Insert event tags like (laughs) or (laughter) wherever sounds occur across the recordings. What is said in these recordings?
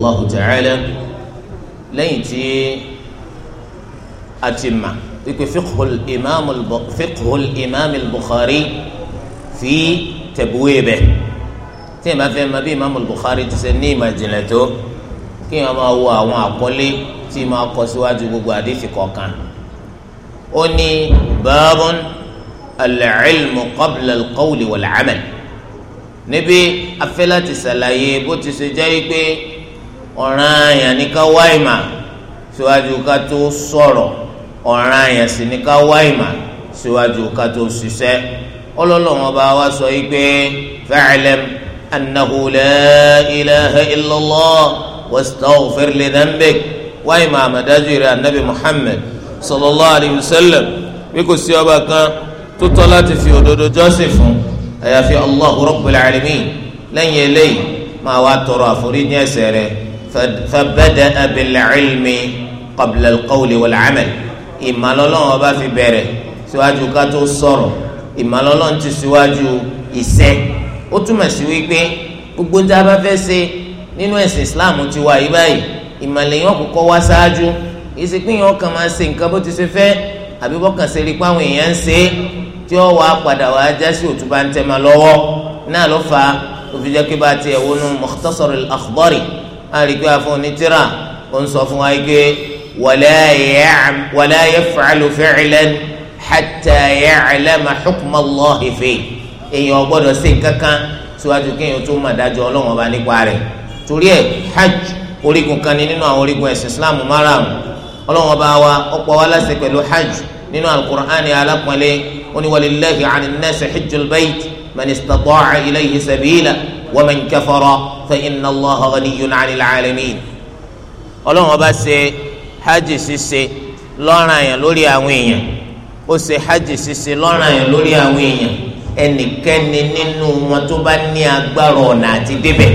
Allahu ta'ala lẹ́yìn tí a ti mà wípé fiqhul imam al-bukhari fi tabwibih tí ìmá fẹ́ ma bí imam al-bukhari ti ṣe ní ìmọ̀ ìjìnlẹ̀ tó kí ìmọ̀ máa wo àwọn àkọlé tí ìmọ̀ kọ síwájú gbogbo àdìsí kọ̀ọ̀kan ó ní babun al-ilmu qabla al-qawli wal-amal níbi afẹ́ láti ṣàlàyé bó ti ṣe jẹ́ pé ọ̀ràn àyàn ni ká wá ìmà síwájú ká tó sọ̀rọ̀ ọ̀ràn àyàn sì ni ká wá ìmà síwájú ká tó ṣiṣẹ́ ọlọ́lọ́wọ́n bá wa sọ yìí pé fa'lam annahu la ilaha illallah wastaghfir li dhanbik wá ìmà àmàdájú rẹ̀ anabi muhammed sallallahu alayhi wa sallam bí kò sí ọba kan tó tọ́ láti fi òdodo jọ́sìn fún àyàfi allahu rabbil alamin lẹ́yìn eléyìí máa wá tọrọ àforíjì ẹ̀ṣẹ̀ rẹ̀ fabada'a bil-ilmi qabla al-qawli wal-amal ìmàlọ́lọ́wọ́ bá fi bẹ̀rẹ̀ síwájú ká tó sọ̀rọ̀ ìmàlọ́lọ́wọ́ ti síwájú iṣẹ́ ó túmọ̀ sí wípé gbogbo tá a bá fẹ́ ṣe nínú ẹ̀sìn Islam ti wà yí báyìí ìmàlẹ̀ yẹn kọ́kọ́ wá ṣáájú ìsìnkú yẹn kàn máa ṣe nǹkan bó ti ṣe fẹ́ àbí bọ́kàn ṣe rí i èèyàn ń ṣe é tí ó wàá padà wàá já sí òtún bá ń tẹ́ ma lọ́wọ́ náà ló fa òfin jẹ́ kí bá tiẹ̀ wọnú Mukhtasar al àrígbé àfọ̀nìtìrà ó ń sọ fún wa pé wala yaf'alu fi'lan hatta ya'lama hukma Allahi fihi èèyàn gbọ́dọ̀ ṣe nǹkan kan síwájú kéèyàn tó mọ̀ dájọ́ Ọlọ́run ọba nípa rẹ̀ torí ẹ̀ hajj orígun kan ni nínú àwọn orígun ẹ̀sìn Islam márùn-ún Ọlọ́run wa ó pa wá pẹ̀lú hajj nínú alukur'ani alápọ̀nlé ó ní walillahi 'ala hijjul bayt man istata'a ilayhi sabila waman kafara fa inna allaha ghaniyyun 'anil 'alamin. ọlọ́run ọba ṣe hajj ṣíṣe lọ́ranyàn lórí àwọn èèyàn ó ṣe hajj ṣíṣe lọ́ranyàn lórí àwọn èèyàn ẹnikẹ́ni nínú wọn tó bá ní agbára ọ̀nà àti débẹ̀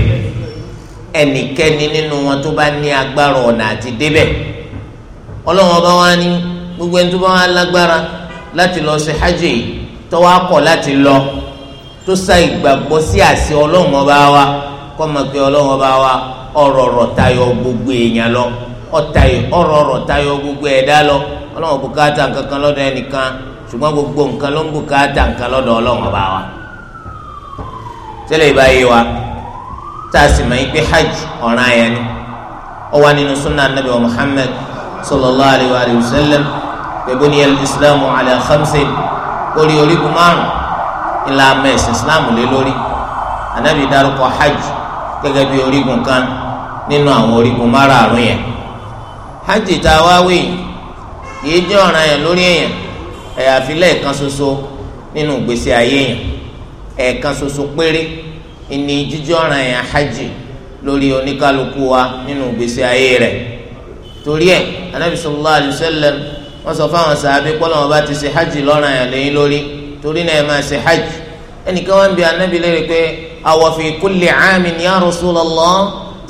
ẹnikẹ́ni nínú wọn tó bá ní agbára ọ̀nà àti débẹ̀ ọlọ́run ọba wa ní gbogbo ẹni tó bá wà lágbára láti lọ ṣe hajj yìí tó wá kọ̀ láti lọ tó sa ìgbàgbọ́ sí àṣẹ ọlọ́run ọba wa kọ́ máa pe ọlọ́run ọba wa ọ̀rọ̀ ọ̀rọ̀ tayọ gbogbo èèyàn lọ ọ̀rọ̀ ọ̀rọ̀ tayọ gbogbo ẹ̀dá lọ ọlọ́run bùkátà kankan lọ́dọ̀ ẹnìkan ṣùgbọ́n gbogbo nǹkan ló ń bùkátà nǹkan lọ́dọ̀ ọlọ́run ọba wa. tẹ́lẹ̀ ìbáyé wa tá a sì mọ̀ yín pé hajj ọ̀ràn ayẹn ni ó wà nínú sunnah nabi wa muhammad sallallahu alayhi wa sallam bẹ́ẹ̀ bó ńlá mẹ́sìn islam lé lórí anabi dárúkọ hajj gẹ́gẹ́ bí orígun kan nínú àwọn orígun márààrún yẹn hajj tá a wá wí yìí jẹ́ ọ̀ràn yẹn lórí èèyàn àyàfi lẹ́ẹ̀kan ṣoṣo nínú ìgbésí ayé yẹn ẹ̀ẹ̀kan ṣoṣo péré ìní jíjẹ́ ọ̀ràn yẹn hajj lórí oníkálukú wa nínú ìgbésí ayé rẹ̀ torí ẹ̀ anabi sallallahu alayhi wa wọ́n sọ fáwọn sàábí pé bá ti ṣe hajj lọ́ràn yẹn lẹ́yìn lórí torí náà ẹ máa ṣe hajj ẹnìkan wá ń bi anabi léèrè pé àwa fi kulli aamin ya Rasulullah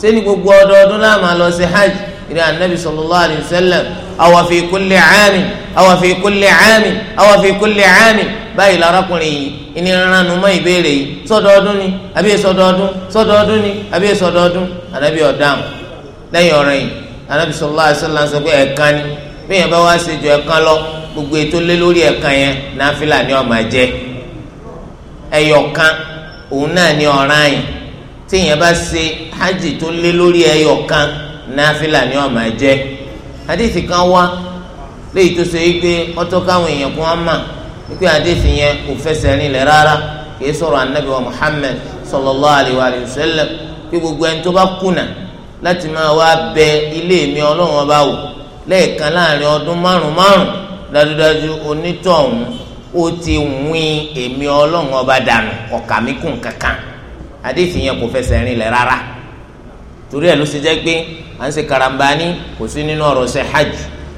ṣé ní gbogbo ọdọọdún náà máa lọ ṣe hajj ìrẹ anabi sallallahu alayhi wa sallam àwa fi kulli aamin àwa fi kulli aamin àwa fi kulli aamin báyìí lárakùnrin yìí ìní ránnu mọ ìbéèrè yìí sọdọọdún ni àbí sọdọọdún sọdọọdún ni àbí sọdọọdún anabi ọ̀dàm lẹ́yìn ọ̀rẹ́ anabi sallallahu alayhi sọ pé ẹ̀ka ni bí yẹn bá wá ṣe ju ẹ̀kan lọ gbogbo ètò lé lórí ẹ̀kan na náfìlà ni ó jẹ ẹyọkan kan òun náà ni ọ̀ràn yìí tí yẹn bá ṣe hajj tó lé lórí ẹyọkan kan náfìlà ni jẹ hadith kan wá léyìí tó ṣe ọtọ káwọn èèyàn kún wọn mà wípé yẹn kò fẹsẹ̀ rinlẹ̀ rárá kì í sọ̀rọ̀ anabi wa alayhi wa kí gbogbo ẹni tó bá kùnà láti máa wá bẹ ilé mi ọlọ́run ọba wò. lẹ́ẹ̀kan láàrin ọdún márùn márùn dájúdájú onítọ̀hún ó ti wín èmi ọlọ́run ọba dànù ọ̀kà mi kùn kankan àdéhìí yẹn kò fẹsẹ̀ rinlẹ̀ rárá torí ẹ̀ ló ṣe jẹ́ pé à ń ṣe karambani kò sí nínú ọ̀rọ̀ ṣe hajj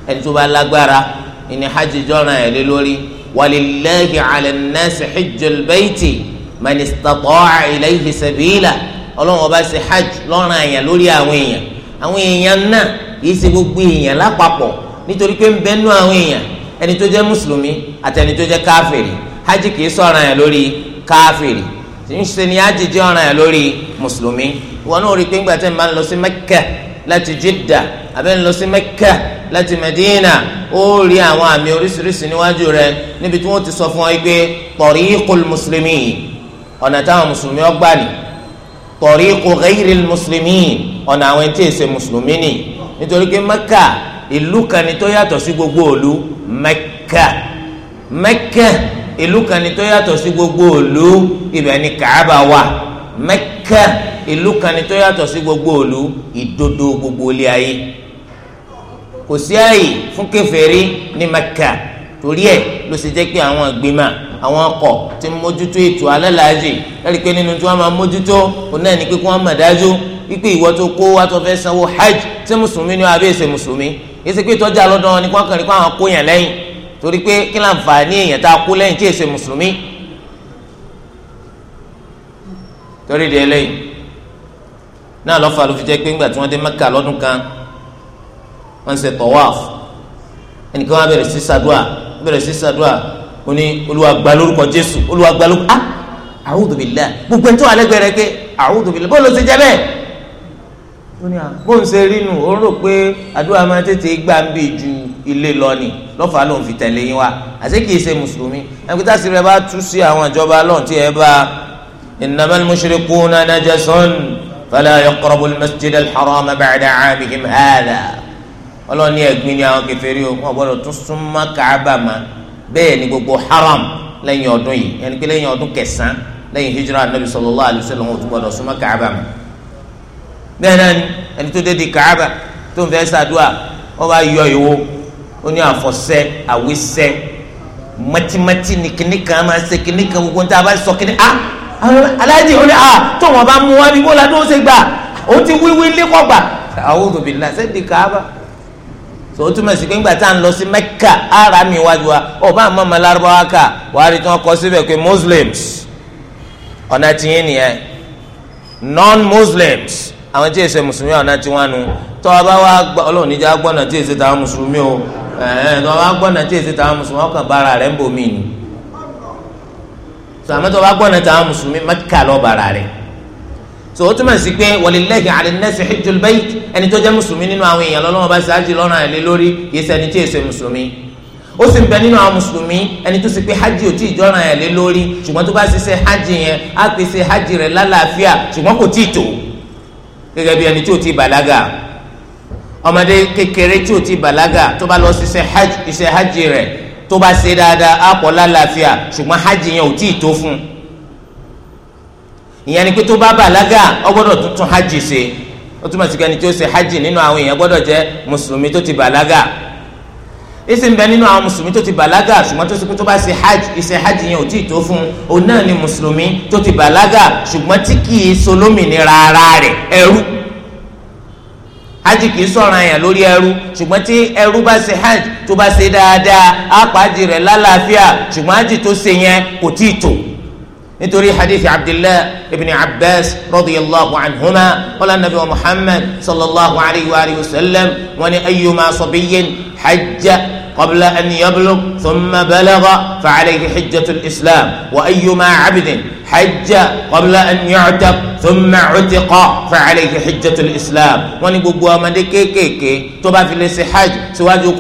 ẹni tó bá lágbára ìní hajj jọ́ra ẹ̀ lé lórí walillahi ala nnasi hijjul bayti man ọlọ́run ọba ṣe hajj lọ́ràn àyàn lórí àwọn èèyàn àwọn èèyàn náà kì í ṣe gbogbo èèyàn lápapọ̀ nítorí pé ń bẹ́nu àwọn èèyàn ẹni tó jẹ́ mùsùlùmí àti ẹni tó jẹ́ káfìrì hajj kì í sọ̀ràn yẹn lórí káfìrì ṣe ni hajj jẹ́ ọ̀ràn yẹn lórí mùsùlùmí wọn náà rí pé ńgbà tẹ́ ń bá ń lọ sí mẹ́kẹ́ láti Jeddah àbẹ́ ń lọ sí mẹ́kẹ́ láti Medina ó rí àwọn àmì oríṣiríṣi níwájú rẹ níbi tí wọ́n ti sọ fún ọ pé tariqul mùsùlùmí ọ̀nà táwọn mùsùlùmí ọgbà ni tariqu ghayril mùsùlùmí ọ̀nà àwọn tí èsè mùsùlùmí ni nítorí pé mẹ́kà ìlú kan ni tó yàtọ̀ sí gbogbo òlu mẹ́kà mẹ́kà ìlú kan ni tó yàtọ̀ sí gbogbo òlu ibẹ̀ ni kàába wà mẹ́kà ìlú kan ni tó yàtọ̀ sí gbogbo òlu ìdodo gbogbo ilé ayé kò sí ààyè fún kèfèrí ní mẹ́kà torí ẹ̀ ló ṣe jẹ́ pé àwọn ìgbìmọ̀ àwọn ọkọ̀ ti mójútó ètò alálàájì lẹ́rìí pé nínú tí wọ́n máa mójútó òun náà ni pé kí wọ́n mọ̀ dájú wípé ìwọ tó kó wa tó fẹ́ sanwó hajj ṣé mùsùlùmí ni wọn àbí èsè mùsùlùmí èsè pé ìtọ́jà lọ́dọ̀ wọn ni kí wọ́n kàn rí pé àwọn kó yàn lẹ́yìn torí pé kí là ń fà ní èèyàn tá a kó lẹ́yìn tí èsè mùsùlùmí torí di eléyìí náà lọ́fà ló fi jẹ́ pé ńgbà tí wọ́n dé Mẹ́kà lọ́dún kan wọ́n ṣe tọ́wáf ẹnìkan wọn bẹ̀rẹ̀ sí ṣàdúà bẹ̀rẹ̀ sí ṣàdúà ó ní Olúwa gbà lórúkọ Jésù Olúwa gbà lórúkọ ah a'udhu billah gbogbo ẹni tó wà lẹ́gbẹ̀ẹ́ ó ní à bóun ṣe rí nù ó ń rò pé àdúrà máa tètè gbà ń bì ju ilé lọ ni lọ́fà ló ń fi tẹ̀lé yín wá àti kìí ṣe mùsùlùmí ẹnìkúta sí rẹ bá tú sí àwọn ìjọba lọ́n tí ẹ bá innamal mushrikuna najasun fala yaqrabul masjidal harama ba'da 'amihim hadha ọlọ́ni ẹ̀gbin ni àwọn kèfèrí o wọn gbọ́dọ̀ tún súnmọ́ káábà ma bẹ́ẹ̀ ni gbogbo haram lẹ́yìn ọdún yìí ẹni pé lẹ́yìn ọdún kẹsàn-án lẹ́yìn hijra anabi sallallahu alaihi wọn tún gbọ́dọ̀ súnmọ́ káábà ma bẹ́ẹ̀ náà ni ẹni tó dédé Káàbà tó ń fẹ́ ṣàdúrà wọ́n bá yọ ìwo ó ní àfọ̀sẹ́ àwísẹ́ mọ́tímọ́tí ni kìnnì kan máa ṣe kìnnì kan gbogbo níta bá sọ kìnnì a ah, aláàjì ó ní a ah, tó wọn bá mú wá ní bóla tó ń ṣe gbà ó ti wíwí lékọ̀gbà a'udhu billahi sẹ́ẹ̀dì Káàbà tó o túmọ̀ sí pé ńgbà tá à ń lọ sí Mẹ́kà ara mi wájú wa ọba àmọ́ ọmọ lárúbáwá kà wàá rí tí wọ́n kọ síbẹ̀ pé Muslims ọ̀nà tìyẹn nìyẹn non-Muslims àwọn tí èsè mùsùlùmí àwọn náà ti wá nu tó o bá wá ọlọ́run níjà gbọ́nà tí èsè táwọn mùsùlùmí o ẹ̀ẹ́n tó o bá gbọ́nà tí èsè táwọn mùsùlùmí ọkàn bára rẹ̀ ń bò mí ni sàmì tó o gbọ́nà táwọn mùsùlùmí mẹ́kà lọ bára rẹ̀ so o túmọ̀ sí pé walillahi ala nnasi hijjul bayt ẹni tó jẹ́ mùsùlùmí nínú àwọn èèyàn lọ́lọ́wọ́ bá ṣáájú lọ́rùn àìlè lórí kì í ṣẹni tí èsè mùsùlùmí ó sì ń bẹ nínú àwọn mùsùlùmí ẹni tó sì pé hajj ò tí ì jọ́ràn ẹ̀ lórí ṣùgbọ́n tó bá ṣiṣẹ́ hajj yẹn á pèsè hajj rẹ̀ lálàáfíà ṣùgbọ́n kò tí ì tó gẹgẹ bí ẹni tí ò ti balaga ọmọdé kékeré tí o ti balaga tó bá lọ sí iṣẹ́ hajj rẹ̀ tó bá ṣe dáadáa á pọ̀ lálàáfíà ṣùgbọ́n hajj yẹn ò tí ì tó fún ìyẹn ni pé tó bá bàlágà ó tuntun hajj ṣe o túmọ̀ sí kẹ́ni tí ó ṣe hajj nínú àwọn èèyàn jẹ́ mùsùlùmí tó ti balaga. ìsìn bẹ nínú àwọn mùsùlùmí tó ti bàlágà ṣùgbọ́n tó ti kú tó bá ṣe hajj ìṣe hajj yẹn ò tí ì tó fún un òun náà ni mùsùlùmí tó ti bàlágà ṣùgbọ́n tí kì í solómìnira ara rẹ̀ ẹrú hajj kì í sọ̀ràn yẹn lórí ẹrú ṣùgbọ́n tí ẹrú bá hajj tó bá ṣe dáadáa àpáàdì rẹ̀ lálàáfíà ṣùgbọ́n hajj tó ṣe yẹn kò tí ì tó hadithi abdullahi ibn abbas radiyallahu anhuma wala nabi wa muhammad sallallahu alayhi wa sallam wani ayyuma sabiyin حج قبل أن يبلغ ثم بلغ فعليه حجة الإسلام وأيما عبد hajj qabla an yu'tab thumma utiqa fa alayhi hijjatul islam wọ́n ní gbogbo ọmọdé kéékèèké tó bá fi lè ṣe hajj síwájú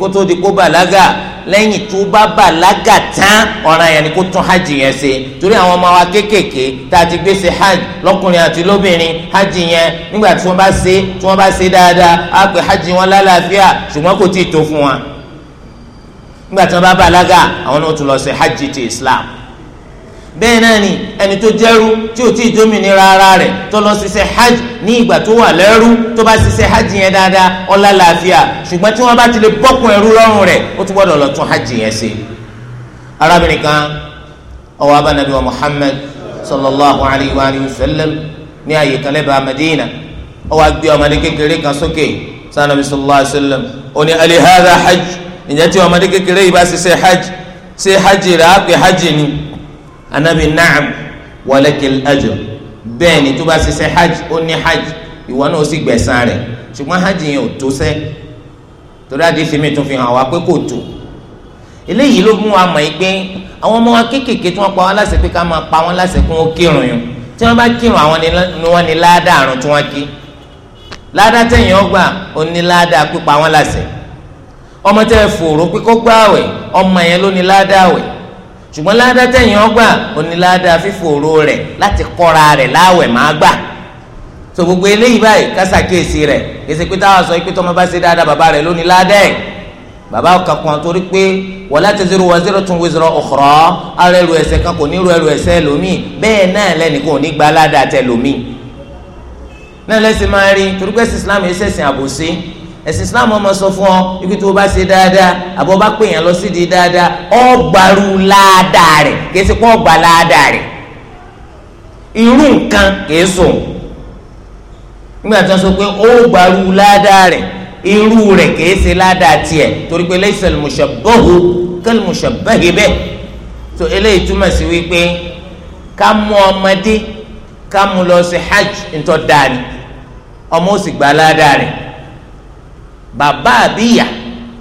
kó tó di kó bàlágà lẹ́yìn tó bá bàlágà tán ọ̀ràn yẹn ni kó tún hajj yẹn ṣe torí àwọn ọmọ wa kéékèèké tá a ti gbé ṣe hajj lọ́kùnrin àti lóbìnrin hajj yẹn nígbà tí wọ́n bá ṣe tí wọ́n bá ṣe dáadáa á hajj wọn lálàáfíà ṣùgbọ́n kò tí ì tó fún wọn nígbà tí wọ́n bá bàlágà àwọn náà tún lọ ṣe hajj ti islam bẹ́ẹ̀ náà ni ẹni tó jẹ́rú tí ò tí ì jómìnira ara rẹ̀ tó lọ ṣiṣẹ́ hajj ní ìgbà tó wà lẹ́rú tó bá ṣiṣẹ́ hajj yẹn dáadáa ọlá làáfíà ṣùgbọ́n tí wọ́n bá ti lè bọ́kùn ẹrú lọ́rùn rẹ̀ ó ti gbọ́dọ̀ lọ tún hajj yẹn ṣe. arábìnrin kan ọwọ́ abánabi wa Muhammad sallallahu alayhi wa sallam ní ààyè kan lẹ́bàá Madina ọwọ́ agbé ọmọdé kékeré kan sókè sanabi sallallahu anabi naam walakil ajr bẹ́ẹ̀ ni tó bá ṣiṣẹ́ hajj ó ní hajj ìwọ náà ó sì gbẹ̀san rẹ̀ ṣùgbọ́n hajj yẹn ò tó sẹ́ torí àdìsí mi tún fi hàn wá pé kò tó eléyìí ló mú wa mọ̀ yìí pé àwọn ọmọ wa kéékèèké tí wọ́n pa wọn láṣẹ pé ká máa pa wọn láṣẹ kí wọ́n kírun yun tí wọ́n bá kírun àwọn ni wọ́n ní ládàá àrùn tí wọ́n kí ládàá tẹ̀yìn ọgbà ó ní ládàá pípa wọn láṣẹ ọmọ tẹ́ fòrò pé kó gbààwẹ̀ ọmọ yẹn ló ní ládàá àwẹ̀ ṣùgbọ́n ládàá tẹ̀yìn ọgbà oníládàá fífòró rẹ̀ láti kọ́ra rẹ̀ láwẹ̀ máa gbà tó gbogbo eléyìí báyìí kásàkéèsì rẹ̀ èsì pé táwọn sọ pé tọmọ bá ṣe dáadáa bàbá rẹ̀ lónìí ládàá ẹ̀ bàbá kankan torí pé wala taziru waziratun wizra ukhra ara ẹrù ẹ̀ṣẹ̀ kan kò ní ru ẹrù ẹ̀ṣẹ̀ lómi bẹ́ẹ̀ náà lẹ́nu kò ní gba ládàá tẹ lómi náà lẹ́sìn máa rí torí pé ẹ̀sìn Islam ẹ̀sìn àbòsí ẹ̀sìn islam ọmọ sọ fún ọ ikú tó o bá ṣe dáadáa àbọ̀ bá pè yàn lọ sídìí dáadáa ọ gbàrú láadáa rẹ̀ kìí ṣe kó gbà láadáa rẹ̀ irú nǹkan kìí sùn nígbà tí wọ́n sọ pé ó gbàrú láadáa rẹ̀ irú rẹ̀ kìí ṣe láadáa tiẹ̀ torí pé laysal mushabbahu kal mushabbahi bih tó eléyìí túmọ̀ sí wípé ká mú ọmọdé ká mú lọ sí hajj ntọ́ dáa ọmọ ó sì gbà láadáa rẹ̀ bàbá àbíyà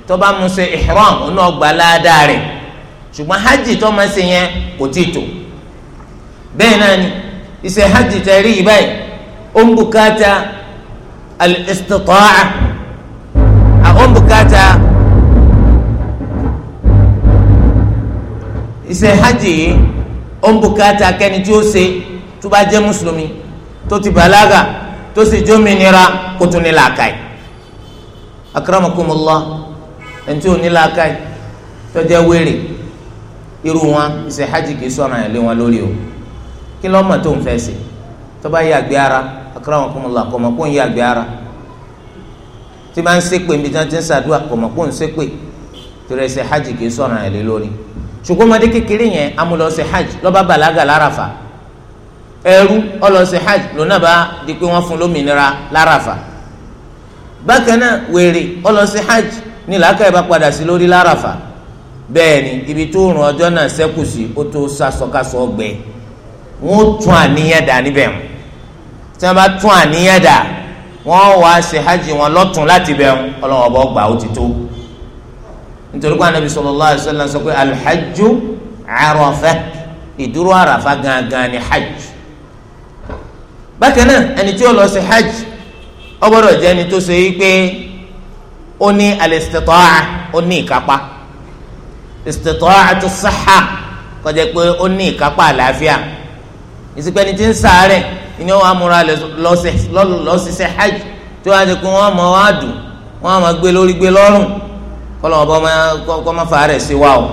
tó bá mú ṣe ihram ọ̀nà ọgbà ládàá rẹ̀ ṣùgbọ́n hajj tó máa ṣe yẹn kò tí ì tó bẹ́ẹ̀ náà ni iṣẹ́ hajj tẹ̀ rí báyìí ó ń bùkátà al-istita'a ó ń bùkátà iṣẹ́ hajj yìí ó ń bùkátà kẹ́ni tí ó ṣe tó bá jẹ́ mùsùlùmí tó ti bàlágà tó sì jómìnira kó tún ní làákàyè akramakumullah ẹni tí ò ní làákàyè tó jẹ́ wèrè irú wọn ṣe hajj kì í sọ̀rọ̀ àyàn lé wọn lórí o kí lọ́mọ tó ń fẹ́ ṣe tó bá yàgbé ara akramakumullah kọ̀mọ̀ kó ń yàgbé ara tí máa ń ṣépè níbi tí wọ́n ti ń ṣàdúrà kọ̀mọ̀ kó ń ṣépè torí ẹ hajj kì sọ̀rọ̀ àyàn lé lórí ṣùgbọ́n ọmọdé kékeré yẹn amúlọ hajj lọ́ba bàlágà láràfà ẹrú ọlọ́ọ̀ṣẹ̀ hajj lónà bá di pé wọ́n fún lómìnira láràfà bákan náà wèrè ó lọ sí hajj ní làákàyè bá padà sí lórí láràfà bẹ́ẹ̀ ni ibi tó rùn ọjọ́ náà ṣẹ́kù sí ó tó sasọkasọ ọgbẹ́ wọ́n tún àníyàn dà níbẹ̀ mu tí wọ́n bá tún àníyàn dà wọ́n wá ṣe hajj wọn lọ́tún láti bẹ̀ mu ọlọ́wọ́ bọ́ gbà ó ti tó nítorí pé anabi sallallahu alaihi wasallam sọ pé alhajju Arafah ìdúró Arafah gangan ni hajj bákan ẹni tí ó lọ sí hajj ó gbọ́dọ̀ jẹ́ ẹni tó ṣe wípé ó ní al-istita'a ó ní ìkápá istita'atu sihha kó jẹ́ pé ó ní ìkápá àlàáfíà ìsìnkẹ́ni tí ń sàárẹ̀ ni wọ́n á múra lọ́sísẹ́ hajj tí wọ́n á ti pé wọ́n á mọ wọ́n á dùn wọ́n á mọ gbé lórí gbé lọ́rùn kọ́lọ́mọ bọ́ kọ́ má fa rẹ̀ sí wa o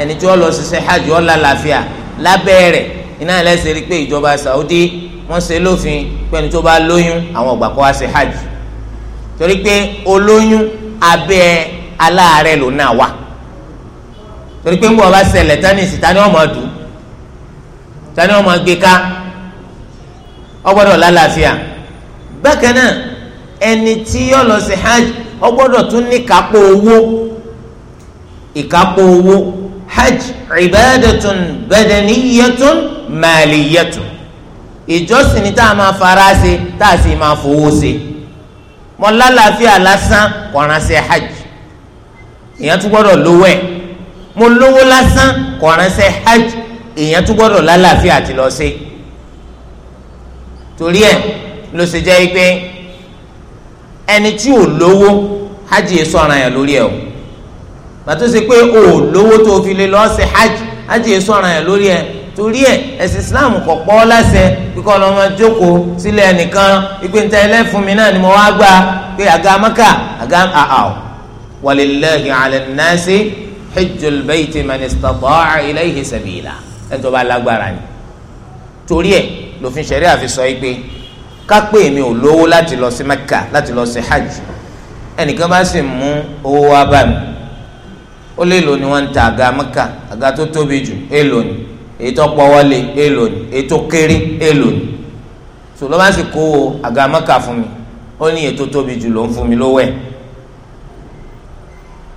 ẹni tí wọ́n lọ ṣiṣẹ́ hajj ó lálàáfíà lábẹ́ rẹ̀ iná ẹlẹ́sìn rí pé ìjọba Saudi wọ́n ṣe lófin pẹ́ni tó bá lóyún àwọn ọ̀gbà kó wá ṣe hajj torí pé olóyún abẹ́ aláàárẹ̀ ló náà wà torí pé ń bọ̀ bá ṣẹlẹ̀ tánìsì tani ọmọ dùn tani ọmọ gbé ká ọgbọ́dọ̀ lálàáfíà bákan náà ẹni tí yóò lọ sí hajj ọgbọ́dọ̀ tún ní kápò owó ìkápò owó hajj ibadatun badaniyatun maliyatun ìjọsìn ni tá a fara ṣe tá a sì máa fowó ṣe mọ lálàáfíà lásán kọ̀ọ̀ràn ṣe hajj tún lówó ẹ mo lówó lásán kọ̀ọ̀ràn ṣe hajj tún lálàáfíà ti lọ ṣe torí ẹ ló ṣe jẹ́ pé ẹni lówó hajj yẹn sọ̀ràn o ṣe pé ò lówó tó fi lè hajj hajj yẹn sọ̀ràn torí ẹ ẹ̀sìn islam kò pọ́ ọ́ láṣẹ kíkọ́ ọ lọ máa jókòó sílẹ̀ ẹnìkan ìpè ń ta ẹlẹ́fun mi náà ni mo wá gbà pé àga maka àga àhàw walillahi ala nnasi hijjul bayti man istata'a ilayhi sabila ẹ̀ tó bá lágbára ni torí ẹ lòfin ṣẹ̀rí àfi sọ pé kápẹ́ mi ò lówó láti lọ sí mẹ́kà láti lọ sí hajj ẹnìkan bá sì mú owó wá bá mi ó lè lò ní wọ́n ń ta àga mẹ́kà àga tó tóbi jù èèlò ni èyí tó pọ́wọ́lé èlò ni èyí tó kéré èlò ni so ló bá sì kó o àgàmọ́kà fún mi ó ní èyí tó tóbi jù ló fún mi lówó ẹ̀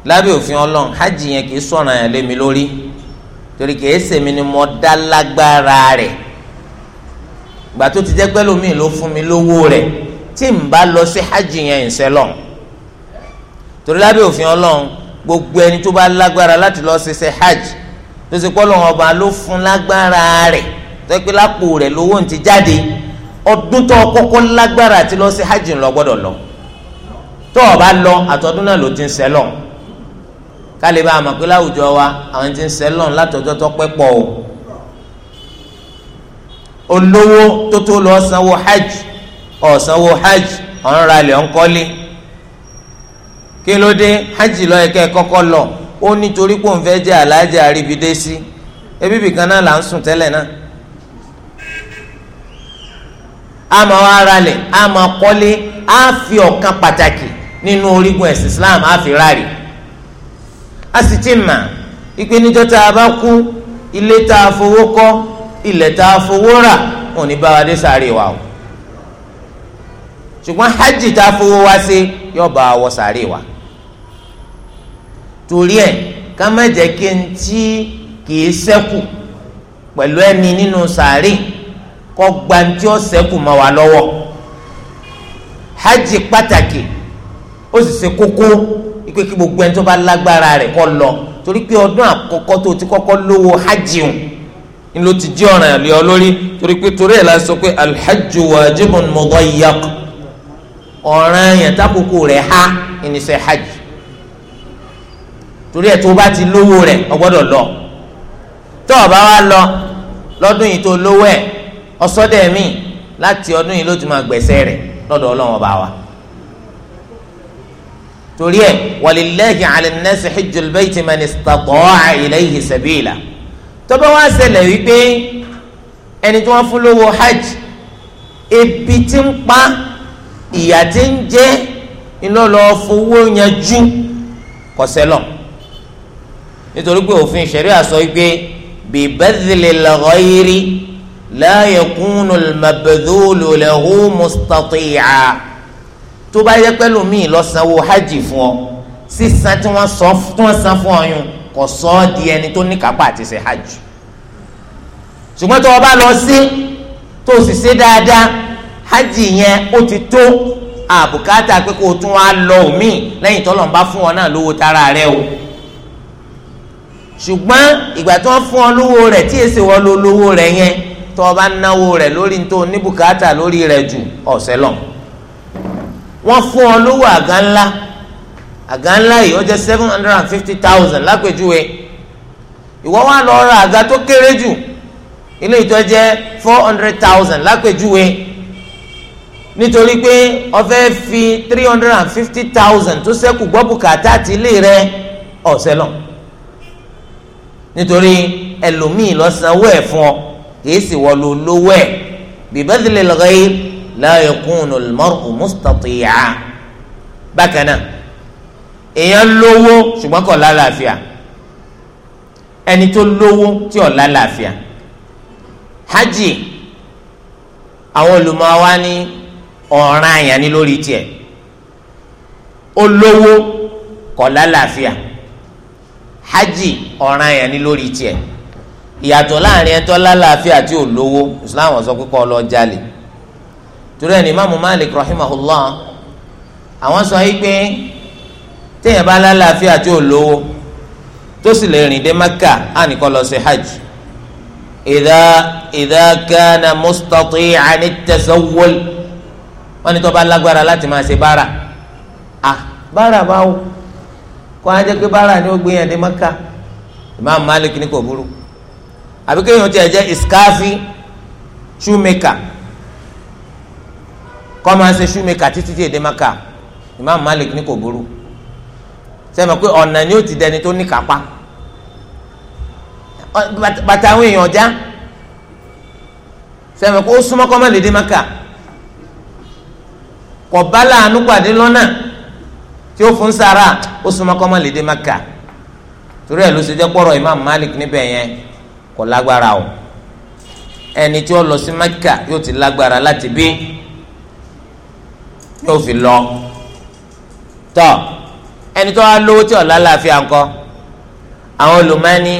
lábẹ́ òfin ọlọ́run hajj yẹn kì í sọ̀ràn yẹn lé mi lórí torí kì í sèmi ni mo dá lágbára rẹ̀ gbà tó ti jẹ́ pẹ́lúmíì ló fún mi lówó rẹ̀ tí n bá lọ sí hajj yẹn ìṣẹ́ lọ́n torí lábẹ́ òfin ọlọ́run gbogbo ẹni tó bá lágbára láti lọ ṣe ṣe hajj tó ṣe pé Ọlọ́run ọba ló fún lágbára rẹ̀ tó ṣe pé lápò rẹ̀ jáde ọdún tó kọ́kọ́ lágbára lọ sí hajj lọ gbọ́dọ̀ lọ tó o bá lọ àtọ́dún náà ló ti ń sẹ́lọ̀ kálí bá a mọ̀ pé láwùjọ wa àwọn ti ń sẹ́lọ̀ látọjọ́ tó pẹ́ o olówó tó tó lọ sanwó hajj ọ̀sanwó hajj ọ̀nralẹ̀ ọ̀nkọ́lé kí ló dé hajj lọ́ọ́ yẹ kẹ́ kọ́kọ́ lọ ó nítorí pé òun fẹ́ jẹ́ alájà àríbidé sí ebi bìkan náà là ń sùn tẹ́lẹ̀ náà a ma wá ralẹ̀ a kọ́lé a fi ọ̀kan pàtàkì nínú orígun ẹ̀sìn Islam a fi ráàlì a sì ti mà ìpè níjọ́ tá a bá kú ilé tá a fowó kọ́ ilẹ̀ tá a fowó rà wọn ò ní bá wa dé sáré wa o ṣùgbọ́n hajj tá a fowó wá sí yóò bá a wọ sáré wa torí ẹ̀ ká má jẹ́ kí n tí kìí ṣẹ́kù pẹ̀lú ẹni nínú sàárì kọ́ gba n tí ó ṣẹ́kù mọ́ wa lọ́wọ́ hajj pàtàkì ó sì ṣe kókó ipe kí gbogbo ẹni tó bá lágbára rẹ̀ kó lọ torí pé ọdún àkọ́kọ́ tó ti kọ́kọ́ lówó hajj hùn ni ló ti jẹ́ ọ̀ràn àlẹ́ ọ torí pé torí ẹ̀ la sọ pé alhajju wajibun mudayyaq ọ̀ràn yẹn tákòókò rẹ̀ ha ìníṣẹ́ hajj torí ẹ̀ tó bá ti lówó rẹ̀ o gbọ́dọ̀ lọ tó o bá wá lọ lọ́dún yìí tó lówó ẹ̀ ọsọ́dẹ̀ mi láti ọdún yìí ló ti máa gbẹ̀sẹ̀ rẹ̀ lọ́dọ̀ ọlọ́run ọba wa torí ẹ̀ walillahi ala nnasi hijjul bayti man istata'a tó bá wá ṣẹlẹ̀ wípé ẹni tí wọ́n fún lówó hajj ebi ti ń pa ìyà ti ń jẹ iná fowó yanjú kọsẹ nítorí pé òfin ṣẹ̀ríà sọ wípé bi badhlil ghayri la yakunul mabdhulu lahu mustati'a tó bá yẹ pẹ́lú míì lọ sanwó hajj fún ọ sísan tí wọ́n san fún ọyún kò sọ ọ́ di ẹni tó ní kápá àti ṣe hajj ṣùgbọ́n tó o bá lọ sí tó o sì ṣe dáadáa hajj yẹn ó ti tó àbùkátà pé kó o tún wá lọ òmíì lẹ́yìn tọ́lọ́run bá fún ọ náà lówó tara rẹ o. ṣùgbọ́n ìgbà tí wọ́n fún ọ lówó rẹ̀ tí èsì wọ́n lo lówó rẹ̀ yẹn tó o bá náwó rẹ̀ lórí tó o ní bùkátà rẹ̀ jù ọ̀sẹ̀ wọ́n fún ọ lówó àga ńlá àga ńlá yìí ó jẹ́ seven hundred and fifty thousand wá lọ ra àga tó kéré jù ilé ìtọ́ jẹ́ four hundred thousand nítorí pé lọ. nítorí ẹlòmíì lọ́sànwó ẹ̀ fún ọ kìí sì wọ́n lo lówó ẹ̀ bìbẹ́sílẹ̀ lọ́gẹ́yì láàyè kún un lọ́rùn mustatiya bákan náà èèyàn lówó ṣùgbọ́n kò lálàáfíà ẹni tó lówó tí ò lálàáfíà hajj àwọn olùmọ̀ ní ọ̀ràn àyàn lórí tiẹ̀ olówó kò lálàáfíà hajj ọ̀ràn yẹn ni lórí tiẹ̀ ìyàtọ̀ láàrin ẹ̀tọ́ lálàáfíà àti olówó islam sọ pé kọ́ ọ lọ jalè torí ẹni imaamu malik rahimahullah àwọn sọ yìí pé téèyàn bá lálàáfíà àti olówó tó sì lè rìn dé maka á ní kọ́ lọ sí hajj ìdá ìdá kana mustati'an at-tazawwul wọ́n ní tó bá lágbára láti máa ṣe bára ah bára báwo. kó ajẹ́ pé bára ni ó gbé yẹn dé maka imam malik ní kò burú àbí kéèyàn tiẹ̀ jẹ́ iskafi shoemaker kọ́ máa ṣe shoemaker títí tí èdè maka imam malik ní kò burú sẹ́mi pé ọ̀nà ni ó ti dẹni tó ní kápá bàtà àwọn èèyàn já sẹ́mi pé ó súnmọ́ kọ́ máa lè dé maka kọ̀ bá láàánú pàdé lọ́nà. tí ó fún sàrà ó súnmọ́ kọ́ mọ́ lè dé maka torí ẹ̀ ló ṣe jẹ́ pọ̀rọ̀ imam malik níbẹ̀ yẹn kò lágbára o ẹni tí ó lọ sí maka yóò ti lágbára láti bí yóò fi lọ tọ ẹni tó wá lówó tí ọ̀la láàfin àǹkọ́ àwọn olùmọ́ni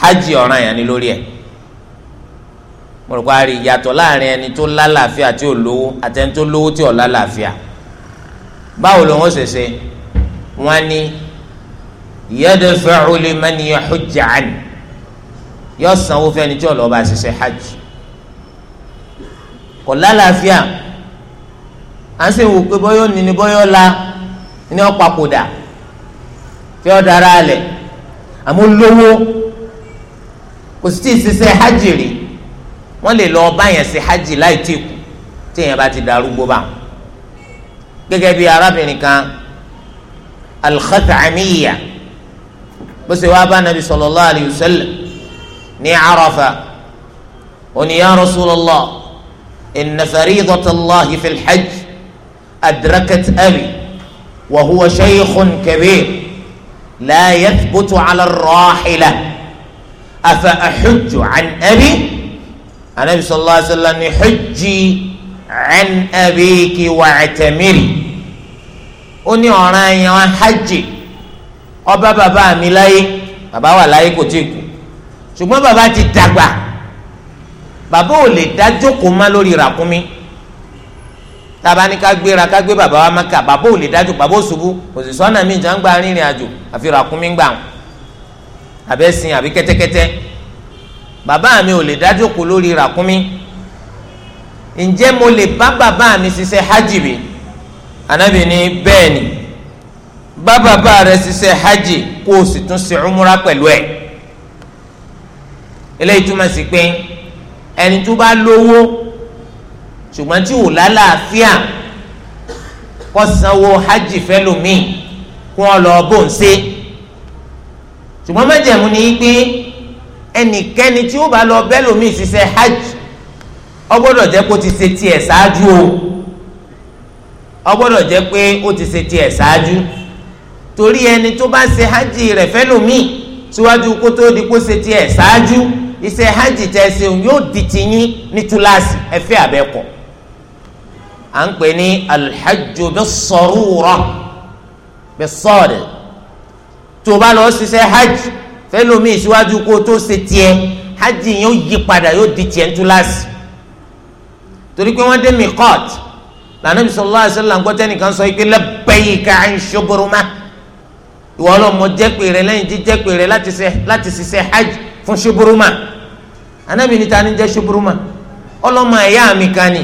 hajj ọ̀ràn yẹn ni lórí ẹ̀ mo rò pé a rí láàrin ẹni tó lálàáfíà tí ò lówó àtẹni tó lówó tí ò lálàáfíà báwo ló ń ṣèṣe wọn ni yadfa'u liman yahujja an yọ sanwó fẹ́ni tí ọlọ́ bá ṣiṣẹ́ hajj kò lálàáfíà à ń sèwò pé bọ́yọ̀ ní ni bọ́yọ̀ la ní ọ̀pàkùdà tí ó dára alẹ̀ àmọ́ lówó kò sì tí ì ṣiṣẹ́ hajj rí wọ́n lè lọ báyẹn ṣe hajj láì tí ì bá ti darúgbó báwọn gẹ́gẹ́ bí arábìnrin kan alxatamiya bó ṣe wá bá nabi sallallahu alayhi wa sallam ní arafa oní ya rasulallah inna faridata allahi fi lxaj adrakat abi wa huwa shaykhun kabir la yathbutu cala raaxila afa axujju can abi anabi sallallahu alayhi wa sallam ni xujji ẹn abiki wà ẹtẹmírì ó ní ọ̀ràn ẹ̀yàn hajj ọba bàbá mi láyé bàbá wà láyé kò tí ì kú ṣùgbọ́n bàbá ti dàgbà bàbá ò lè dá jókòó má lórí ràkúnmí tàbá ní ká gbéra ká gbé bàbá wa maka bàbá ò lè dájú bàbá ò ṣubú kò sì sọ́nà mi ìjà ń gba arìnrìn àjò àfi ràkúnmí gbà wọn àbẹ́sìn àbí kẹ́tẹ́kẹ́tẹ́ bàbá mi ò lè dájú kó lórí ràkúnmí ǹjẹ́ mo lè bá bàbá mi ṣiṣẹ́ hajj bi anabi ni bẹ́ẹ̀ ni bá bàbá rẹ ṣiṣẹ́ hajj kó o sì tún ṣe umra pẹ̀lú ẹ̀ eléyìí túmọ̀ sí pé ẹni tó bá lówó ṣùgbọ́n tí ò lálàáfíà kó sanwó hajj fẹ́lòmíì kó wọn lọ bó ń ṣe ṣùgbọ́n májẹ̀mú ni pé ẹnikẹ́ni tí ó bá lọ bẹ́lòmíì ṣiṣẹ́ hajj ọgbọ́dọ̀ jẹ́ pé ó ti ṣe tiẹ̀ ṣáájú o ọgbọ́dọ̀ jẹ́ pé ó ti ṣe tiẹ̀ ṣáájú torí ẹni tó bá ṣe hajj rẹ̀ fẹ́lòmíì síwájú kó tó di kó ṣe tiẹ̀ ṣáájú iṣẹ́ hajj tẹ́ ṣe yóò di tiyín ní túláàsì ẹ̀fẹ́ àbẹ́kọ̀ à ń pè ní alhajj bis-sarura bis-sad tó bá lọ ṣiṣẹ́ hajj fẹ́lòmíì síwájú kó tó ṣe tiẹ̀ hajj yóò yí padà yóò di tiẹ̀ ní túláàsì torí pé wọ́n dé miqat lànàbí sallallahu alaihi wasallam ńkọ́ tẹ́nìkan sọ pé labbayka an shuburuma ìwọ ọlọ́mọ jẹ́ pèrè lẹ́yìn jíjẹ́ pèrè láti ṣiṣẹ́ hajj fún shuburuma ànábì ni ta ni jẹ́ shuburuma ọlọ́mọ ẹ̀yà mi kan ni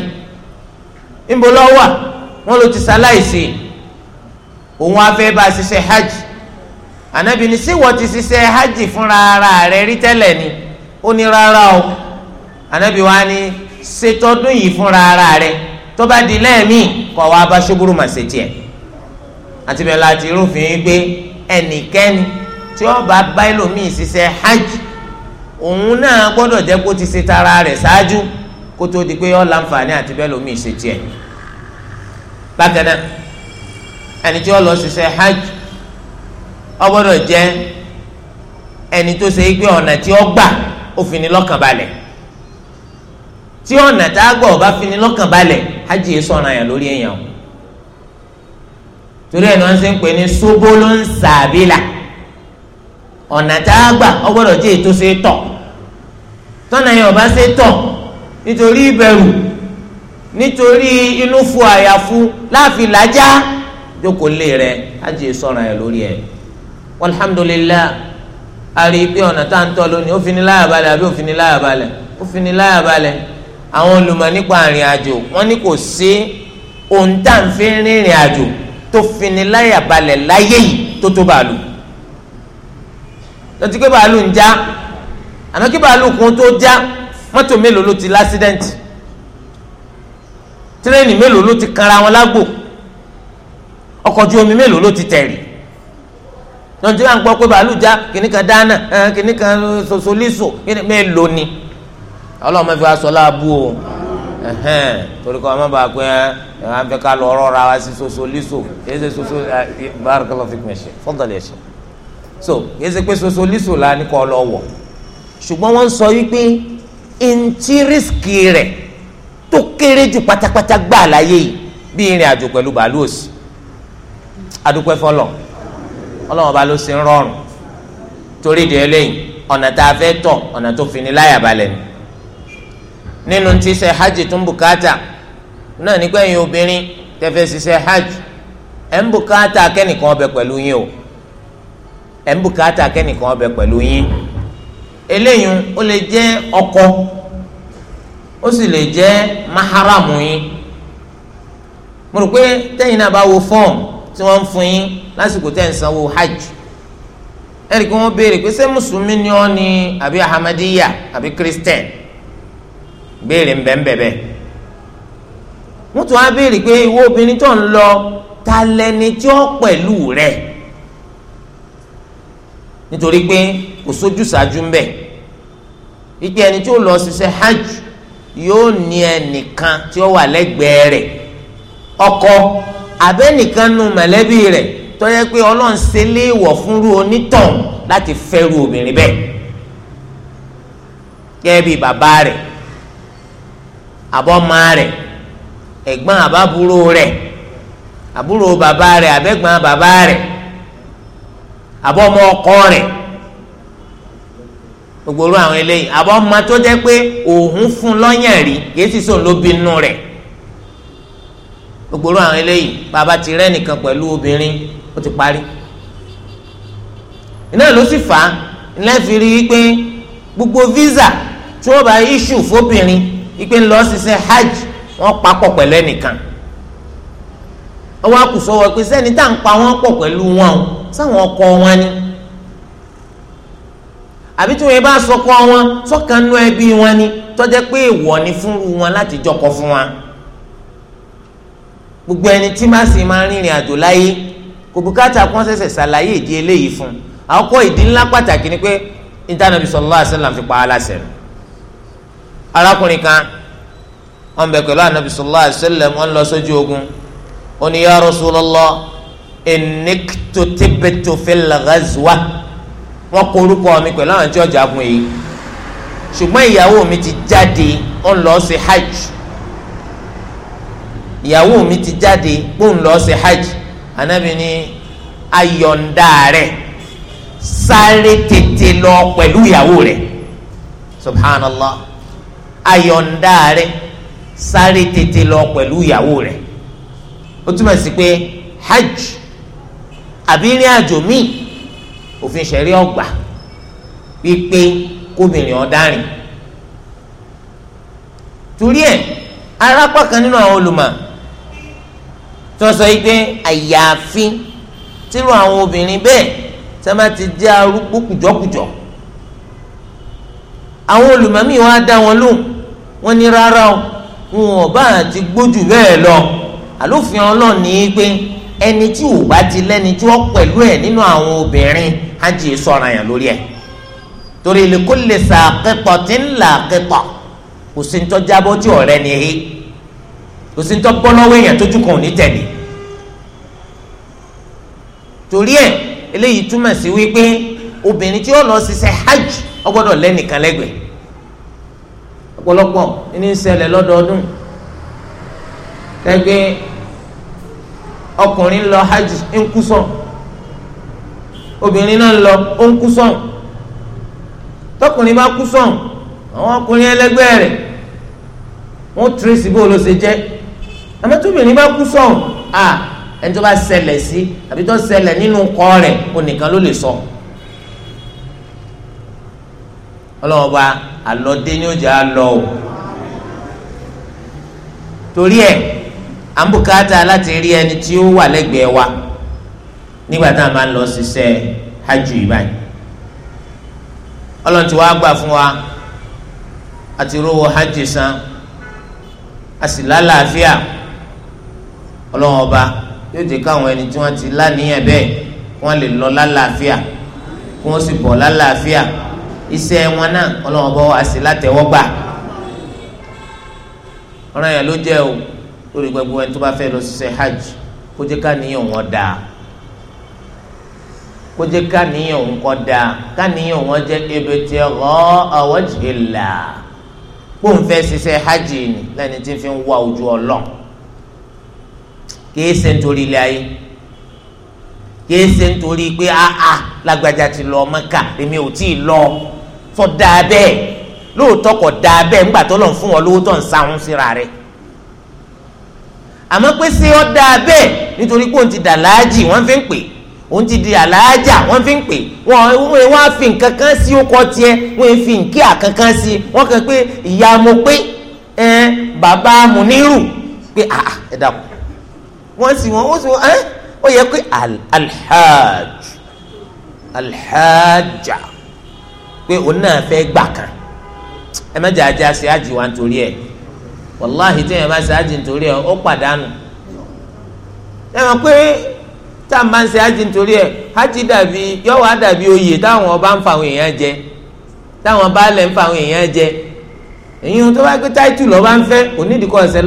níbo ló wà wọ́n ló ti ṣaláìsí òun á bá a hajj ànábì ni ṣé ti ṣiṣẹ́ hajj fúnra ara rẹ̀ rí tẹ́lẹ̀ ni ó ní rárá o ànábì wa ni ṣètọ́dún yìí fúnra ara rẹ tó bá di lẹ́ẹ̀mìí kọ́ wa bá ṣubúrú mà ṣe tiẹ̀ àti bẹ́ẹ̀ láti rúfin pé ẹnikẹ́ni tí ó bá bá ẹlòmíì ṣiṣẹ́ hajj òun náà gbọ́dọ̀ jẹ́ kó ti ṣe tara rẹ̀ ṣáájú kó tó di pé ó láǹfààní àti bẹ́ẹ̀ lòmíì ṣe tiẹ̀ bákan ẹni tí ó lọ ṣiṣẹ́ hajj ó gbọ́dọ̀ jẹ́ ẹni tó ṣe é gbé ọ̀nà tí ó gbà ó fi ní tí ọ̀nà tá a gbọ́ ọba fini lọ́kàn balẹ̀ hajj yìí sọ̀rọ̀ àyàn lórí èèyàn o torí ẹ̀ ni wọ́n ṣe ń pè ní subulun sabila ọ̀nà tá a gbà ọgbọ́dọ̀ jẹ́ ètò ṣe tọ̀ ọba ṣe tọ̀ nítorí ìbẹ̀rù nítorí inú fu àyàfu láàfin làjá rẹ hajj sọ̀rọ̀ àyàn lórí ẹ̀ a rí i pé ọ̀nà tá a ń tọ́ lónìí àwọn olùmọ̀ nípa àrìn àjò wọ́n ní kò sí ohun tá à ń fi rìnrìn àjò tó fini láyà balẹ̀ láyé yìí tó tó bàálù lọ́tí pé bàálù ń já àmọ́ kí bàálù kún tó já mọ́tò mélòó ló ti lásídẹ́ǹtì tírẹ́ẹ̀nì mélòó ló ti kanra wọn lágbo ọkọ̀ ojú omi mélòó ló ti tẹ̀rì lọ́tí wọn gbọ́ pé bàálù já kìnnìkan dáná kìnnìkan sòsòlísò mélòó ni. So, so, ọlọ́run mẹ́fẹ́ aṣọ láàbù o ẹ̀hẹ́n torí kọ́ ọmọ bàá pé ẹ̀ ẹ̀ fẹ́ ká lọ rọra wa sí soso liso kìí ṣe soso barakallahu fik mẹ́ṣẹ̀ fọ́tọ̀lì ẹ̀ṣẹ̀ so kìí ṣe pé soso liso la ní kọ́ lọ wọ̀ ṣùgbọ́n wọ́n sọ yìí pé ntí rísìkì rẹ̀ tó kéré ju pátápátá gbà láyé yìí bí ìrìn àjò pẹ̀lú bàálù òsì adúpẹ́ fọlọ́ ọlọ́run ọba ló ṣe ń rọrùn torí ìdí ẹlẹ́yìn ọ̀nà tá a fẹ́ tọ̀ ọ̀nà tó fi ní láyà balẹ̀ ni nínú tí ṣe hajj tún bùkátà náà nígbà yín obìnrin tẹ́fẹ́ ṣiṣẹ́ hajj ẹ̀ ń bùkátà kẹ́nìkan ọbẹ̀ pẹ̀lú yín o e ń bukata kẹ́nìkan ọbẹ̀ pẹ̀lú yín eléyìí ó lè jẹ́ ọkọ ó sì lè jẹ́ maharamu yín mo rò pé tẹ́yìn náà bá wo fọ́ọ̀mù tí wọ́n ń fún yín lásìkò tẹ́ ń sanwó hajj ẹ̀rí wọ́n béèrè pé ṣé mùsùlùmí ni ọ́ ni àbí ahmadiyya àbí béèrè ńbẹ́ńbẹ́bẹ́ wọ́n tún á béèrè pé ìwọ obìnrin tó ń lọ ta lẹni tí ó pẹ̀lú rẹ̀ nítorí pé kò sójúsàájú ńbẹ ìpè ẹni tí ó lọ ṣiṣẹ́ hajj yóò ní ẹnìkan tí ó wà lẹ́gbẹ̀ẹ́ rẹ̀ ọkọ abẹ́nìkan nu mọ̀lẹ́bí rẹ̀ tó pé ọlọ́run ṣe léèwọ̀ fúnrú onítọ̀hún láti fẹ́rù obìnrin bẹ́ẹ̀ gẹ́gẹ́ bàbá rẹ̀ àbọ̀mọ rẹ̀ ẹ̀gbọ́n àbábúrò rẹ̀ àbúrò bàbá rẹ̀ àbẹ̀gbọ́n bàbá rẹ̀ àbọ̀mọ ọkọ rẹ̀ gbogbo orú àwọn eléyìí àbọ̀mọ tó jẹ́ pé òun fún lọ́yàn rí kìí sì sòun ló bínú rẹ̀ gbogbo orú àwọn eléyìí bàbá ti rẹ́ nìkan pẹ̀lú obìnrin ó ti parí iná ló sì fà á ńlẹ́ fi rí i pé gbogbo visa tí wọ́n bá issue fóbìnrin Ipe ńlọ ṣiṣẹ́ hajj wọn papọ̀ pẹ̀lú ẹnìkan ọwọ́ àkùsọ wọ pé sẹ́ni tá à ń pa wọ́n pọ̀ sa wọn o sáwọn ọkọ wọn ni àbí tí wọ́n bá sọkọ wọn sọ́kàn nú ẹbí wọn ni tọjẹ pé èèwọ̀ ni fún wọn láti jọkọ fún wọn gbogbo ẹni tí má sì máa rìnrìn àjò láyé kò bùkátà kó wọ́n ṣàlàyé ìdí eléyìí fún un àkọ́kọ́ ìdí ńlá pàtàkì ni pé pa arákùnrin kan wọn bẹ pẹ̀lú anabi sallallahu alayhi wa sallam wọn lọ sójú ogun ó ní ya Rasulullah iniktutibtu fil ghazwa wọn kọ orúkọ mi pẹ̀lú àwọn tí ó jagun yìí ṣùgbọ́n ìyàwó mi ti jáde ó ń lọ sí hajj ìyàwó mi ti jáde ó ń lọ sí hajj anabi ni ayọ̀ǹda rẹ̀ sáré tètè lọ pẹ̀lú ìyàwó rẹ̀ subhanallah àyọ̀ǹda rẹ̀ sáré tètè lọ pẹ̀lú ìyàwó rẹ̀ ó túmọ̀ sí pé hajj àbí ìrìn àjò míì òfin ṣẹ̀rí ọgbà wípé kóbìnrin ọ̀daràn torí ẹ̀ arápá kan nínú àwọn olùmọ̀ tó sọ yìí pé àyàfi tírú àwọn obìnrin bẹ́ẹ̀ tí ti jẹ́ arúgbó kùjọ́kùjọ́ àwọn olùmọ̀ míì wá dá wọn lóhùn wọ́n ní rárá o wọn ò bá àti gbójú bẹ́ẹ̀ lọ àlófin ọlọ́run ní í pé ẹni tí ò bá ti lẹ́ni tí wọ́n pẹ̀lú ẹ̀ nínú àwọn obìnrin hajj sọ̀ràn yàn lórí ẹ̀ torí li kulli saqiṭatin lāqiṭah kò sí ní tọ́jábọ́ tí ọ̀rẹ́ ni hí kò sí ní tọ́ bọ́ èèyàn tójú kan ò ní tẹ̀lé torí ẹ̀ eléyìí túmọ̀ sí wípé obìnrin tí ó lọ ṣiṣẹ́ hajj ó gbọ́dọ̀ lẹ́nìkan lẹ́gbẹ̀ẹ́ pọ̀lọpọ̀ ní ṣẹlẹ̀ lọ́dọọdún tẹgbẹ ọkùnrin lọ hajj ń kú sàn obìnrin náà lọ ó ń kú sàn tọkùnrin bá kú sàn àwọn ọkùnrin ẹlẹgbẹ́ rẹ̀ wọ́n tírèsì bó ló ṣe jẹ́ àmọ́ tóbìnrin bá kú sàn à ẹni tó bá ṣẹlẹ̀ sí àbí tó ṣẹlẹ̀ nínú kọ rẹ̀ onìkan ló lè sọ. So ọlọ́wọ́n bá àlọ́dé ní ọjà lọ o torí ẹ̀ à láti rí ẹni tí ó wà lẹ́gbẹ̀ẹ́ wa nígbà tá a máa ń lọ ṣiṣẹ́ hajj ìbáyìí ọlọ́run ti wá gbà fún wa àti rówó hajj san a sì lálàáfíà ọlọ́run ọba yóò jẹ́ káwọn ẹni tí wọ́n ti láníyàn bẹ́ẹ̀ wọ́n lè lọ lálàáfíà kí wọ́n sì bọ̀ lálàáfíà. La iṣẹ́ wọn náà ọlọ́wọ́n bọ́ wá sí látẹ̀wọ́gbà ọ̀ràn yẹn ló jẹ́ o lórí gbogbo ẹni tó bá fẹ́ lọ ṣiṣẹ́ hajj kó jẹ́ káníyàn wọn dáa kó jẹ́ káníyàn wọn kọ́ dáa káníyàn wọn jẹ́ ebi tí ẹ rọ́ ọwọ́ jìgì là kó n fẹ́ ṣiṣẹ́ hajj ni lẹ́ni tí fi ń wá ojú ọlọ́ kìí ṣe nítorí ilé ayé kìí ṣe nítorí pé áá lágbájá ti lọ Mẹ́kà èmi ò tí ì lọ sọ dáa bẹ́ẹ̀ lóòótọ́ kọ̀ dáa bẹ́ẹ̀ ńgbà tó lọ fún wọn lówó tó ń sáhùn síra rẹ̀ àmọ́ pé ṣé ọ dáa bẹ́ẹ̀ nítorí pé òun ti dà láàjì wọ́n fi ń pè òun ti di àlàájà wọ́n fi ń pè wọ́n wọ́n á fi nǹkan kan sí ọkọ tiẹ̀ wọ́n fi nkí àkankan sí wọ́n kàn pé ìyá mo pé ẹ bàbá Muniru pé àà ẹ dàpọ̀ wọ́n sì wọ́n ó sì wọ́n ẹ́ ó yẹ pé alhaj alhaja. pé òun náà fẹ́ gbà kan ẹ má jà ajá sí àjì wa nítorí ẹ wàláhì téèyàn bá ṣe àjì nítorí ẹ ó pàdánù ẹ mọ̀ pé tá a máa ń ṣe àjì nítorí ẹ àjì dàbí yọ̀wọ̀ dàbí oyè táwọn ọba ń fa àwọn èèyàn jẹ táwọn baálẹ̀ ń fa àwọn èèyàn jẹ èyí tó bá gbé táìtù lọ́ba ń fẹ́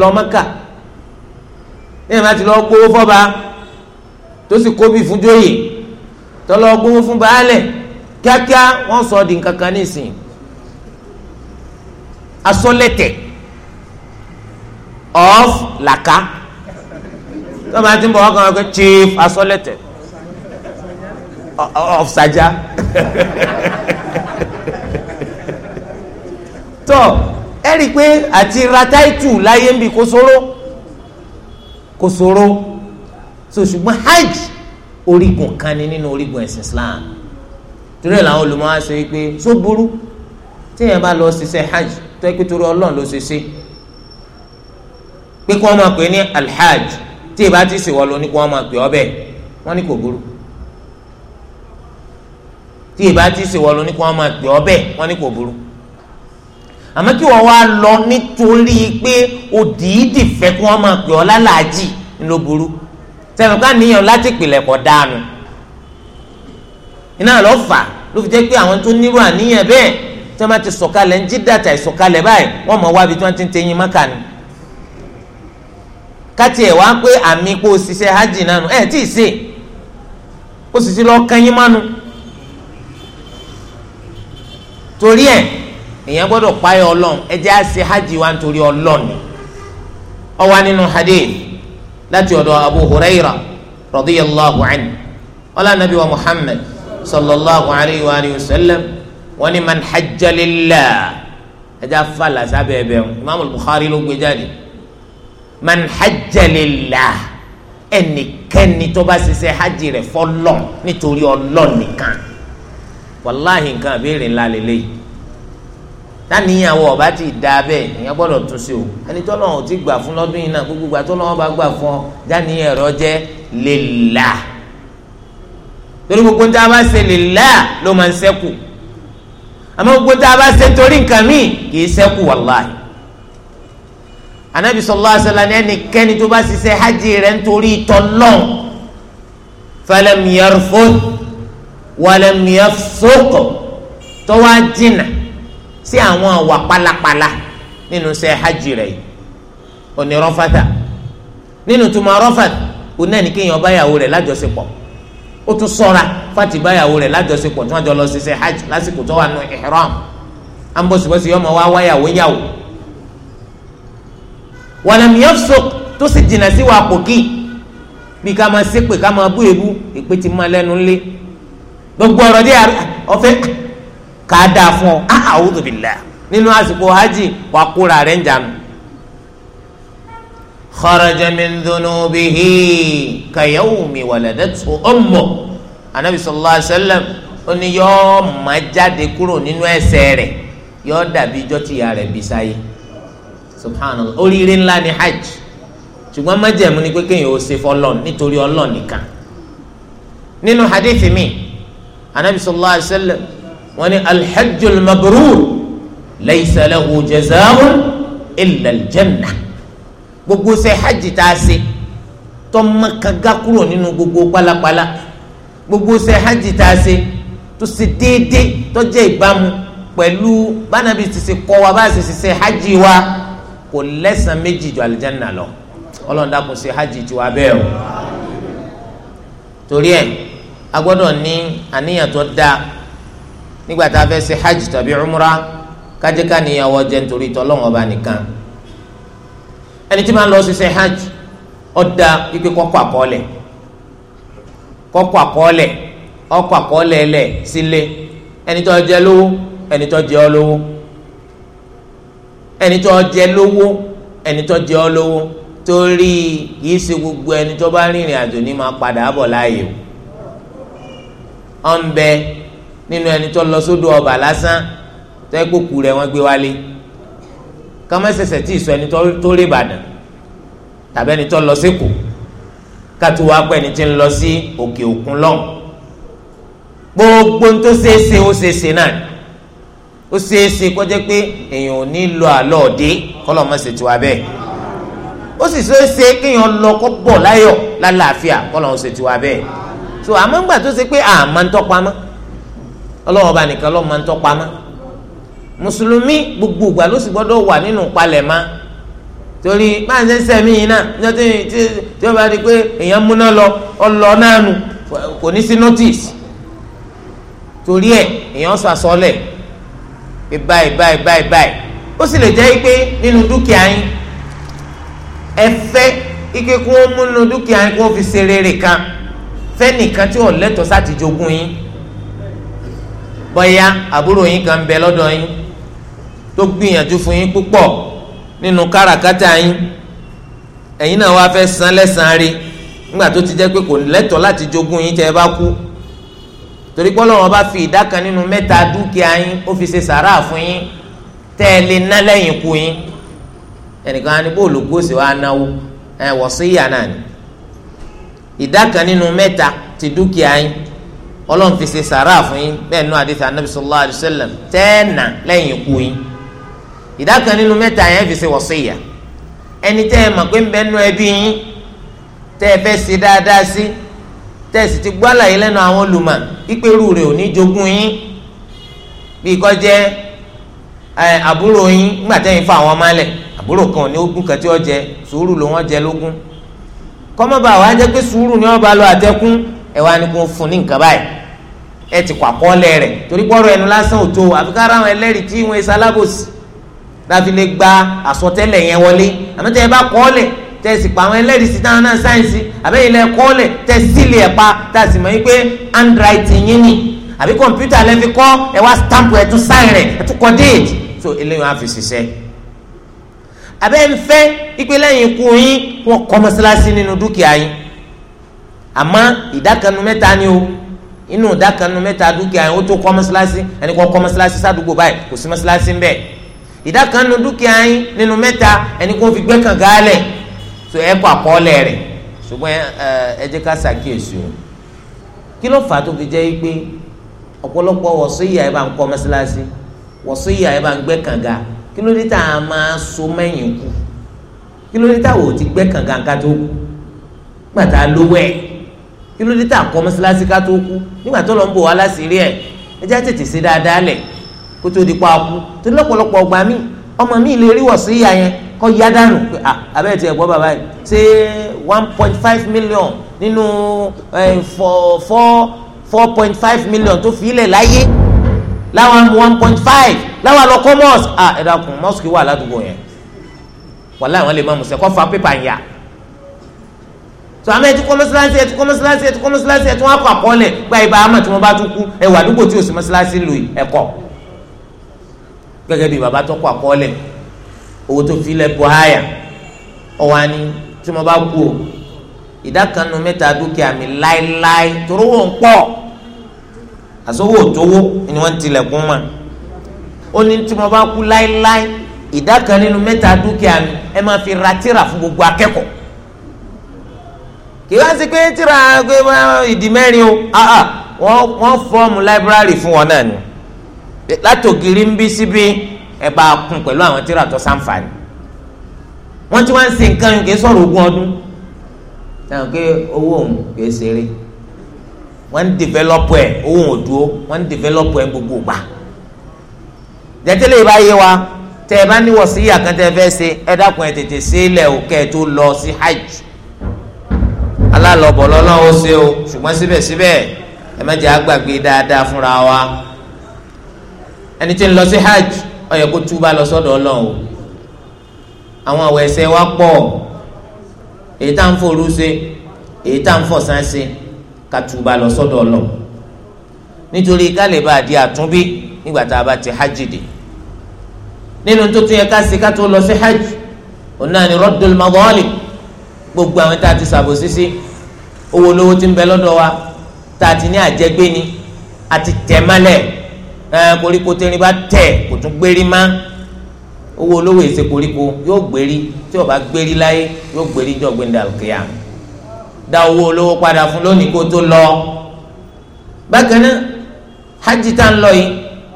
lọ bá ti lọ gbowó fọ́ba tó sì kóbi fún jóyè kíákíá wọ́n sọ di nǹkan kan nísìnyí asọ́lẹ̀tẹ̀ of làkà tó máa ti ń bọ̀ wọ́n kàn wọ́n pé chief asọ́lẹ̀tẹ̀ of sàjà (laughs) tó ẹ rí i pé àti ra táìtù láyé ń bi kó sóró kó sóró so ṣùgbọ́n hajj orígun kan ni nínú orígun ẹ̀sìn Islam torí ẹ̀ làwọn olùmọ̀ á sọ yìí pé só burú téèyàn bá lọ ṣiṣẹ́ hajj tó yẹ pé torí ọlọ́run ló ṣe ṣe pé kí wọ́n máa pè é ní alhaj tí ìbá ti ṣèwọ́ lọ ní kí wọ́n máa pè ọ́ bẹ́ẹ̀ wọ́n ní kò burú tí ìbá ti ṣèwọ́ lọ ní kí wọ́n máa pè wọ́n ní kò burú àmọ́ kí wọ́n wá lọ nítorí pé o dìídì fẹ́ kí wọ́n máa pè lálàájì ńlọ burú sẹ́fẹ̀ká níyàn láti pìlẹ̀ pọ̀ dáanu. iná lọ fà ló fi jẹ́ pé àwọn tó nírú àníyàn bẹ́ẹ̀ tí bá ti sọ̀kalẹ̀ ń jí dàtà ìsọ̀kalẹ̀ báyìí wọ́n mọ̀ wábi tí wọ́n ti ń ni. ẹ̀ wá pé àmì ṣiṣẹ́ hajj nánu ẹ̀ tí ì ṣe ó sì ti lọ kẹ́yìn mánu. torí ẹ̀ èèyàn gbọ́dọ̀ páyọ̀ ọlọ́run ẹ á ṣe hajj wa nítorí ni. nínú hadith láti ọ̀dọ̀ Abu Hurairah radiyallahu sallallahu alayhi wa alihi wa sallam wọ́n ní man hajja lillah ẹja fàlà sábẹ́ ẹbẹ̀ wọn imaamu bukhari ló gbé jáde man hajja lillah ẹnikẹ́ni tó bá ṣiṣẹ́ hajj rẹ̀ fọlọ́ nítorí ọlọ́ọ̀ nìkan wàláhì nǹkan àbẹ́rẹ́ ńlá lélẹ́yìí táníyàwó ọba ti da bẹ́ẹ̀ èèyàn gbọ́dọ̀ tún sí o ẹni tó lọ́wọ́ ti gbà fún lọ́dún yìí náà gbogbo gbà bá gbà fún ọ jáníyàn ẹ̀rọ jẹ́ lillah torí gbogbo ń tá a bá ṣe lillah ló máa ń ṣẹ́kù àmọ́ gbogbo tá a bá ṣe torí nǹkan míì kì í ṣẹ́kù wàláhì anabi sallallahu alaihi wasallam ẹnikẹ́ni tó bá ṣiṣẹ́ hajj rẹ̀ nítorí t'Ọlọ́hun falam yarfuth walam jìnnà sí àwọn àwà pálapàla nínú ṣe hajj rẹ̀ onírọ́fàtà nínú tuma rọ́fàtà onáníkéyàn báyàwó rẹ̀ lájọṣepọ̀ ó tún sọ́ra fati báyàwó rẹ̀ lájọṣepọ̀ tí wọ́n jọ lọ ṣiṣẹ́ hajj lásìkò tó wà nù ihram ambosibosi yọmọ wa wáyàwó yàwó wàlámì yọfṣọ tó sì jìnnà sí wa pòkì bí ká máa ṣépè ká máa bú èbú èpè ti máa lẹ́nu lé gbogbo ọ̀rọ̀ dé ọ̀fẹ́ kàá dáa fún ọ àwọn òdòdó bìlà nínú àsìkò hajj wàá kóra rẹ̀ ń jànú kharaja min dhunubihi kayawmi waladatu ummu anabi sallallahu alayhi wa sallam ó ní yóò máa jáde kúrò nínú ẹ̀ṣẹ̀ rẹ̀ yóò dàbí ijọ́ tí ìyá rẹ̀ bí sáyé subhanallah oríire ńlá ni hajj ṣùgbọ́n májẹ̀mú ni pé kéèyàn ó ṣe fọlọ́n nítorí ọlọ́ọ̀ nìkan nínú hadithi mi anabi sallallahu alayhi wa sallam wọ́n ní alhajjul mabrur laysa lahu jazaa'un illa aljanna gbogbo ṣe hajj tá a ṣe tọmọ kanga kúrò nínú gbogbo pálapàla gbogbo ṣe hajj tá a ṣe tó ṣe déédéé tó jẹ́ ìbámu pẹ̀lú bánabi ti ṣe kọ́ wa bá a ṣe ṣe hajj wa kò lẹ́sàn méjì ju alìjánná lọ ọlọ́run dákun ṣe hajj tiwa bẹ́ẹ̀ o torí ẹ̀ a gbọ́dọ̀ ní àníyàn tó dáa nígbà tá a fẹ́ ṣe hajj tàbí umra kájíká níyàwó jẹ́ nítorí tọ́lọ́wọ́n ọba nìkan. ẹni tí máa ń lọ ṣiṣẹ́ hajj ọ̀dà ikpe kọ́kọ́ àkọọ́lẹ̀ kọ́kọ́ àkọọ́lẹ̀ ọkọ̀ àkọọ́lẹ̀ ẹlẹ̀ sílé ẹni tó jẹ lówó ẹni tó jẹ ọ lówó ẹni tó jẹ lówó ọ lówó torí ṣe gbogbo ẹni tó bá rìnrìn àjò ní máa padà o ọ̀nbẹ nínú ẹni tó lọ sódò ọbà lásán tó rẹ̀ wọ́n kama ẹsẹsẹ tí ìsọ ẹni tó rí ìbàdàn tàbí ẹni tó lọ sékò kátó wá pẹ́ ẹni tí ń lọ sí òkè òkun lọ́hùn gbogbo tó ṣeéṣe ó ṣeéṣe náà ó ṣeéṣe kó jẹ́ pé èèyàn ò ní lọ àlọ́ òde kọ́lọ́ mọ́ ṣe tiwa bẹ́ẹ̀ ó sì ṣeéṣe kéèyàn lọ kó bọ̀ láyọ̀ lálàáfíà kọ́lọ́ mọ́ ṣe tiwa bẹ́ẹ̀ so àmọ́ ńgbà tó ṣe pé àmọ́ ń tọ́pamọ́ ọlọ́wọ́ bá nìkan lọ́ọ́ máa ń tọ́pamọ́ mùsùlùmí gbogbo ìgbà ló sì gbọ́dọ̀ wà nínú palẹ̀mọ́ torí máa ń ṣe sẹ́mi yìí náà ní ọtí tí tí ó bá di pé èèyàn múná lọ ọlọ náà nù kò ní sí notice torí ẹ èèyàn sọ àsọlẹ̀ pé báyìí báyìí báyìí báyìí ó sì lè jẹ́ pé nínú dúkìá yín ẹ fẹ́ ike kí wọ́n mú nínú dúkìá yín kí wọ́n fi ṣe rere kan fẹ́nìkan tí ò lẹ́tọ̀ọ́ sáti yín bóyá àbúrò yín kan ń bẹ lọ́dọ̀ yín tó gbìyànjú fún yín púpọ̀ nínú káràkátà yín ẹ̀yin náà wàá fẹ́ san lẹ́sàn-án rí nígbà tó ti jẹ́ pé kò lẹ́tọ̀ọ́ láti jogún yín tẹ́ ẹ bá kú torí pé Ọlọ́run bá fi ìdá kan nínú mẹ́ta dúkìá yín ó fi ṣe sàrà fún yín tẹ́ ẹ lè ná lẹ́yìn ikú yín ẹnìkan á ní bóòlù gbòòsì wa náwó ẹ wọ̀ sí ìyá náà ni ìdá kan nínú mẹ́ta ti dúkìá yín Ọlọ́run fi ṣe sàrà fún yín bẹ́ẹ̀ nú àdìsí anábìsọ́lá àdìsẹ́lẹ̀m tẹ́ ẹ nà lẹ́yìn ikú yín. ìdá kan nínú mẹ́ta yẹn fi ṣe wọ̀síyà ẹni tẹ́ ẹ mọ̀ pé ń nú ẹbí yín tẹ́ ẹ fẹ́ dáadáa sí tẹ́ ẹ ti gbọ́ àlàyé lẹ́nu àwọn olùmọ̀ ìpérù rẹ̀ ò ní jogún yín bí jẹ́ àbúrò yín nígbà kan ní ogún kan tí jẹ sùúrù ló wọ́n jẹ lógún kọ́mọ́bà lọ àtẹkùn wá ní kó fún ní nǹkan báyìí ẹ ti àkọọ́lẹ̀ rẹ̀ torí ẹnu àwọn ẹlẹ́rìí láti lè gba àsọtẹ́lẹ̀ yẹn wọlé àmọ́ tẹ́ ẹ bá kọ́ lẹ̀ tẹ́ ẹ sì pa àwọn ẹlẹ́rìí sí táwọn náà sáyẹ́nsì àbẹ́yìn lẹ́ kọ́ lẹ̀ tẹ́ ẹ sílẹ̀ ẹ̀ pa tá a sì mọ̀ wípé handwriting yín ni àbí kọ̀ǹpútà lẹ́ fi kọ́ ẹ wá stamp ẹ̀ tún sáyẹn rẹ̀ ẹ̀ tún kọ́ déètì so eléyìí wọn á fi ṣiṣẹ́ abẹ́ ń fẹ́ ìpínlẹ̀yìn ikú yín wọ́n kọ́ mọ́sálásí nínú dúkìá yín àmọ́ ìdákanu mẹ́ta ni o inú ìdákanu mẹ́ta dúkìá yín ó tó kọ́ mọ́sálásí ẹni kọ́ kọ́ mọ́sálásí sádùúgbò báyìí kò sí mọ́sálásí ń bẹ́ẹ̀ ìdá kan nínú dúkìá yín nínú mẹ́ta ẹni kó fi gbẹ́ kànga lẹ̀ so ẹ kọ àkọọ́lẹ̀ rẹ̀ ṣùgbọ́n ẹ jẹ́ ká ṣàkíyèsí o kí ló fà á tó fi jẹ́ pé ọ̀pọ̀lọpọ̀ wọ̀síyà ẹ bá ń kọ́ mọ́ṣáláṣí wọ̀síyà ẹ bá ń gbẹ́ kànga kí ló dé tá a máa so mẹ́yìn kú kí ló dé tá a wò ti gbẹ́ kànga ká tó kú nígbà tá a lówó ẹ̀ kí ló dé tá a kọ́ mọ́ṣáláṣí ká tó kú nígbà tó lọ ń bò wá láṣìírí ẹ̀ ẹ já tètè ṣe dáadáa lẹ̀ kó tó di pa ọkú tó lọ́pọ̀lọpọ̀ ọgbà mi ọmọ mi lè rí wọ̀ sí ìyá yẹn kọ́ ya dànù pé à abẹ́rẹ́ tiẹ̀ gbọ́ bàbá yìí ṣé one point five million nínú four four point five million tó fi ilẹ̀ láyé láwọn one point five láwọn lọ́kọ́ mọ́ọ̀sì à ẹ̀dá kun mọ́ọ̀sì wà ládùúgbò yẹn wàlá àwọn lè má musẹ kọfà pépà ń yà tó àmì ẹtí kọ́ mọ́sálásí ẹtí kọ́ mọ́sálásí ẹtí kọ́ mọ́sálásí ẹtí wọn akọ àkọọ́lẹ̀ gba ibà àmọ̀ tí wọn bá tún kú ẹwà àdúgbò tí òsì mọ́sálásí lù ẹ̀kọ́ gẹ́gẹ́ bí baba tó kọ àkọọ́lẹ̀ owó tó fi lẹ́ buhaya ọ̀wá ni tí mo bá kú o ìdá kan nu mẹ́ta dúkìá mi láéláé torí owó ń pọ̀ àsowó òtówó ni wọ́n tilẹ̀kùn mọ́ ó ní tí mo bá kú láéláé ìdá kan nínú mẹ́ta dúkìá mi ẹ máa fi ra tírà fún gbogbo akẹ́kọ̀ọ́ kì í wá sí pé tírà ìdí mẹ́rin o wọ́n fọ́ọ̀mù láìbírárì fún wọn náà ni látògiri ń bí síbí ẹ bá a kún pẹ̀lú àwọn tíra tó sáǹfààní wọ́n ti wá ń sin nǹkan kì í sọ̀rọ̀ ogún ọdún táwọn pé owó òun kì í ṣeré wọ́n ń dìvẹ́lọ́pù ẹ̀ owó òun ò dúró wọ́n ń dìvẹ́lọ́pù ẹ̀ gbogbo gbà jẹ́tẹ́lẹ̀ ìbáyé wa tẹ́ ẹ bá níwọ̀ sí ìyá kan fẹ́ ṣe ẹ dákun ẹ tètè sí ilẹ̀ o tó lọ sí hajj alálọ̀bọ̀ ṣe o ṣùgbọ́n síbẹ̀síbẹ̀ ẹ má jẹ́ àgbàgbé dáadáa fúnra wa ẹni tí ń lọ sí hajj ó yẹ kó túbà lọ sọ́dọ̀ Ọlọ́run o àwọn àwọ̀ ẹ̀ṣẹ̀ wa pọ̀ èyí tá à ń forú ṣe èyí tá à ń fọ̀sán ṣe ká túbà lọ sọ́dọ̀ Ọlọ́run nítorí ká lè àtúnbí nígbà tá a bá ti hajj dé nínú tó tún yẹ ká ṣe ká tó lọ sí hajj òun náà ni rọdùl madhalim gbogbo àwọn tá a ti ṣàbò sísí owó olówó ti ń bẹ lọ́dọ̀ wa tá a ti ní àjẹgbé ni a ti tẹ̀ mọ́lẹ̀ ẹ koríko tẹrin bá tẹ kò tún gbérí má owó olówó èsè koríko yóò gbérí tí o bá gbérí láyé yóò gbérí jọ gbẹndà kíá dá owó olówó padà fún lónìí kó tó lọ bákan náà hajj tá ń lọ yìí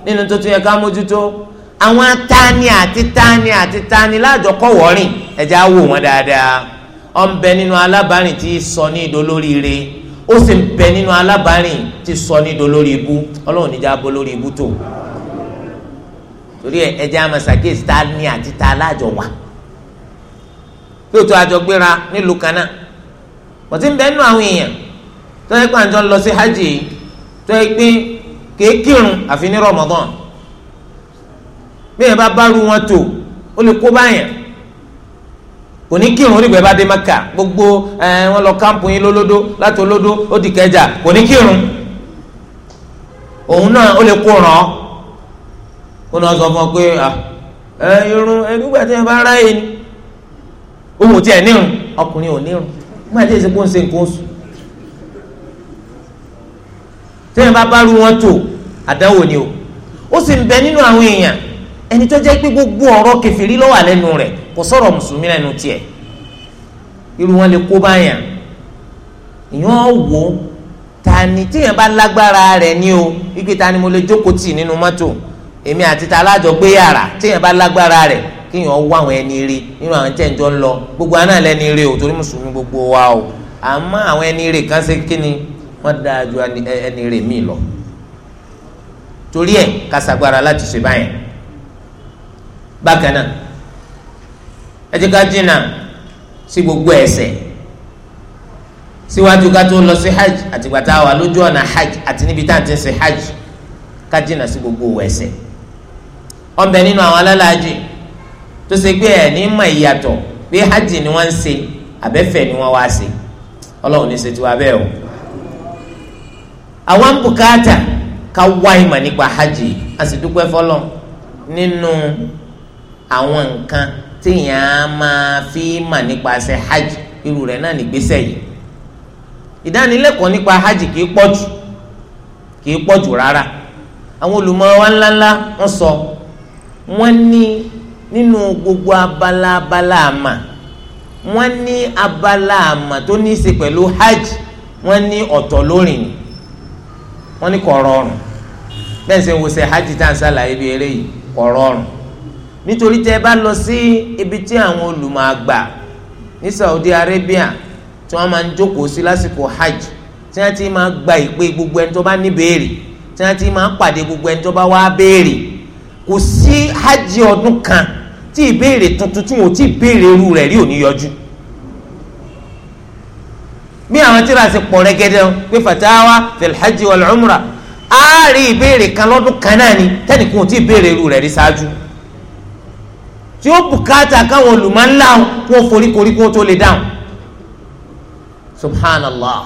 nínú tó tún yẹ ká mójútó àwọn atani àti tani àti tani láàjọ kọ wọrin ẹjẹ á wò wọn dáadáa ọ̀nbẹ nínú alábàárìn tí sọ ní ìdólóríire ó sì ń bẹ nínú alábàárìn tí sọ nídò lórí ibú ọlọ́run níjà bọ́ lórí ibú tó torí ẹ ẹ jẹ́ amasakeesi tá a ní àti tá a láàjọ wà lóòótọ́ àjọ gbéra nílùú kan náà wọ́n ti ń bẹ nínú àwọn èèyàn tó yẹ pé àjọ ń lọ sí hajj tó yẹ pé kéékìrún àfi ní Ramadan bí ẹ bá bá rú wọn tó ó lè kó báyàn òní kírun onígbẹ bá dé maka gbogbo ẹ wọn lọ kámpu yín lólódó láti olódó ó di kẹjà òní kírun òun náà ó lè kó ràn ọ kó náà sọ fún ọ pé ẹ irun ẹgbẹgbẹ tí wọn bá rà yìí òun tiẹ̀ nírun ọkùnrin ò nírun má dé ìsìnkú ṣe nǹkan oṣù tí wọn bá bá rú wọn tó àdánwò ni o ó sì ń bẹ nínú àwọn èèyàn ẹni tó jẹ́ pé gbogbo ọ̀rọ̀ kẹfìrí ló wà lẹ́nu rẹ̀ kò sọ̀rọ̀ mùsùlùmí lẹ́nu tiẹ̀ irú wọn lè kó báyà ìyọ́n wò ó tani tíyẹn bá lágbára rẹ̀ ni o igi tani mo lè jókòó tì nínú mọ́tò èmi àti ta alájọ gbé yàrá tíyẹn bá lágbára rẹ̀ kíyàn wá àwọn ẹni rí nínú àwọn tẹ̀jọ́ ń lọ gbogbo àná lẹ́ni rí o torí mùsùlùmí gbogbo wa o àmọ́ àwọn ẹni rí kan ṣe kí ni wọ́n dáa ju ẹni rí mi lọ torí ẹ̀ kásagbára láti ṣe báyẹn bákan náà ẹ jẹ́ ká jìnnà sí gbogbo ẹ̀ṣẹ̀ síwájú ká tó lọ sí hajj àtìgbà tá a wà lójú ọ̀nà hajj àti níbi tá à ń ti ń ṣe hajj ká jìnnà sí gbogbo ẹ̀ṣẹ̀ ọ̀nbẹ nínú àwọn alálàájì tó ṣe pé ẹ̀ ní mọ̀ ìyàtọ̀ pé hajj ni wọ́n ń abefe ni wọ́n wá se ọlọ́run ní abe tiwa o àwọn bùkátà ká wá ìmọ̀ nípa hajj a sì dúpẹ́ fọlọ́ nínú àwọn nǹkan téèyàn á máa fi mà nípasẹ̀ hajj irú rẹ̀ náà nígbésẹ̀ yìí ìdánilẹ́kọ̀ọ́ nípa hajj kìí pọ̀jù kìí pọ̀jù rárá àwọn olùmọ̀ wa ńláńlá wọ́n sọ wọ́n ní nínú gbogbo abala abala àmà wọ́n ní abala àmà tó ní í ṣe pẹ̀lú hajj wọ́n ní ọ̀tọ̀ lórí ni wọ́n ní bẹ́ẹ̀ ṣe hajj tá ń bí eré yìí nítorí tẹ bá lọ sí ibi tí àwọn olùmọ̀ ní Saudi Arabia tí wọ́n máa ń jókòó sí lásìkò hajj tí wọ́n ti máa gba ìpè gbogbo ẹni tó bá ní béèrè tí wọ́n ti máa pàdé gbogbo ẹni tó bá wá béèrè kò sí hajj ọdún kan tí ìbéèrè tuntun tí wọn ò tí ì béèrè irú rẹ̀ rí òní yọjú bí àwọn tíra ṣe pọ̀ rẹ́gẹ́dẹ́ pé fatawa filhajj wal a rí ìbéèrè kan lọ́dún kan náà ni tẹ́nìkan ò tí béèrè irú rẹ̀ rí ṣáájú. tí ó bùkátà káwọn olùmọ̀ńlá kó forí korí kó tó lè dáhùn subhanallah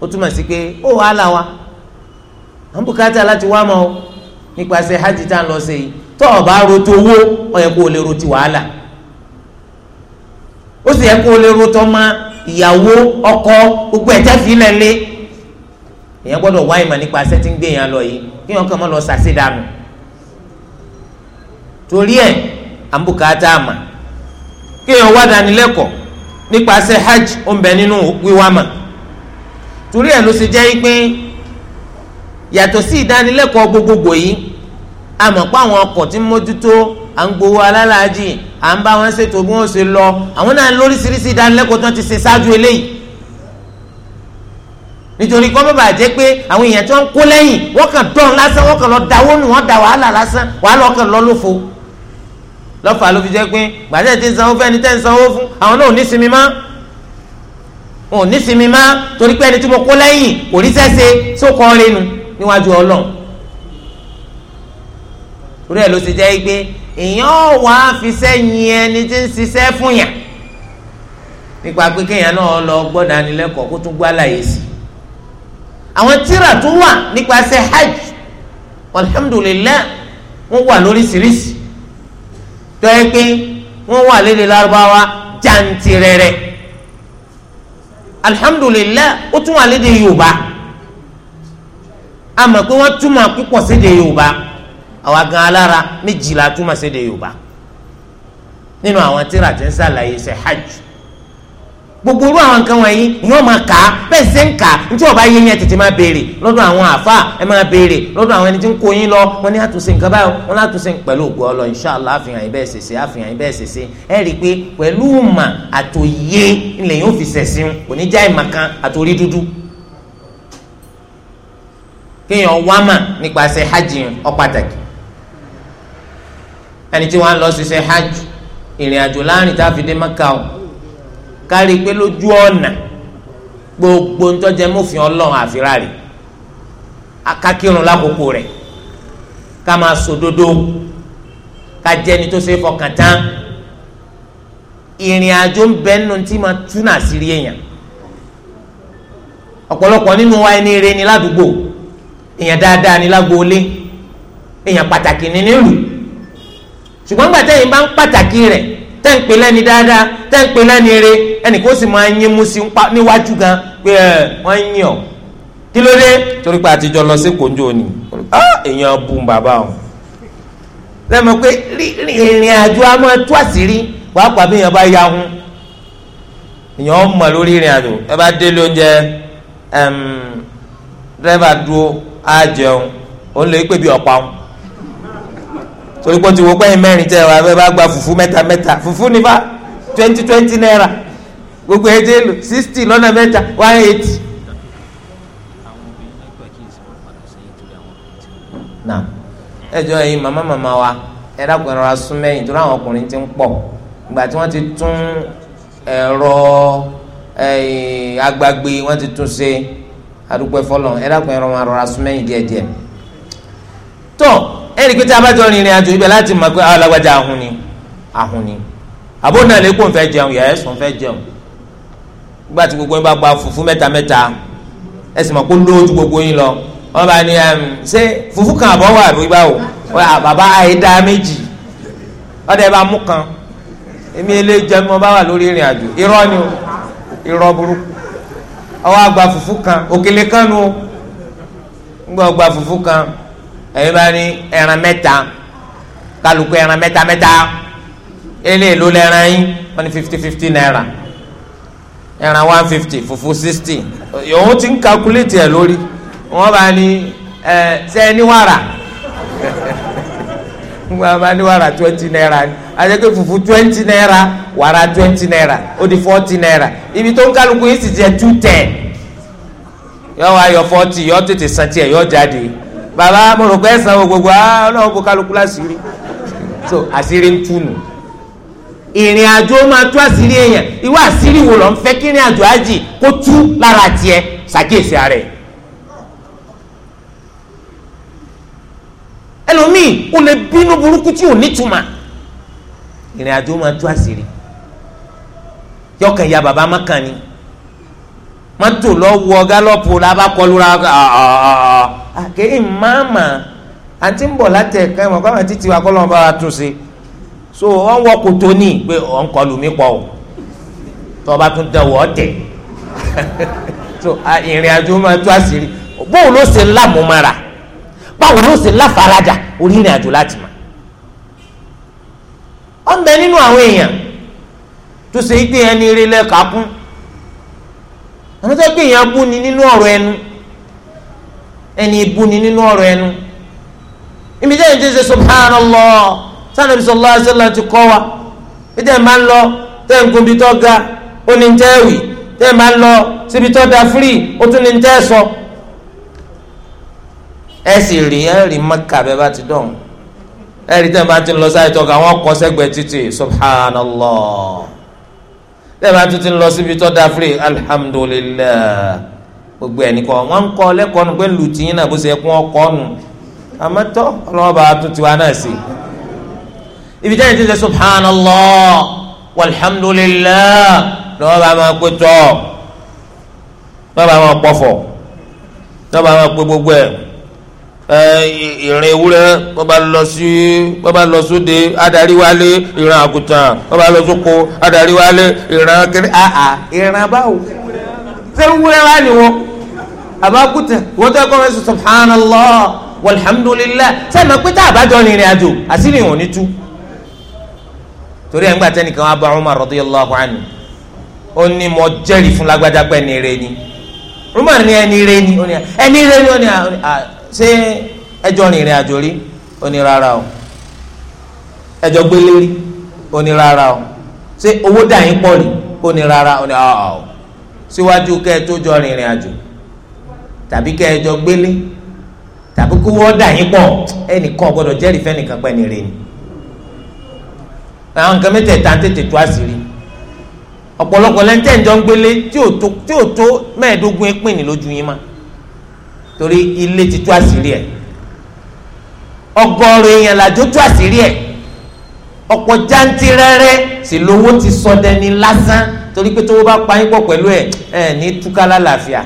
ó túmọ̀ sí pé ó wa à ń bùkátà láti wá nípasẹ̀ hajj tá lọ sí i tó o bá roto owó ọ yẹ kó o lè roti wàhálà ó sì yẹ kó o lè roto ọmọ ìyàwó ọkọ gbogbo ẹ̀jẹ̀ lé èèyàn gbọ́dọ̀ wá ìmọ̀ nípa ń gbé lọ yìí kí wọ́n kàn mọ́ lọ àǹbùkátà àmà kéèyàn wá dánilẹ́kọ̀ọ́ nípasẹ̀ hajj ó ń bẹ nínú wíwá mà torí ẹ̀ ló ṣe jẹ́ pé yàtọ̀ sí ìdánilẹ́kọ̀ọ́ gbogbogbò yìí a mọ̀ pé àwọn ọkọ̀ tí ń mójútó à ń gbowó alálàájì à ń bá wọn ṣètò bí wọ́n ṣe lọ àwọn náà lóríṣiríṣi ìdánilẹ́kọ̀ọ́ tí wọ́n ti ṣe ṣáájú eléyìí nítorí kọ́ bàbà jẹ́ pé àwọn èèyàn tí wọ́n kó lẹ́yìn wọ́n kàn dán lásán wọ́n kàn lọ dáwó nù wọ́n da wàhálà lásán wàhálà ọkàn lọ́lọ́fọ́ lọ́fà ló fi jẹ́ pé gbàdé tí ń sanwó fẹ́ni tẹ́ ń sanwó fún àwọn náà ò ní sinmi má ò ní sinmi má torí pé ẹni tí mo kó lẹ́yìn kò rí sẹ́sẹ́ sókọ́ rẹnu níwájú ọlọ́run torí ẹ̀ ló ti jẹ́ pé èèyàn wà á fi sẹ́yìn ẹni tí ń ṣiṣẹ́ fún yàn nípa pé kéèyàn náà lọ gbọ́ dánilẹ́kọ̀ọ́ kó tún gbọ́ àlàyé sí àwọn tírà tó wà nípasẹ̀ hajj alhamdulillah wọ́n wà lóríṣiríṣi tọ́yẹ pé wọ́n wà lédè lárúbáwá jantirẹrẹ alihamudulilayi ó tún wà lédè yorùbá àmọ́ pé wọ́n túmọ̀ púpọ̀ sédè yorùbá àwa gan alára méjìlá túmọ̀ sédè yorùbá nínú àwọn tíra tí ń sàlàyé ṣe hajj gbogbo orú àwọn nǹkan wọ̀nyí ni wọ́n máa kà á bẹ́ẹ̀ sẹ́ ń kà á ní tí wọ́n bá yé yẹn tètè máa béèrè lọ́dọ̀ àwọn àfa ẹ máa béèrè lọ́dọ̀ àwọn ẹni tí ń kó yín lọ wọ́n ní àtúnṣe nǹkan báyìí wọ́n ní àtúnṣe pẹ̀lú ògùn ọlọ inṣàlá àfihàn yín bẹ́ẹ̀ ṣèṣe àfihàn yín bẹ́ẹ̀ ṣèṣe ẹ rí i pé pẹ̀lú ìmọ̀ àtòyé ilẹ̀ yóò fi ṣẹ̀sìn kò ní já ìmọ̀ kan àtòrí dúdú hajj ó pàtàkì ẹni tí wọ́n á hajj ìrìn àjò láàrin tá a fi dé Mẹ́kà o kárí pé lójú ọ̀nà gbogbo ntọ́jẹ́ mọ́fin ọlọ́run àfirárì akakirun lákòókò rẹ̀ ká máa sòdodo ká jẹ́ni tó ṣe fọkàn tán ìrìn àjò ń bẹ nínú tí máa túnà sírí èèyàn ọ̀pọ̀lọpọ̀ nínú wa ẹni rẹ ni ládùúgbò èèyàn dáadáa ni lágboolé èèyàn pàtàkì ni nílùú ṣùgbọ́n gbàtẹ́yìn bá ń pàtàkì rẹ̀ tẹ́ǹpé lẹ́ni dáadáa tẹ́ǹpé lẹ́ni eré ẹnì kó sì máa yín mú sí níwájú gan pé ẹ wọ́n ń yàn kí ló dé torí pé àtijọ́ lọ sí kòńjó ni ah, èèyàn bùn bàbá o lẹ́mọ̀ pé ìrìn àjò a máa tú àṣírí wàá pàbí èèyàn bá ya hun èèyàn mọ̀ lórí ìrìn àjò ẹ bá délé oúnjẹ dírẹ́bà dúró á jẹun òun lè pè bí ọ̀pá ọ̀hún torí pé ti wo pẹ́yìn mẹ́rin tẹ́ wà bẹ́ẹ̀ bá gba fùfú mẹ́ta mẹ́ta fùfú ní bá twenty twenty naira gbogbo èdè lò sixty lọ́nà mẹ́ta one eighty. náà ẹjọ́ yìí màmá màmá wa ẹ dákun ti ń ti tún agbagbe ti tún ṣe ẹ dákun ẹ̀rí pé tí a bá jọ rìnrìn àjò ibẹ̀ láti mọ̀ pé alágbájá ah, ahun ni ahun ni àbó náà lẹ́kùn fẹ́ jẹun yẹ ẹ̀sùn fẹ́ jẹun nígbà tí gbogbo yín bá gba fùfú mẹ́ta mẹ́ta ẹ sì mọ̀ pé lóòótú gbogbo yín lọ wọ́n bá ní ṣé fùfú kan àbọ̀ wà àbí báwo bàbá àìdá méjì ọ̀dẹ̀ bá mú kan èmi eléyìí jẹ́ mo bá wà lórí ìrìn àjò irọ́ ni o irọ́ burúkú ọwọ́ àgbà fùfú kan òkèlè kan nu o ń gbọ́ fùfú kan ẹ̀yin bá ní ẹran mẹ́ta kálukú ẹran mẹ́ta mẹ́ta eléyìí ló lẹ́ran yín wọ́n ní naira ẹran one fifty fufu sixty òun ti ń calculate ẹ̀ lórí wọ́n bá ní ẹ ṣe ẹni wàrà (laughs) wọ́n bá ní twenty naira fufu twenty naira wàrà twenty naira ó di forty naira ibi tó ń kálukú yìí sì jẹ́ two ten yọ wá yọ forty yọ tètè san tiẹ̀ yọ jáde. Baba, mo rò pé ẹ̀sán wo gbogbo ah ọlọ́run bó kálukú láṣìírí so àṣírí ń túnu ìrìn àjò máa tú àṣírí èèyàn ìwà àṣírí wo ló ń fẹ́ kí ìrìn àjò àjì kó tú lára tiẹ̀ ṣàkíyèsí ara ẹ̀. ẹlòmíì ó lè bínú burúkú tí ò nítumọ̀ ìrìn àjò máa tú àṣírí yọkàn ya bàbá mọ́kàn ni mọ́tò lọ́wọ́ gálọ́pù làbá kọlu ra ọ̀ọ́. Ah, ah, ah, àkéyì máàmà àti ń bọ̀ láti ẹ̀ka ẹ̀mọ̀ káwọn títí wa kọ́ lọ́n bá wa tún sí so wọ́n wọ kòtò ní pé ọ̀n kọlù mí pọ̀ o tó o bá tún dẹ̀ wọ́ ọ̀tẹ̀ (laughs) so ìrìn àjò máa tú àṣírí bóun ló ṣe lámùmára báwo ló ṣe láfaradà orí ìrìn àjò láti mà ọ̀nbẹ nínú àwọn èèyàn tó ṣe gbé ẹni rí lẹ́ka kún àwọn tó gbé èèyàn bú ni nínú ọ̀rọ̀ ẹnu ẹni ibú ni nínú ọ̀rọ̀ ẹnu ibi jẹ́ ìdí ṣe subhanallah sani bisu allah ṣẹlẹ̀ ti kọ́ wa ìdí ẹ̀ máa ń lọ tẹ́ ẹ̀ ń gun ibi tó ga ó ní tẹ́ ẹ̀ wì tẹ́ ẹ̀ máa ń lọ síbi tó da firi ó tún ní tẹ́ sọ ẹ̀ sì rí ẹ̀ rí maka bẹ́ẹ̀ bá ti dọ̀hún ẹ̀ rí tẹ́ ẹ̀ bá ti lọ sáyẹ̀ tó ga wọ́n kọ́ sẹ́gbẹ̀ẹ́ títì subhanallah tẹ́ ẹ̀ bá tún ti lọ síbi tó da firi alhamdulillah gbogbo ẹni kọ wọn ń kọ lẹ́kọ̀ọ́ nu pé ń lu tìyín náà bó ṣe kún ọkọ nu àmọ́tọ́ ọlọ́wọ́ bá tún tiwa náà sí. ibi jẹ́ ìdíje subhanallah walhamdulillah lọ́wọ́ bá máa pé tọ́ lọ́wọ́ bá máa pọ̀fọ̀ lọ́wọ́ bá máa pé gbogbo ẹ̀ ìrìn ewúrẹ́ wọ́n bá lọ sí wọ́n bá lọ sóde adarí wálé ìrìn àgùntàn wọ́n lọ sóko adarí wálé ìrìn kiri àà ìrìn báwo ṣé wá ni wọ́n àbákútẹ wọ́n tẹ́ kọ́ fẹ́ sọ subhanallah walhamdulillah sẹ́mi pé tá a bá jọ rìnrìn àjò àṣírí wọn ní tú torí ẹ̀ ń gbà tẹ́nìkan wá bá Umar radiyallahu anhu ó ní mo jẹ́rìí fún lágbájá pé ẹni rẹ ni Umar ní ẹni rẹ ni ẹni rẹ ni ó ní ah, ah, ṣé ẹjọ́ rìnrìn àjò rí ó ní rárá o ẹjọ́ gbélé rí ó rárá o ṣé owó dà yín pọ̀ rí ó rárá ah, o ní síwájú kẹ́ ẹ tó jọ rìnrìn àjò tàbí kẹ́ ẹ jọ gbélé tàbí kó wọ́n dà yín pọ̀ ẹnìkan gbọ́dọ̀ jẹ́rìí fẹ́nìkan pẹ́ ní rèé àwọn nǹkan mẹ́tẹ̀ẹ̀ta tètè tó àṣírí ọ̀pọ̀lọpọ̀ lẹ́ńtẹ̀ ń jọ ń gbélé tí ò tó tí ò tó mẹ́ẹ̀ẹ́dógún ẹ̀pìn ní lójú yín ma torí ilé ti tó àṣírí ẹ̀ ọgọ́rùn èèyàn làjọ tó àṣírí ẹ̀ ọ̀pọ̀ jàǹtìrẹrẹ sì lówó ti sọdẹni lásán torí pé tó bá pa yín pọ̀ pẹ̀lú ẹ̀ ẹ̀ ní túkálá làáfíà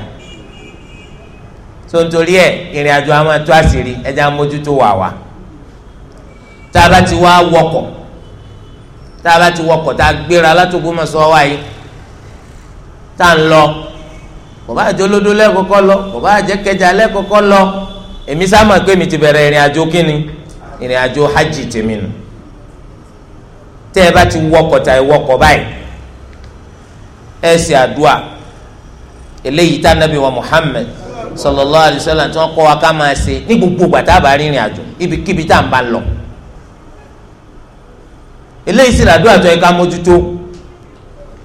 tó ń torí ẹ̀ ìrìn àjò a máa tó àṣírí ẹja mójútó wà wá tá a bá ti wá wọkọ̀ tá a bá ti wọkọ̀ tá a gbéra látògbómọ̀ṣọ́ wa yìí tá a ń lọ kò bá àjọ lódó lẹ́kọ̀ọ́kọ́ lọ kò bá àjẹ kẹjà lẹ́kọ̀ọ́kọ́ lọ èmi sá mà pé mi ti bẹ̀rẹ̀ ìrìn àjò kínni ìrìn àjò hajj tèmi nù tẹ́ ẹ bá ti wọkọ̀ tá ẹ wọkọ̀ báyìí ẹ ṣe àdúà eléyìí tá nàbí wa Muhammad sallallahu alaihi wasallam tí wọ́n kọ́ wa ká máa ṣe ní gbogbo ìgbà tá a bá rìnrìn àjò ibikíbi tá à ń bá lọ. eléyìí sì làdúrà tó yẹ ká mójútó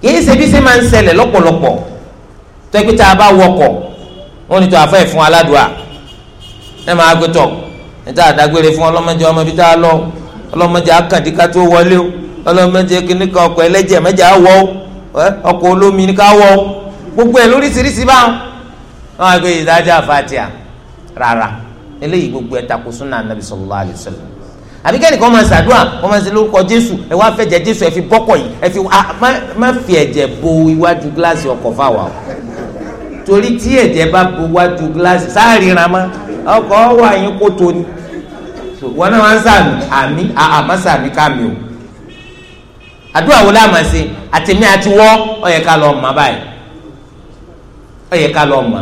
kìí ṣe bí ṣe máa ń ṣẹlẹ̀ lọ́pọ̀lọpọ̀ tó yẹ pé tá a bá wọkọ̀ wọ́n ní tó àfẹ́ fún aládùá ẹ máa gbé tọ̀ níta àdágbére fún ọlọ́mọdé ọmọ ibi tá a lọ ọlọ́mọdé akàndí ká tó wọlé o ọlọ́mọdé kìnnìkan ọkọ̀ ẹlẹ́jẹ̀ mẹ́jẹ̀ á wọ̀ ọkọ̀ olómi ní ká wọ̀ gbogbo ẹ̀ lóríṣiríṣi báwọn wọn á gbé ìdájọ́ àfàtìyà rárá eléyìí gbogbo ẹ̀ takò súnà anabi sallallahu alayhi wa sallam àbí kẹ́nìkan máa ṣàdúrà wọ́n máa ṣe lórúkọ jésù ẹ wá fẹ̀jẹ̀ jésù ẹ fi bọ́kọ̀ yìí ẹ fi ah, má fi ẹ̀jẹ̀ bo iwájú gíláàsì ọkọ̀ fáwa o torí tí ẹ̀jẹ̀ bá bo iwájú gíláàsì sáàríran má ọkọ̀ wà yín kó tó ni wọn náà wá ń sàmì àmì àmọ́ sàmì kàmì o àdúrà wo láàmà ṣe àtẹ̀mí àtiwọ́ ó yẹ ká lọ́ọ́ mọ̀ báyìí ó ká lọ́ọ́ mọ̀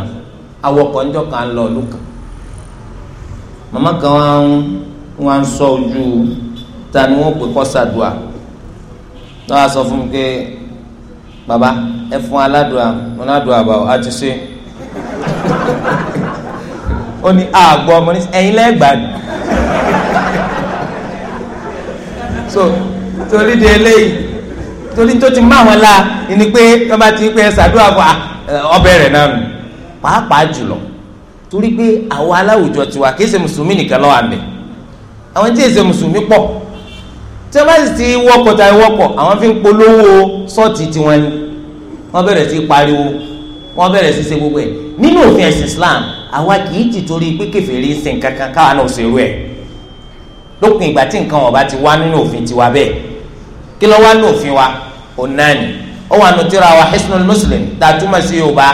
awọkọ̀ ńjọ́ kan lọ ọ̀lú kan màmá kan wá ń wá ń sọ ojú ta ni wọ́n pè kọ́ sàdùà náà sọ fún mi pé bàbá ẹ fún aládùà aládùà bàbá a ti ṣe ó ní àgbọ̀ ọmọ ní ẹ̀yin lẹ́gbàá ni so torí de eléyìí torí tó ti máa wọn la ni pé wọ́n bá ti pẹ́ sàdùà fún ọbẹ̀ rẹ̀ náà nù pàápàá jùlọ torí pé àwọn aláwùjọ tiwa kì í ṣe mùsùlùmí nìkan lọ́wọ́ àbẹ̀ àwọn tí èsè mùsùlùmí pọ̀ tí wọ́n bá sì ti wọ́pọ̀ tá wọ́pọ̀ àwọn fi ń polówó sọ́ọ̀tì tiwọn ni wọ́n bẹ̀rẹ̀ sí pariwo wọ́n bẹ̀rẹ̀ sí ṣe gbogbo ẹ̀ nínú òfin ẹ̀sìn Islam àwa kì í ti torí pé kèfèrí ń sin kankan káwa náà ṣerú ẹ̀ lópin ìgbà tí nǹkan ọ̀bá ti wá nínú òfin tiwa bẹ́ẹ̀ kí ló wá nínú òfin wa òun náà ni ó wà nù tíra wa Hisnul Muslim dàtúmọ̀ sí Yorùbá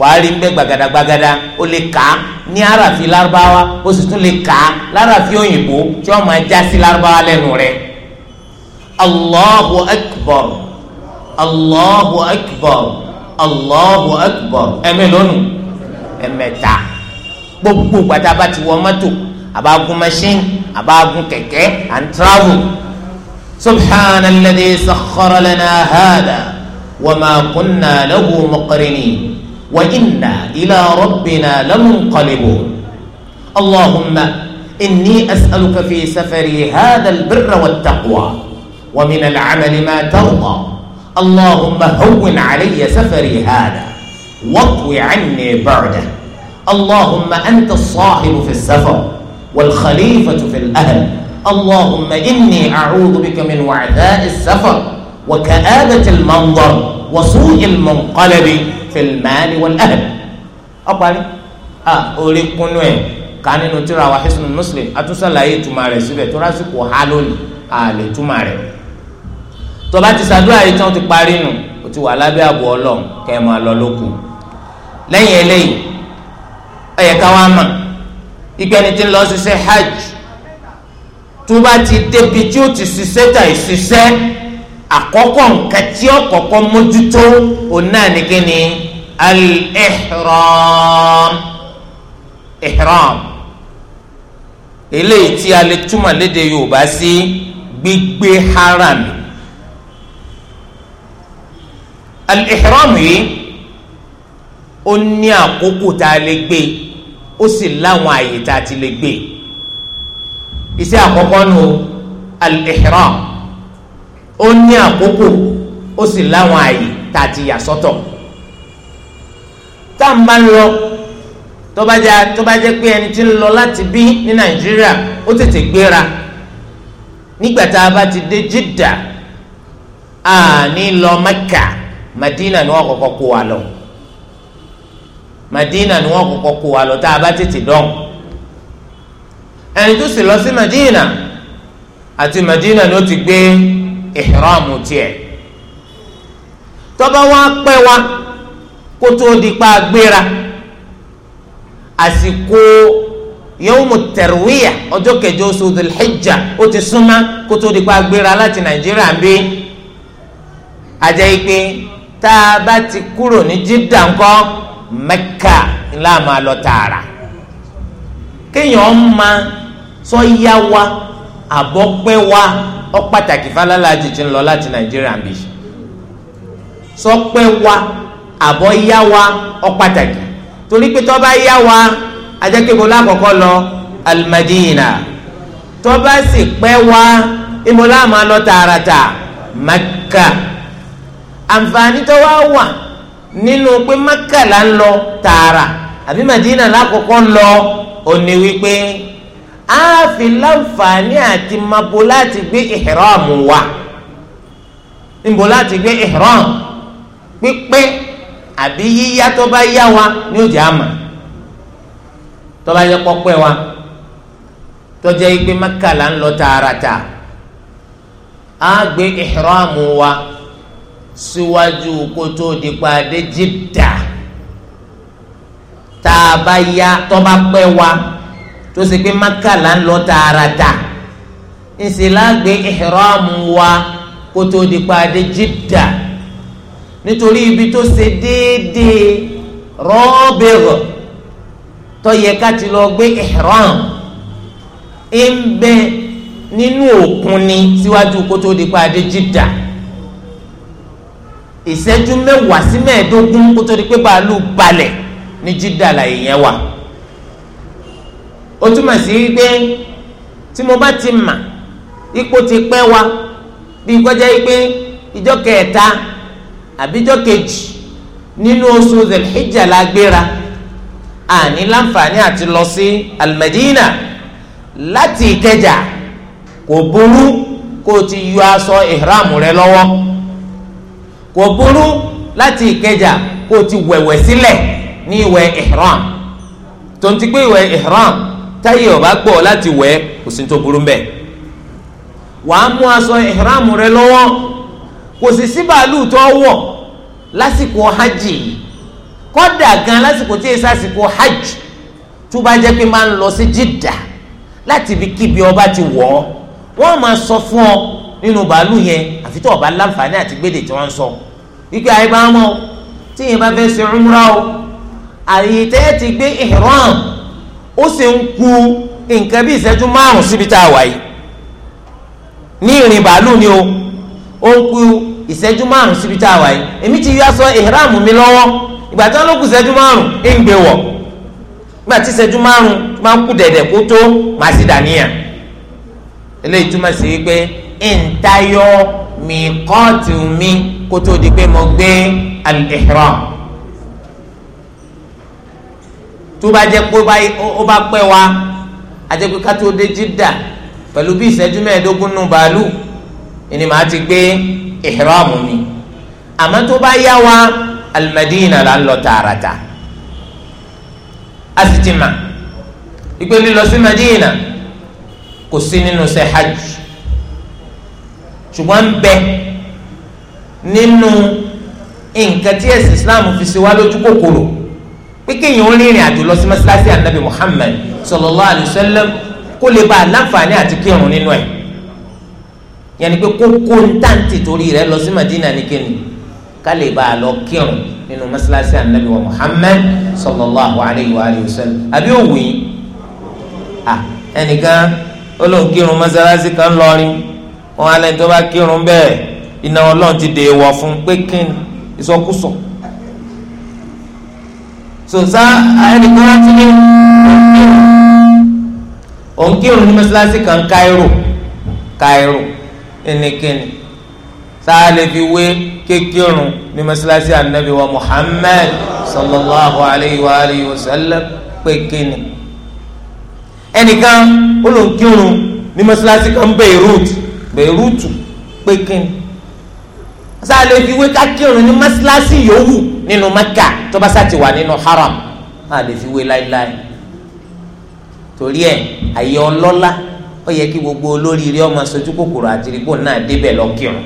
wàá rí nbẹ gbàgàdàgbàgàdà ó lè kà á ní àràfi lárúbáwá ó sì tún lè kà á láràfi òyìnbó tí wọn máa já sí lárúbáwá lẹ́nu rẹ̀ allahu akbar allahu akbar allahu akbar ẹmẹ lónù ẹ̀mẹ́ta gbogbo gbàtà bá ti wọ mọ́tò àbágun machine àbágun kẹ̀kẹ́ and travel سبحان الذي sakhkhara لنا هذا وما ma له مقرنين وإنا إلى ربنا لمنقلبون اللهم إني أسألك في سفري هذا البر والتقوى ومن العمل ما ترضى اللهم هون علي سفري هذا واطو عني بعده اللهم أنت الصاحب في السفر والخليفة في الأهل اللهم إني أعوذ بك من وعداء السفر وكآبة المنظر وسوء المنقلب fìlmáàlì wal ahl ọparí a orí kúnú ẹ ká nínú tíra wa Hisnul Muslim atúnṣàlàyé ìtumọ̀ rẹ̀ síbẹ̀ tó lásìkò ha lónìí a lè túmọ̀ rẹ̀ tó bá ti ṣàdúrà yìí tán ti parí nù o ti wà lábẹ́ ààbò Ọlọ́run kẹ́ ẹ máa eléyìí ẹ ká wá mọ̀ ìgbẹ́ni tí lọ ṣiṣẹ́ hajj tó ti débi tí ó ti ṣiṣẹ́ tà ìṣiṣẹ́ àkọ́kọ́ nǹkan tí ó kọ́kọ́ mójútó òun náà ní kí ni al-ihram ihram eléyìí tí a lè túmọ̀ léde Yorùbá sí gbígbé harami al-ihram yìí ó ní àkókò tá a lè gbé ó sì láwọn àyè tá a ti lè gbé iṣẹ́ àkọ́kọ́ nu al-ihram ó ní àkókò ó sì láwọn àyè tá a ti yà sọ́tọ̀ tá a máa ń lọ tó bá jẹ́ tó bá jẹ́ pé ẹni tí ń lọ láti bí ní nàìjíríà ó tètè gbéra nígbà tá a bá ti dé Jidda a ní lọ Mẹ́kà Madina ni wọ́n kọ́kọ́ kó wa lọ Madina ni wọ́n kọ́kọ́ kó wa lọ tá a bá tètè dán ẹni tó sì lọ sí Madina àti Madina ni ó ti gbé ìhìrọ́ọ̀mù tiẹ̀ tọ́ba wa pẹ́ wa kó tó di pa gbéra àsìkò yawmu tarwiyah ọjọ́ kẹjọ oṣù Dhul-Hijjah ó ti súnmọ́ kó tó di pa gbéra láti Nàìjíríà ń bí àjẹ́ ìpè tá a bá ti kúrò ní Jeddah ńkọ́ Mẹ́kà ńlá lọ tààrà kéèyàn ọ̀ma sọ yá wa àbọ̀pẹ́ wa ọ pàtàkì falálàjì ti ń lọ láti nàìjíríà bì sọ pé wa àbọ̀ yá wa ọ pàtàkì torí pé tó bá yá wa ajẹ́kẹ́bọ̀ lákọ̀ọ́kọ́ lọ alimadina tó bá sì pẹ́ wa ìmọ̀lá lọ tààràtà maka àǹfààní tó wá wà nínú pé maka là ń lọ tààrà àbí madina lákọ̀ọ́kọ́ ń lọ òní wípé. á fi láǹfààní àti mabo láti gbé ihram wa níbo láti gbé ihram pípé àbí yíyá tó bá yá wa ní ó jẹ́ àmà tó bá yẹ pọ́pẹ́ wa tó jẹ́ igbe Mẹ́kà ń lọ tààràtà á gbé ihram wa síwájú kótó dípa dé tá a bá yá tó bá pẹ́ wa tó ṣe pé maka là ń lọ tààràtà ńṣe lágbé ìhìrọ́ọ̀mù wa kó tó di pàdé jìdá nítorí ibi tó ṣe déédéé rọ́ọ̀bẹ̀rọ̀ tó yẹ ká ti lọ gbé ìhìrọ́ọ̀mù ń bẹ nínú òkun ni síwájú kó tó di pàdé jìdá ìṣẹ́jú mẹ́wàá sí mẹ́ẹ̀ẹ́dógún kó tó di pé bàálù balẹ̀ ní jìdá làyè yẹn wà ó túmọ̀ sí wípé tí mo bá ti mà ipò ti pẹ́ wa bí gbọ́jà wípé ìjọ kẹta àbíjọ kejì nínú oṣù zelhijjah la gbéra àní láǹfààní àti lọ sí almadina láti ìkẹjà kò burú kó o ti yọ aṣọ ihram rẹ lọ́wọ́ kò burú láti ìkẹjà kó o ti wẹ̀wẹ̀ sílẹ̀ ní ìwẹ̀ ihram tó ń ti ihram táyé ọba gbọ́ láti wẹ̀ kò sí tó burú mbẹ̀ wàá mú aṣọ ìhìrámù rẹ lọ́wọ́ kò sì sí bàálù tó wọ̀ lásìkò hajj kọ́dà gan lásìkò tí èsì àsìkò hajj tó bá jẹ́ pé máa ń lọ sí Jidda láti ibi kíbi ọba ti wọ̀ ọ́ wọ́n máa sọ fún ọ nínú bàálù yẹn àfi tó ọba láǹfààní àti gbèdè tí wọ́n sọ wípé àyè bá mọ́ tí bá fẹ́ ṣe umrah o àyè tẹ́ ti gbé ihram ó sì ń ku nǹkan bí ìṣẹ́jú márùn-ún síbi tá a wà yìí ní ìrìn bàálù ni o ó ń ku ìṣẹ́jú márùn-ún síbi tá a wà yìí èmi ti yọ aṣọ ìhìrámù mi lọ́wọ́ ìgbà tí wọ́n ló kù ìṣẹ́jú márùn-ún ń gbé wọ̀ nígbà tí ìṣẹ́jú márùn-ún máa ń kú dẹ̀dẹ̀ kó tó màá sì dàníyàn eléyìí túmọ̀ sí wípé ntayọ mi kọ́ọ̀tù mi kó tó di pé mo gbé al-ihram. tó bá jẹ́ pé ó bá pẹ́ wa àti pé ká tó dé Jeddah pẹ̀lú bí ìṣẹ́jú mẹ́ẹ̀ẹ́dógún nù bàálù ìní màá ti gbé ìhìrọ́ọ̀mù mi àmọ́ tó bá yá wa Al-Madina là ń lọ tààràtà a sì ti mà ìpè lílọ sí Madina kò sí nínú ṣe hajj ṣùgbọ́n ń nínú nǹkan tí ẹ̀sìn Islam fi ṣe wá lójú kòkòrò pé kéèyàn ń rìnrìn àjò lọ sí mọ́sálásí anabi muhammed sallallahu alayhi wa sallam kó lè bá a láǹfààní àti kírun nínú ẹ̀ yẹn ni pé kókó ń tàǹtì torí rẹ̀ lọ sí madina ní kíni ká lè bá a lọ kírun nínú mọ́sálásí anabi wa muhammed sallallahu alayhi wa sallam àbí òwò yìí ẹnìkan ó lóun kan lọrin wọn alẹ́ tó bá kírun bẹ́ẹ̀ iná ọlọ́run ti dè é fún pé kíni ìsọkúsọ. So sòsá ẹnìkan wá sílé òǹkírun ní mọ́sálásí kan káírò káírò ẹnìkìnnì sáà lè fi wé kékerun ní mọ́sálásí anabi wa muhammed sallallahu alayhi wa alayhi wa sallam pé kíni. ẹnìkan olùkírun ní mọ́sálásí kan beirut beirut pé kíni. wé kákerun ní mọ́sálásí yòówù nínú mẹ́kà tó bá sá ti wà nínú haram á lè fi wé láéláé torí ẹ àyè ọlọ́lá ó yẹ kí gbogbo olóríire ọmọ sojú kòkòrò àti ìrìgbò náà débẹ̀ lọ́kìrùn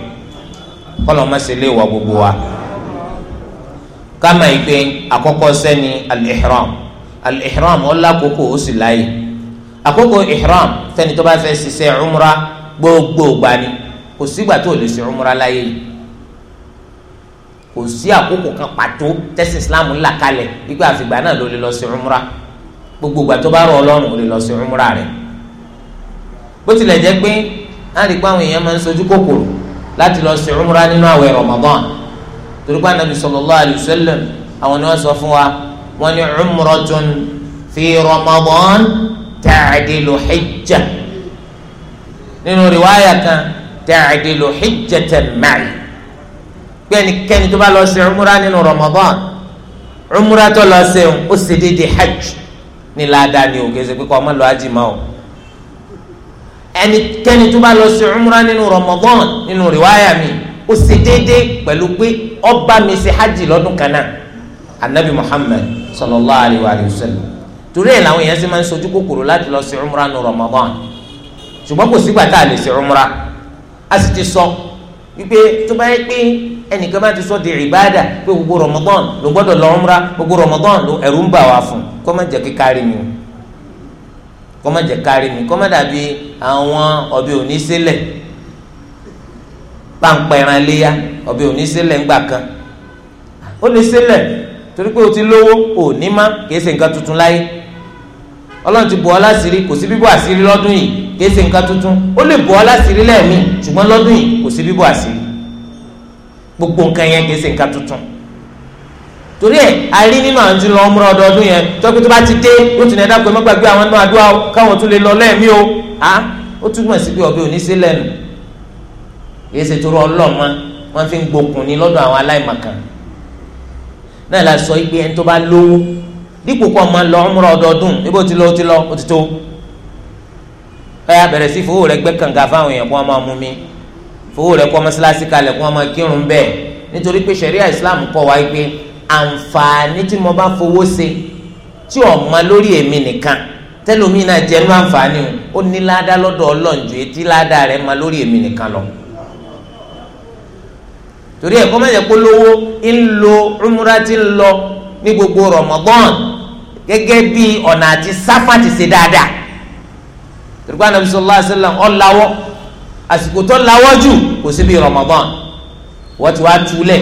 kọ́lọ́ má ṣe lè wọ gbogbo wa kama ìpè àkọ́kọ́ sẹ́ni al-ihram al-ihram ó sì láàyè àkókò ihram fẹ́ni tó bá fẹ́ umra gbogbo gbani kò sígbà tó lè ṣe umra láàyè yìí kò sí àkókò kan pàtó tẹ́sí islam ńlá kalẹ̀ wípé àfìgbà náà ló lè lọ sí umra gbogbo ìgbà tó bá rọ ọlọ́run ò lè lọ sí umra rẹ̀ bó tilẹ̀ jẹ́ pé láti pé àwọn èèyàn máa ń sojú kòkòrò láti lọ sí umra nínú àwẹ̀ ramadan torí pé anabi sallallahu alayhi àwọn ni wọ́n sọ fún wa wọ́n ní umratun fi ramadan ta'dilu hijja nínú riwaayà kan ta'dilu hijjatan ma'i kẹ́nikẹ́ni tó bá lọ ṣe umra nínú Ramadan umra tó lọ ṣe ó ṣe déédéé hajj ní ládàá ni òkè ṣe pé kọ́ ọmọ lọ hajj máa o ẹnikẹ́ni tó bá lọ ṣe umra nínú Ramadan nínú rìwáyà mi ó ṣe déédéé pẹ̀lú pé ọba mi ṣe hajj lọ́dún kan náà anabi Muhammad sallallahu alayhi wa sallam torí ẹ̀ làwọn èèyàn ṣe máa ń sojú kòkòrò láti lọ ṣe umra nínú Ramadan ṣùgbọ́n kò sígbà tá a lè ṣe umra a sì ti sọ wípé tó bá yẹ pé ẹnìkan bá ti sọ di ìbáàdà pé gbogbo Ramadan ló gbọ́dọ̀ lọ ọmúra gbogbo Ramadan ló ẹ̀rù ń bà wá fún kó má jẹ́ kí kárí mi kó má jẹ́ kárí mi kó má dàbí àwọn ọbẹ̀ òní sílẹ̀ pàǹpẹ̀ràn léyà ọbẹ̀ òní sílẹ̀ ńgbà kan ó lè sílẹ̀ torí pé o ti lówó ò ní má kìí ṣe nǹkan tuntun láyé ọlọ́run ti bù ọ́ láṣìírí kò sí bíbọ̀ àṣírí lọ́dún yìí kìí ṣe nǹkan tuntun ó lè bọ́ aláṣìírí lẹ́ẹ̀mí ṣùgbọ́n lọ́dún yìí kò sí bíbọ̀ àṣírí gbogbo nǹkan yẹn kìí ṣe nǹkan tuntun torí ẹ àìrí nínú àwọn tí ń lọ ọmúra ọdọọdún yẹn tọ́pẹ́ tó bá ti dé yóò tún ẹ̀dá pé má gbàgbé àwọn náà àdúrà káwọn tún lè lọ lẹ́ẹ̀mí o á ó túmọ̀ sí pé ọ̀bẹ ò ní sí lẹ́nu kìí ṣe torí ọlọ́ọ̀mọ wọn fi ń gbókun ní lọ́dọ̀ àwọn aláìmọ̀kan náà la sọ pé ẹni tó bá lówó dípò kó ọmọ lọ ọmúra ọdọọdún níbo ti lọ ó ti lọ ó ti tó ọyà bẹ̀rẹ̀ sí fowó rẹ gbẹ́ kànga fáwọn èèyàn kó wọn máa mú mi fowó rẹ kọ́ mọ́sálásí kalẹ̀ kó wọn máa kírun bẹ́ẹ̀ nítorí pé ṣẹ̀ríà islam kọ́ wa pé àǹfààní tí mo bá fowó ṣe tí ò mọ lórí èmi nìkan tẹlomiin náà jẹnu àǹfààní o ó ní ládàá lọ́dọ̀ ọlọ́njọ́ etí ládàá rẹ mọ lórí èmi nìkan lọ torí ẹ̀kọ́ mẹ́jẹ̀ polówó ń lo umra ti ń lọ ní gbogbo Ramadan gẹ́gẹ́ bí ọ̀nà àti sáfà ti ṣe dáadáa tìrìkọ́ anabi sallallahu alayhi wa sallam ọ̀ lawọ́ àsìkò tó lawọ́ jù kò sí bí Ramadan wọ́n ti wá túlẹ̀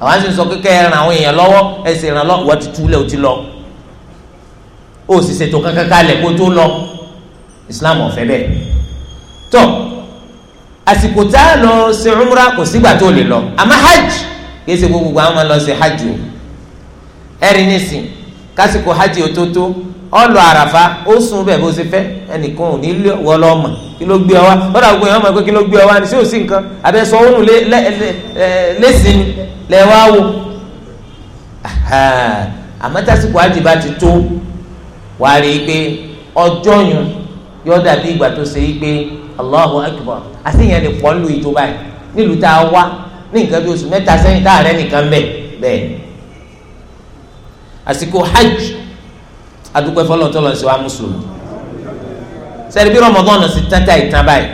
àwọn àti sọ kékeré ẹ ràn àwọn èèyàn lọ́wọ́ ẹ sì ràn lọ́wọ́ wọ́n ti túlẹ̀ ó ti lọ ó sì ṣètò kankan kalẹ̀ kó tó lọ Islam ò fẹ́ bẹ́ẹ̀ tó àsìkò tá a lọ ṣe umra kò sígbà tó lè lọ àmọ́ hajj kì ṣe gbogbo àwọn máa lọ ṣe hajj o ẹ̀rí nísìn kásìkò hajj ò tó tó ọlọ àràfà ó bó ṣe ẹnìkan ò ní wọ lọ mọ kí ló gbé ọ wá ó dà gbogbo yẹn ọmọ pé kí ló gbé ọ wá ní sí òsì nǹkan àbẹsọ òun lẹsìn ni lẹ wá wò ti tó wà á rí i pé ọjọ́ yun yóò dàbí ìgbà tó ṣe é pé Allahu Akbar àti ìyẹn ni pọ̀ adúpẹ́ fọlọ́n tó lọ sí wa mùsùlùmí sẹ́ni bí rọmọdún sì tán tá ìtàn báyìí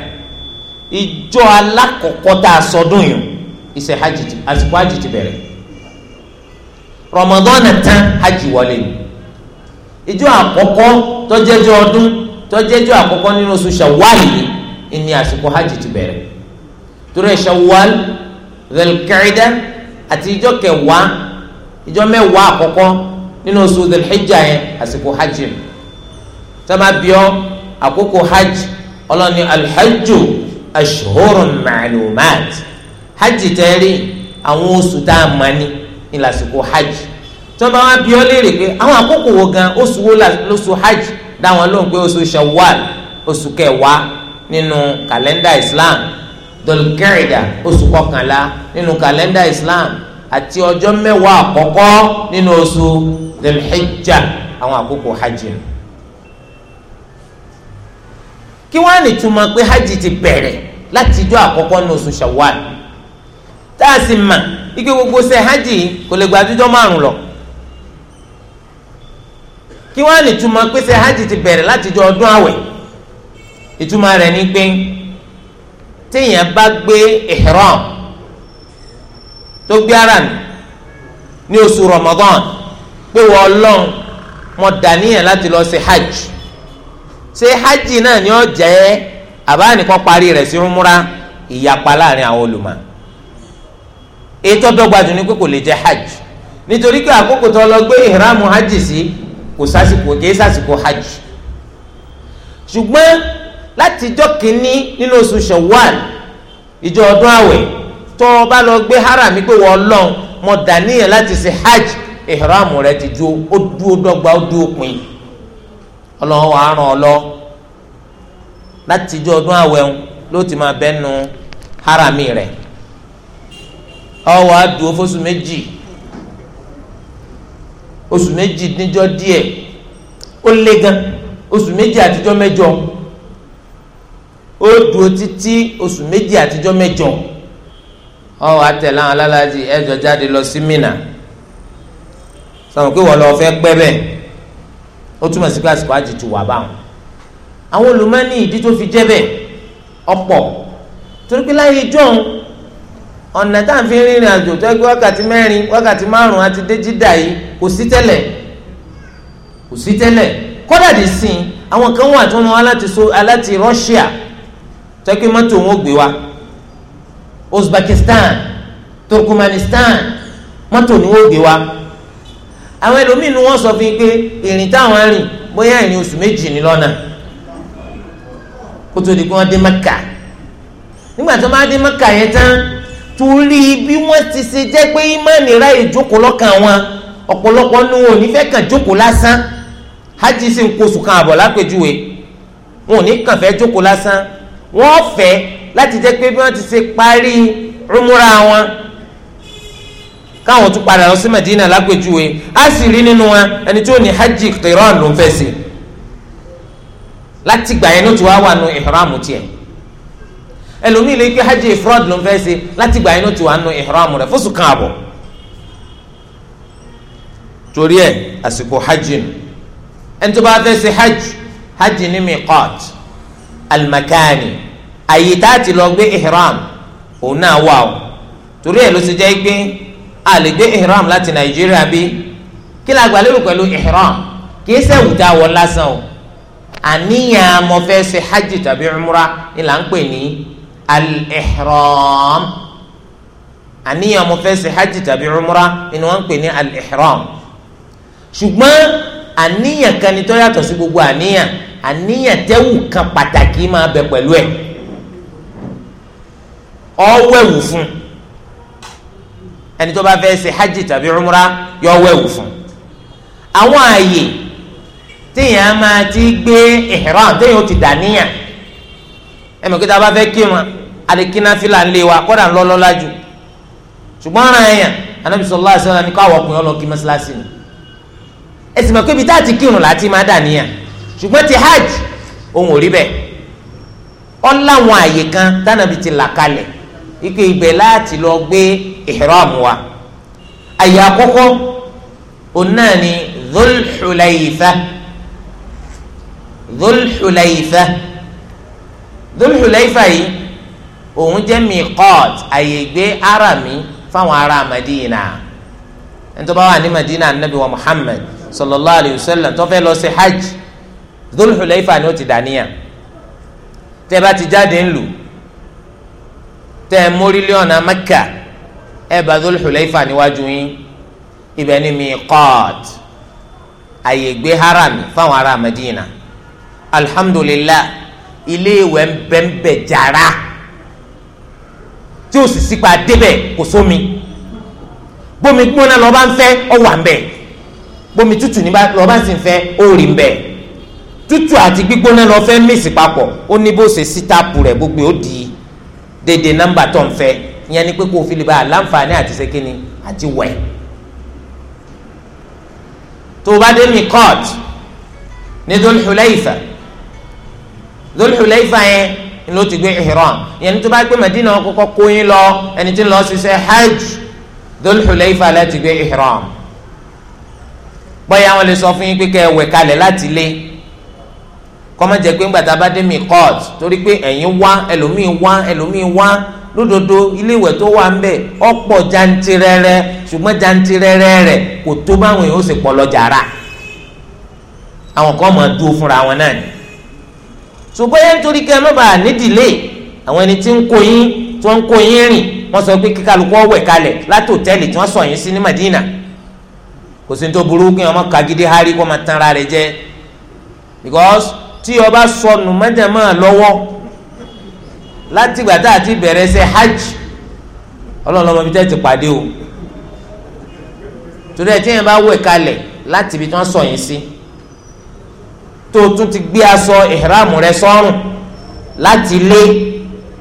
ìjọ alákọ̀ọ́kọ́ tá a sọdún yìí ìṣe hajj àsìkò hajj ti bẹ̀rẹ̀ rọmọdún tán hajj wọlé ìjọ àkọ́kọ́ tọ́jẹ́jọ́ ọdún tọ́jẹ́jọ́ àkọ́kọ́ nínú oṣù ṣàwáàlì ìní àsìkò hajj ti bẹ̀rẹ̀ torí ẹ̀ ṣàwáàlì rẹ̀ kẹ́ẹ̀dá àti ìjọ kẹwàá ìjọ nínú oṣù Dhul-Hijjah yẹn àsìkò hajj ni sábà bíọ́ àkókò hajj ọlọ́ni alhajju ashhurun ma'lumat hajj tẹ́rí àwọn oṣù tá a mọ̀ ni ní lásìkò hajj tọ́ba wa bíọ́ léèrè pé àwọn àkókò wo gan oṣù wo lóṣù hajj dáwọn lóhùn pé oṣù shawwal oṣù kẹwàá nínú kàlẹ́ndà islam dolkẹ́rìdà oṣù kọkànlá nínú kàlẹ́ndà islam àti ọjọ́ mẹ́wàá àkọ́kọ́ nínú oṣù lẹ́lẹ́hẹ́jà àwọn àkókò hajj kí wọ́n á ní túmọ̀ pé hajj ti bẹ̀rẹ̀ láti ijọ́ àkọ́kọ́ ní oṣù shawwal tá a sì mà ike gbogbo ṣe hajj kò lè gba àdújọ́ márùn lọ kí wọ́n á ní túmọ̀ pé ṣe hajj ti bẹ̀rẹ̀ láti ijọ́ ọdún àwẹ̀ ìtumọ̀ rẹ̀ ni pé téèyàn bá gbé ihram tó gbé ara ní oṣù Ramadan pé wọ́n ọlọ́run mo dàníyàn láti lọ ṣe hajj ṣé hajj náà ni ó jẹ́ àbá nìkan parí rẹ̀ sí umra ìyapa láàrin àwọn olùmọ̀ ètò ọdọgba jù ní pé kò lè jẹ́ hajj nítorí pé àkókò tó lọ gbé ìhìrámù hajj sí kò sásìkò kìí sásìkò hajj ṣùgbọ́n láti ijọ́ kìíní nínú oṣù shawwal ìjọ ọdún àwẹ̀ tó o bá lọ gbé haram pé wọ́n lọ́n mo dàníyàn láti ṣe hajj Ihọrọ amụrụetijọ o duogwụ dọgba o duogwụ pịịn ọ na ọ ghọọ arụ ọlọ laa tijọ ọdụ awọ ọ n'otu ụmụ abịanụ haremi rị ọ meji osu meji n'ịjọ diẹ o le gan osu meji atijọ meji o du otiti osu meji atijọ meji ọ ghọọ atị ala alala ihe njọja ndị ọ si sọ̀rọ̀ pé wọ́n lọ fẹ́ pẹ́ bẹ́ẹ̀ ó túmọ̀ sí pé àsìkò àjì ti wà báwọn àwọn olùmọ́ni ìdí tó fi jẹ́ bẹ́ẹ̀ ọ̀pọ̀ torí pé láyé jọ̀hún ọ̀nà tá à ń fi rìnrìn àjò tó ẹgbẹ́ wákàtí mẹ́rin wákàtí márùn-ún àti déjìdá yìí kò sí tẹ́lẹ̀ kò sí tẹ́lẹ̀ kódà dì sìn àwọn kan wà tó wọn aláti so aláti Russia tó ẹgbẹ́ mọ́tò wọn ò gbé wa Uzbekistan Turkmenistan mọ́tò ni wọ́n ò gbé wa àwọn ẹlòmíì ni wọ́n sọ fún yín pé ìrìn táwọn rìn bóyá ìrìn oṣù méjì ní lọ́nà kó tó di pé wọ́n dé mẹ́kà nígbà tó máa dé mẹ́kà yẹn tán torí bí wọ́n ti ṣe jẹ́ pé ìmọ̀ọ́nì ráyè jókòó lọ́kàn wọn ọ̀pọ̀lọpọ̀ ní wọn ò ní fẹ́ kàn jókòó lásán hajj sì ń kóṣù kan àbọ̀ lápèjúwe wọn ò ní kàn fẹ́ jókòó lásán wọ́n fẹ́ láti jẹ́ pé bí wọ́n ti ṣe parí rúmúra wọn káwọn tún padà lọ sí Madina lápèjúwe á sì rí nínú wa ẹni tí ó ní hajj qiran ló ń fẹ́ ṣe láti gbà yẹn ló ti wá wà nù ihram tiẹ̀ ẹlòmíì lè gbé hajj ifrad ló ń fẹ́ ṣe láti gbà yẹn ló ti wà nù ihram rẹ̀ fóṣù kan àbọ̀ torí ẹ̀ àsìkò hajj nù ẹni tó bá fẹ́ ṣe hajj hajj ní miqat almakani àyè tá a ti lọ gbé ihram òun náà wà o torí ẹ̀ ló ti jẹ́ gbé a lè gbé ihram láti nàìjíríà bí kí la gbà lérò pẹ̀lú ihram kì í ṣẹ̀wù tá a wọ̀ lásán o àníyàn mo fẹ́ ṣe hajj tàbí umra ni là ń pè ní al-ihram àníyàn mo fẹ́ ṣe hajj tàbí umra ni wọ́n ń pè ní al-ihram ṣùgbọ́n àníyàn kan ni tó yàtọ̀ sí gbogbo àníyàn àníyàn tẹ́wù kan pàtàkì máa bẹ pẹ̀lú ẹ̀ ọ́ wẹ̀wù fún un ẹni tó bá fẹ́ ṣe hajj tàbí umra yọ wẹ̀wù fún àwọn ààyè téèyàn máa ti gbé ihram téèyàn ó ti dà níyà ẹ mọ̀ kí tá a bá fẹ́ kírun àdèkínà ń lé wa kọ́dà ń jù ṣùgbọ́n ara ẹ̀yàn anabi sallallahu ní káwọn ọkùnrin ọlọ́ọ̀kì mọ́ṣáláṣí ni ẹ sì ibi tá a ti kírun láti máa dà níyà ṣùgbọ́n ti hajj òun ò rí bẹ́ẹ̀ ọ́ láwọn ààyè kan tánàbí ti là kalẹ̀ ike ibẹ̀ láti lọ gbé ihram wa àyè àkọ́kọ́ òun náà ni Dhul Hulayfa Dhul Hulayfa Dhul Hulayfa yìí òun jẹ́ miqat àyè gbé arami fáwọn ará Madina ẹni tó bá wà ní Madina anabi wa Muhammad sallallahu alayhi wa sallam tó lọ sí hajj Dhul ni ó ti dàníyà tẹ́ bá ti jáde ńlùú tẹ́ ẹ mórílẹ̀ ọ̀nà mẹ́kà ẹ bá Dhul Hulayfa níwájú yín ibẹ̀ ni miqat àyè gbé harami fáwọn ará Madina alhamdulillah ilé ìwẹ̀ ń bẹ́ńbẹ́ jàrá tí o sì sípa débẹ̀ kò sómi bómi gbóná lọ́ba ń fẹ́ ọ wà ń bẹ̀ bómi tútù ní lọ́ba sì ń fẹ́ ó rí ń bẹ̀ tútù àti gbígbóná lọ́ fẹ́ mí papọ̀ ó ní bó ṣe sí rẹ̀ gbogbo ó di dédé nọ́mbà tó ń fẹ́ ìyẹn ni pé kó o fi lè bá a láǹfààní àti ṣe kíni àti wẹ̀ tó o bá dé mi court ní Dhul Hulayfa Dhul Hulayfa yẹn ló ti gbé ihram ìyẹn tó bá gbé Madina kọ́kọ́ kó lọ ẹni tí ń lọ ṣiṣẹ́ hajj Dhul láti gbé ihram bóyá wọn lè sọ fún yín pé kẹ́ ẹ wẹ̀ kalẹ̀ láti lé kọ́má jẹ́ pé ńgbàtà bá dé mi court torí pé ẹ̀yin wá ẹlòmíì wá ẹlòmíì wá lódodo ilé ìwẹ̀ tó wà ń bẹ̀ ọ̀pọ̀ jantirẹrẹ ṣùgbọ́n jantirẹrẹ rẹ̀ kò tó báwọn èèyàn ó sì pọ̀ lọ́jà rà àwọn kan máa dúró fúnra wọn náà ni ṣùgbọ́n yẹn torí kẹ́ ẹ má bàa nídìílé àwọn ẹni tí ń kó yín tí wọ́n ń kó yín rìn wọ́n sọ pé kíkálukú ọ̀wẹ̀ kalẹ̀ láti òtẹ́ẹ̀lì tí wọ́n sọ yín sí ní Madina kò sí ní tó burú kí wọ́n má kagídé hárí kó má tán ara rẹ̀ jẹ́ because tí ó bá sọnù mọ́jàmá lọ́wọ́ látìgbà tá a ti bẹ̀rẹ̀ ṣe hajj ọlọ́ọ̀lọ́mọ bíi tẹ́ ti pàdé o torí ẹ̀ tí yẹn bá wẹ̀ kalẹ̀ láti ibi tí wọ́n sọ yín sí tó o tún ti gbé aṣọ ìhìrámù rẹ sọ́rùn láti lé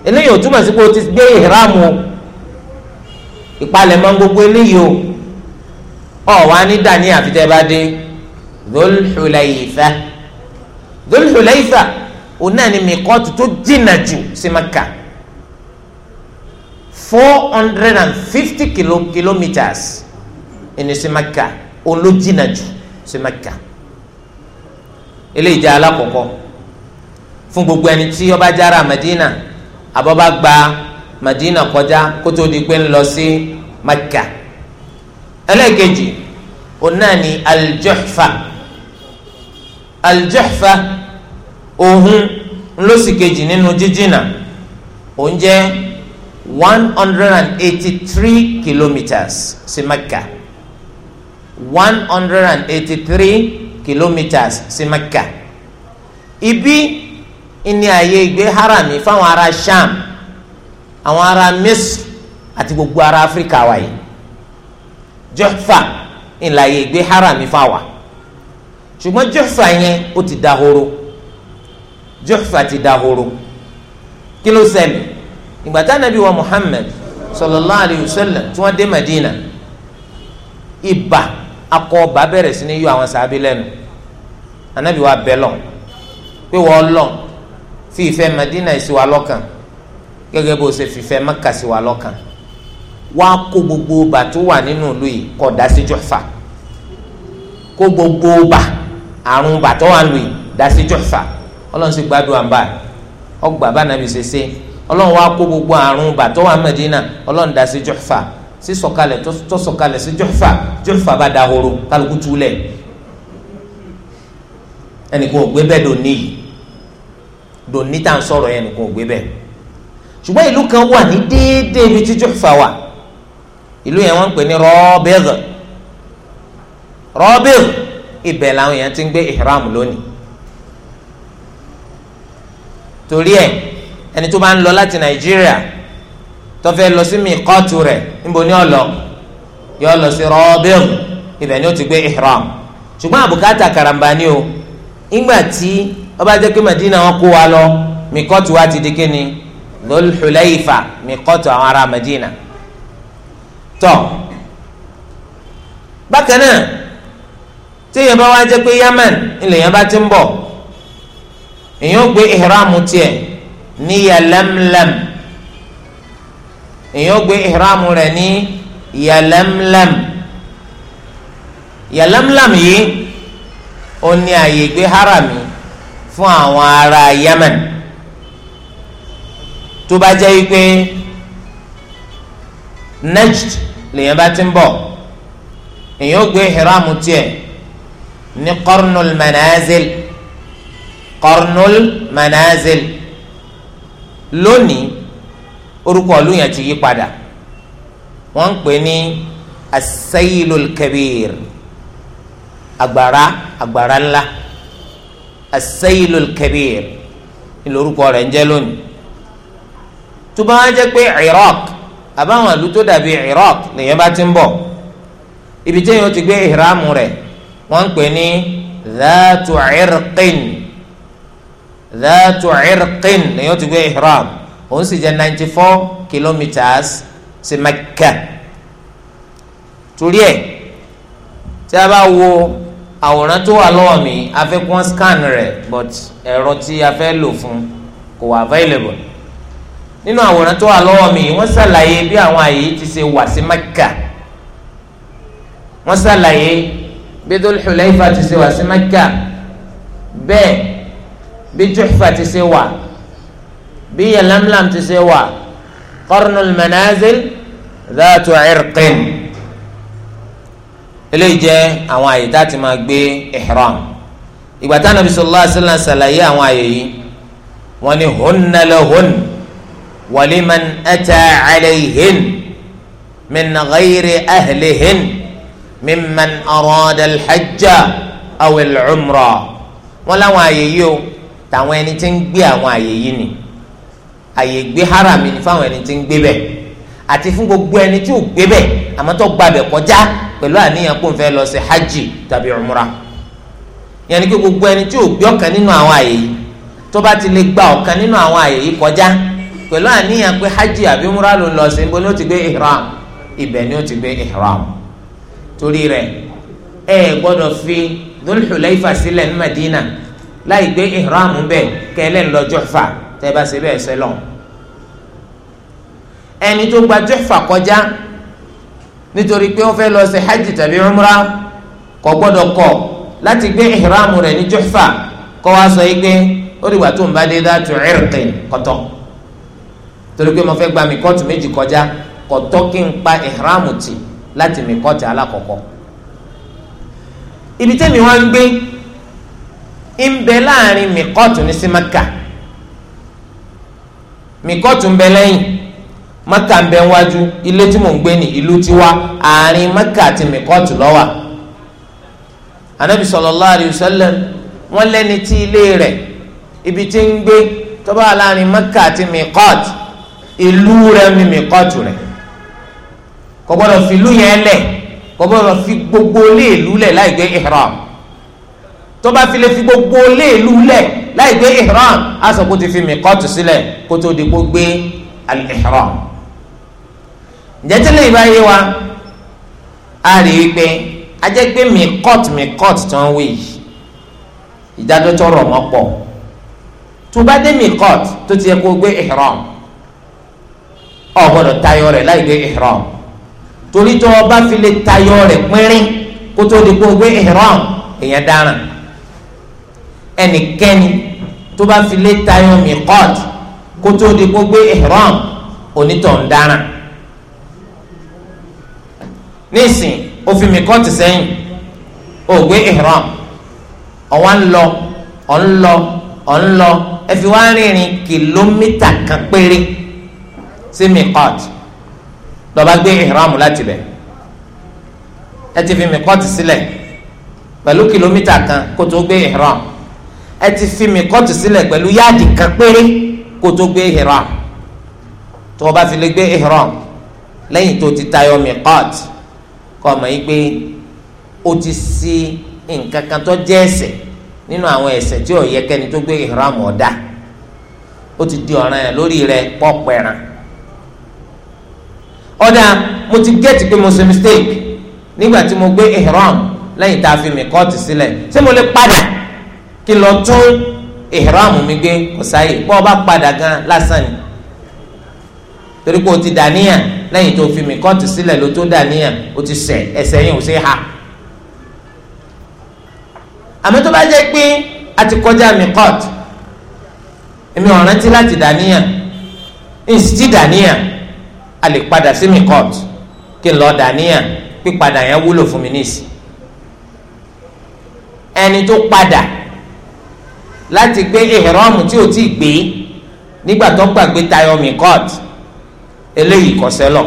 eléyìí ò túmọ̀ sí pé o ti gbé ìhìrámù ìpalẹ̀mọ́ gbogbo eléyìí o ọ̀ wá ní dání àfi bá dé Dhul Hulayfa. Dhul-Hulayfa òun náà ni mìkọ́tù tó jìnnà jù sí Mẹ́kà four hundred and fifty kilometers ẹni sí Mẹ́kà òun ló jìnnà jù sí Mẹ́kà eléyìí jẹ́ alákọ̀ọ́kọ́ fún gbogbo ẹni tí ó bá jára Madina abọ́bá gba Madina kọjá kótó di pé ń sí Mẹ́kà ẹlẹ́ẹ̀kejì òun ni Al-Juhfa òhun ńlọsì kejì nínú jíjìnà òun jẹ́ one hundred and eighty three kilometres sí Mẹ́kà one hundred and eighty three kilometres sí Mẹ́kà ibi ìní ààyè ìgbé harami fáwọn ará Sham àwọn ará Misr àti gbogbo ará Áfíríkà wa yìí Juhfa ìlàyè ìgbé harami fáwa ṣùgbọ́n Juhfa yẹn ó ti dahoro Juhfa ti dahoro kí ló ṣẹlẹ̀ ìgbà tá nàbí wa Muhammad sallallahu alayhi wa sallam tí wọ́n dé Madina ibà akọ ọba bẹ̀rẹ̀ sí ní yọ àwọn sàbí lẹ́nu anabi wa bẹ̀ lọ pé wọ́n lọ fi ìfẹ́ Madina sí wa lọ́kàn gẹ́gẹ́ bó ṣe fìfẹ́ Mẹ́kà sí wa lọ́kàn wá kó gbogbo ọba tó wà nínú ìlú yìí kó dá sí Juhfa kó gbogbo ọba àrùn bàtọ́ wà lù yìí dá sí Juhfa ọlọ́run sì gbádùn àǹbá ọgbà bánàbì ṣẹṣẹ ọlọ́run wá kó gbogbo àrùn bàtọ́ wa Mẹ́dínà ọlọ́run dá sí Juhfa sí sọ̀kalẹ̀ tó sọ̀kalẹ̀ sí Juhfa Juhfa bá dahoro kálukú túlẹ̀ ẹnìkan ò gbé bẹ́ẹ̀ dòní yìí dòní tá à ń sọ̀rọ̀ yẹn ẹnìkan ò gbé bẹ́ẹ̀ ṣùgbọ́n ìlú kan wà ní déédéé ibi tí Juhfa wà ìlú yẹn wọ́n ń pè ní Rabigh Rabigh ibẹ̀ làwọn yẹn ti ń gbé ihram lónìí torí ẹ ẹni tó bá ń lọ láti nàìjíríà tó fẹ́ lọ sí mìkọ́tù rẹ̀ níbo ni ó lọ yóò lọ sí rọ́ọ̀bìn ibẹ̀ ni ó ti gbé ihram ṣùgbọ́n àbùkátà karamba ni o ìgbà tí ó bá jẹ́ pé Madina wọn kó wa lọ mìkọ́tù wa ti di kí ni Dhul Hulayfa àwọn ará Madina tọ́ bákan náà tí èèyàn bá wá jẹ́ pé Yemen ilẹ̀ yẹn bá ti ń bọ̀ èyàn gbé ihram tiẹ̀ ní yalamlam èyàn gbé ihram rẹ̀ ní yalamlam yalamlam yìí ó ní àyè gbé harami fún àwọn ará Yemen tó bá jẹ́ wípé Najd lèyàn bá ti ń bọ̀ èyàn gbé ihram tiẹ̀ ní Qarnul Manazil. Qarnul Manazil lónìí orúkọ ìlú yẹn ti yí padà wọ́n ń pè ní As-Saylul Kabir agbára agbára ńlá As-Saylul Kabir ìlórúkọ rẹ̀ ń jẹ́ lónìí tó bá wá jẹ́ pé Iraq àbáwọn ìlú tó dàbí Iraq lèyẹn bá ti ń bọ̀ ibi tí yẹn ti gbé ìhìrámù rẹ̀ wọ́n ń pè ní Dhatu Irqin. ذات cirqin lèyìn إحرام. ti gbé ihram òun sì jẹ́ ninety four kilometres sí Mẹ́kà torí àwòrán tó wà lọ́wọ́ mi a scan rẹ̀ but ẹ̀rọ tí a fẹ́ lò fún kò wà available nínú àwòrán tó wà lọ́wọ́ mi wọ́n ṣàlàyé bí àwọn àyè ti ṣe wà sí Mẹ́kà wọ́n ṣàlàyé bí Dhul Hulayfa ti ṣe wà sí Mẹ́kà bẹ́ẹ̀ bí Juhfa ti ṣe wà bí Yalamlam ti ṣe wà Qarnul Manazil Dhatu Irqin eléyìí jẹ́ àwọn àyè tá a ti máa gbé ihram ìgbà tá Nabi sallallahu alaihi wasallam ṣàlàyé àwọn àyè yìí wọ́n ní hunna lahun wa ata alayhin min ghayri ahlihin mimman arada hajja aw al-umra wọ́n àyè yìí o. tàwọn ẹni tí ń gbé àwọn àyè yìí ni àyè gbé haram ni fáwọn ẹni tí ń gbé Ati àti gbogbo ẹni tí ò gbé bẹ̀ àmọ́ tó gba kọjá pẹ̀lú àníyàn kó n fẹ́ lọ sí hajj tàbí kí gbogbo ẹni tí ò gbé nínú àwọn àyè yìí ti lè gba ọ̀kan nínú àwọn àyè yìí kọjá pẹ̀lú àníyàn pé hajj àbí ló ń lọ sí ó ti gbé ihram ni ó ti gbé ihram torí ẹ gbọdọ fi ní láì gbé ihram bẹ kẹlẹ ńlọ Juhfa tẹ bá ṣe bẹ́ẹ̀ sẹlọ ẹni tó gba Juhfa kọjá nítorí pé ó fẹ́ lọ ṣe hajj tàbí umra kò gbọ́dọ̀ kọ̀ láti gbé ihram rẹ̀ ní Juhfa kó wá sọ yìí pé ó dìgbà tó ń bá dé dátù irqin kọtọ torí pé mo fẹ́ gba mikọ́tù méjì kọjá kọtọ kí n pa ihram tì láti mikọ́tù alákọ̀ọ́kọ́ ibi tẹ́mi wá ń gbé ń bẹ láàrin mikọ́tù ní sí maka mikọ́tù ń bẹ lẹ́yìn maka ń bẹ wájú ilé tí mò ń gbé ní ìlú tiwa àárín maka àti mikọ́tù lọ́wà anabi sallallahu alayhi wa sallam wọn lẹ́ni tí ilé rẹ̀ ibi tí ń gbé tó bá maka àti mikọ́tù ìlú rẹ̀ ní mikọ́tù rẹ̀ kò fi ìlú yẹn lẹ̀ kò fi gbogbo ilé ìlú lẹ̀ láì gbé ihram tó bá fi lè fi gbogbo léèlú lẹ̀ láì gbé ihram á sọ kó ti fi mìkọ́tù sílẹ̀ kó tó di kó gbé al-ihram. ìjẹ́tẹ́lẹ̀ ìbáyé wa a rí i pé a jẹ́ pé mìkọ́tù mìkọ́tù tó ń wí yìí tó rọ̀ mọ́ pọ̀ tó bá dé mìkọ́tù tó ti yẹ kó gbé ihram ọ̀ gbọ́dọ̀ tayọ rẹ̀ láì gbé ihram torí tó o bá fi lè tayọ rẹ̀ pínrín kó tó di kó ihram èèyàn dáràn ẹnikẹ́ni tó bá fi lé tayọ miqat kó tó di kó ihram onítọ̀ ń dára nísìn ó fi miqat sẹ́yìn ó ihram ọ̀wá ń lọ ọ̀ ń lọ ọ̀ ń lọ ẹ fi wá rìnrìn kìlómítà kan péré sí miqat ló bá gbé ihram láti bẹ̀ ẹ ti fi miqat sílẹ̀ pẹ̀lú kìlómítà kan kó tó gbé ihram ẹ ti fi mi kọ́ọ̀tù sílẹ̀ pẹ̀lú yáàdì kan péré kó tó gbé ihram tó o bá fi lè gbé ihram lẹ́yìn tó ti tayọ mi kọ́ọ̀tù kọ́ ọmọ yìí pé o ti ṣe nǹkan kan tó jẹ́ ẹ̀ṣẹ̀ nínú àwọn ẹ̀ṣẹ̀ tí ò yẹ kẹ́ni tó gbé ihram ọ̀dà ó ti di ọ̀ràn yẹn lórí rẹ pọ̀pẹ̀ràn ọ̀dà mo ti gẹ́tì pé mo ṣe mistake nígbà tí mo gbé ihram lẹ́yìn tá a fi mi kọ́ọ̀tù sílẹ̀ ṣé mo lè padà kí lọ tún ìhìrámù mi gbé kò sáyè bọ́ ọ bá padà gan lásán ni torí pé o ti dàníyà lẹ́yìn tó fi mi kọ́ọ̀tù sílẹ̀ ló tó dàníyà o ti sẹ̀ ẹsẹ̀ yẹn ò sí ha àmọ́ tó bá jẹ́ pé a ti kọjá mi kọ́ọ̀tù èmi ò rántí láti dàníyà ìsìtì dàníyà a lè padà sí mi kọ́ọ̀tù kí n lọ dàníyà pípadà yẹn wúlò fún mi níìsín ẹni tó padà láti gbé ihram tí o ti gbé nígbà tó gbàgbé tayọ mikot eléyìí kò sẹ́lọ̀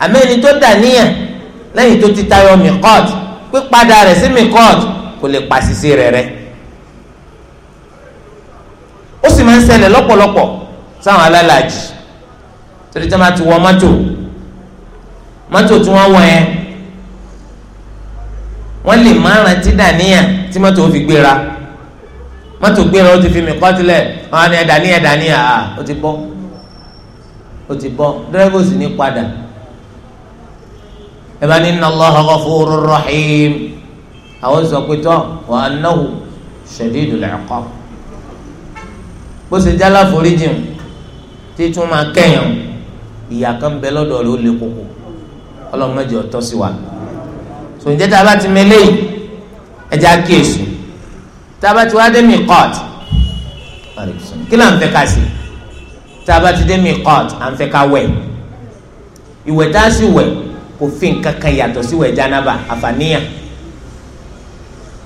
àmẹ́ni tó dà níyàn lẹ́yìn tó ti tayọ mikot pípadà rẹ̀ sí mikot kò lè pàṣísí rẹ̀ rẹ̀ ó sì máa ń ṣẹlẹ̀ lọ́pọ̀lọpọ̀ sáwọn alálàájì torí tí wọ́n ti wọ mọ́tò mọ́tò tí wọ́n wọ̀ yẹn wọ́n lè má rántí dàníyàn tí mọ́tò fi gbéra mọ́tò gbéra ó ti fi mi kọ́tílẹ̀ wọn ni ẹ̀dá ní ẹ̀dá ní àá ó ti bọ́ ó ti bọ́ dírẹ́bù sì ní padà ẹ bá ní inna Allaha ghafurur rahim àwọn sọ pé tọ́ wa annahu shadidul iqab bó ṣe jálá foríjì títún máa kẹ́yàn ìyá kan bẹ lọ́dọ̀ rẹ̀ ó lè koko ọlọ́mọdé ọ̀tọ́ sí wa sòǹjẹ́ tá a bá ti mẹ́lẹ́yìn ẹja kíyèsí tába ti wá dé miqat kí ló ń fẹ́ ká sí tába ti dé miqat à ń fẹ́ ká wẹ̀ ìwẹ̀ tá a sì wẹ̀ kò fi nǹkan kan yàtọ̀ sí wẹ̀ jánába àfàníyàn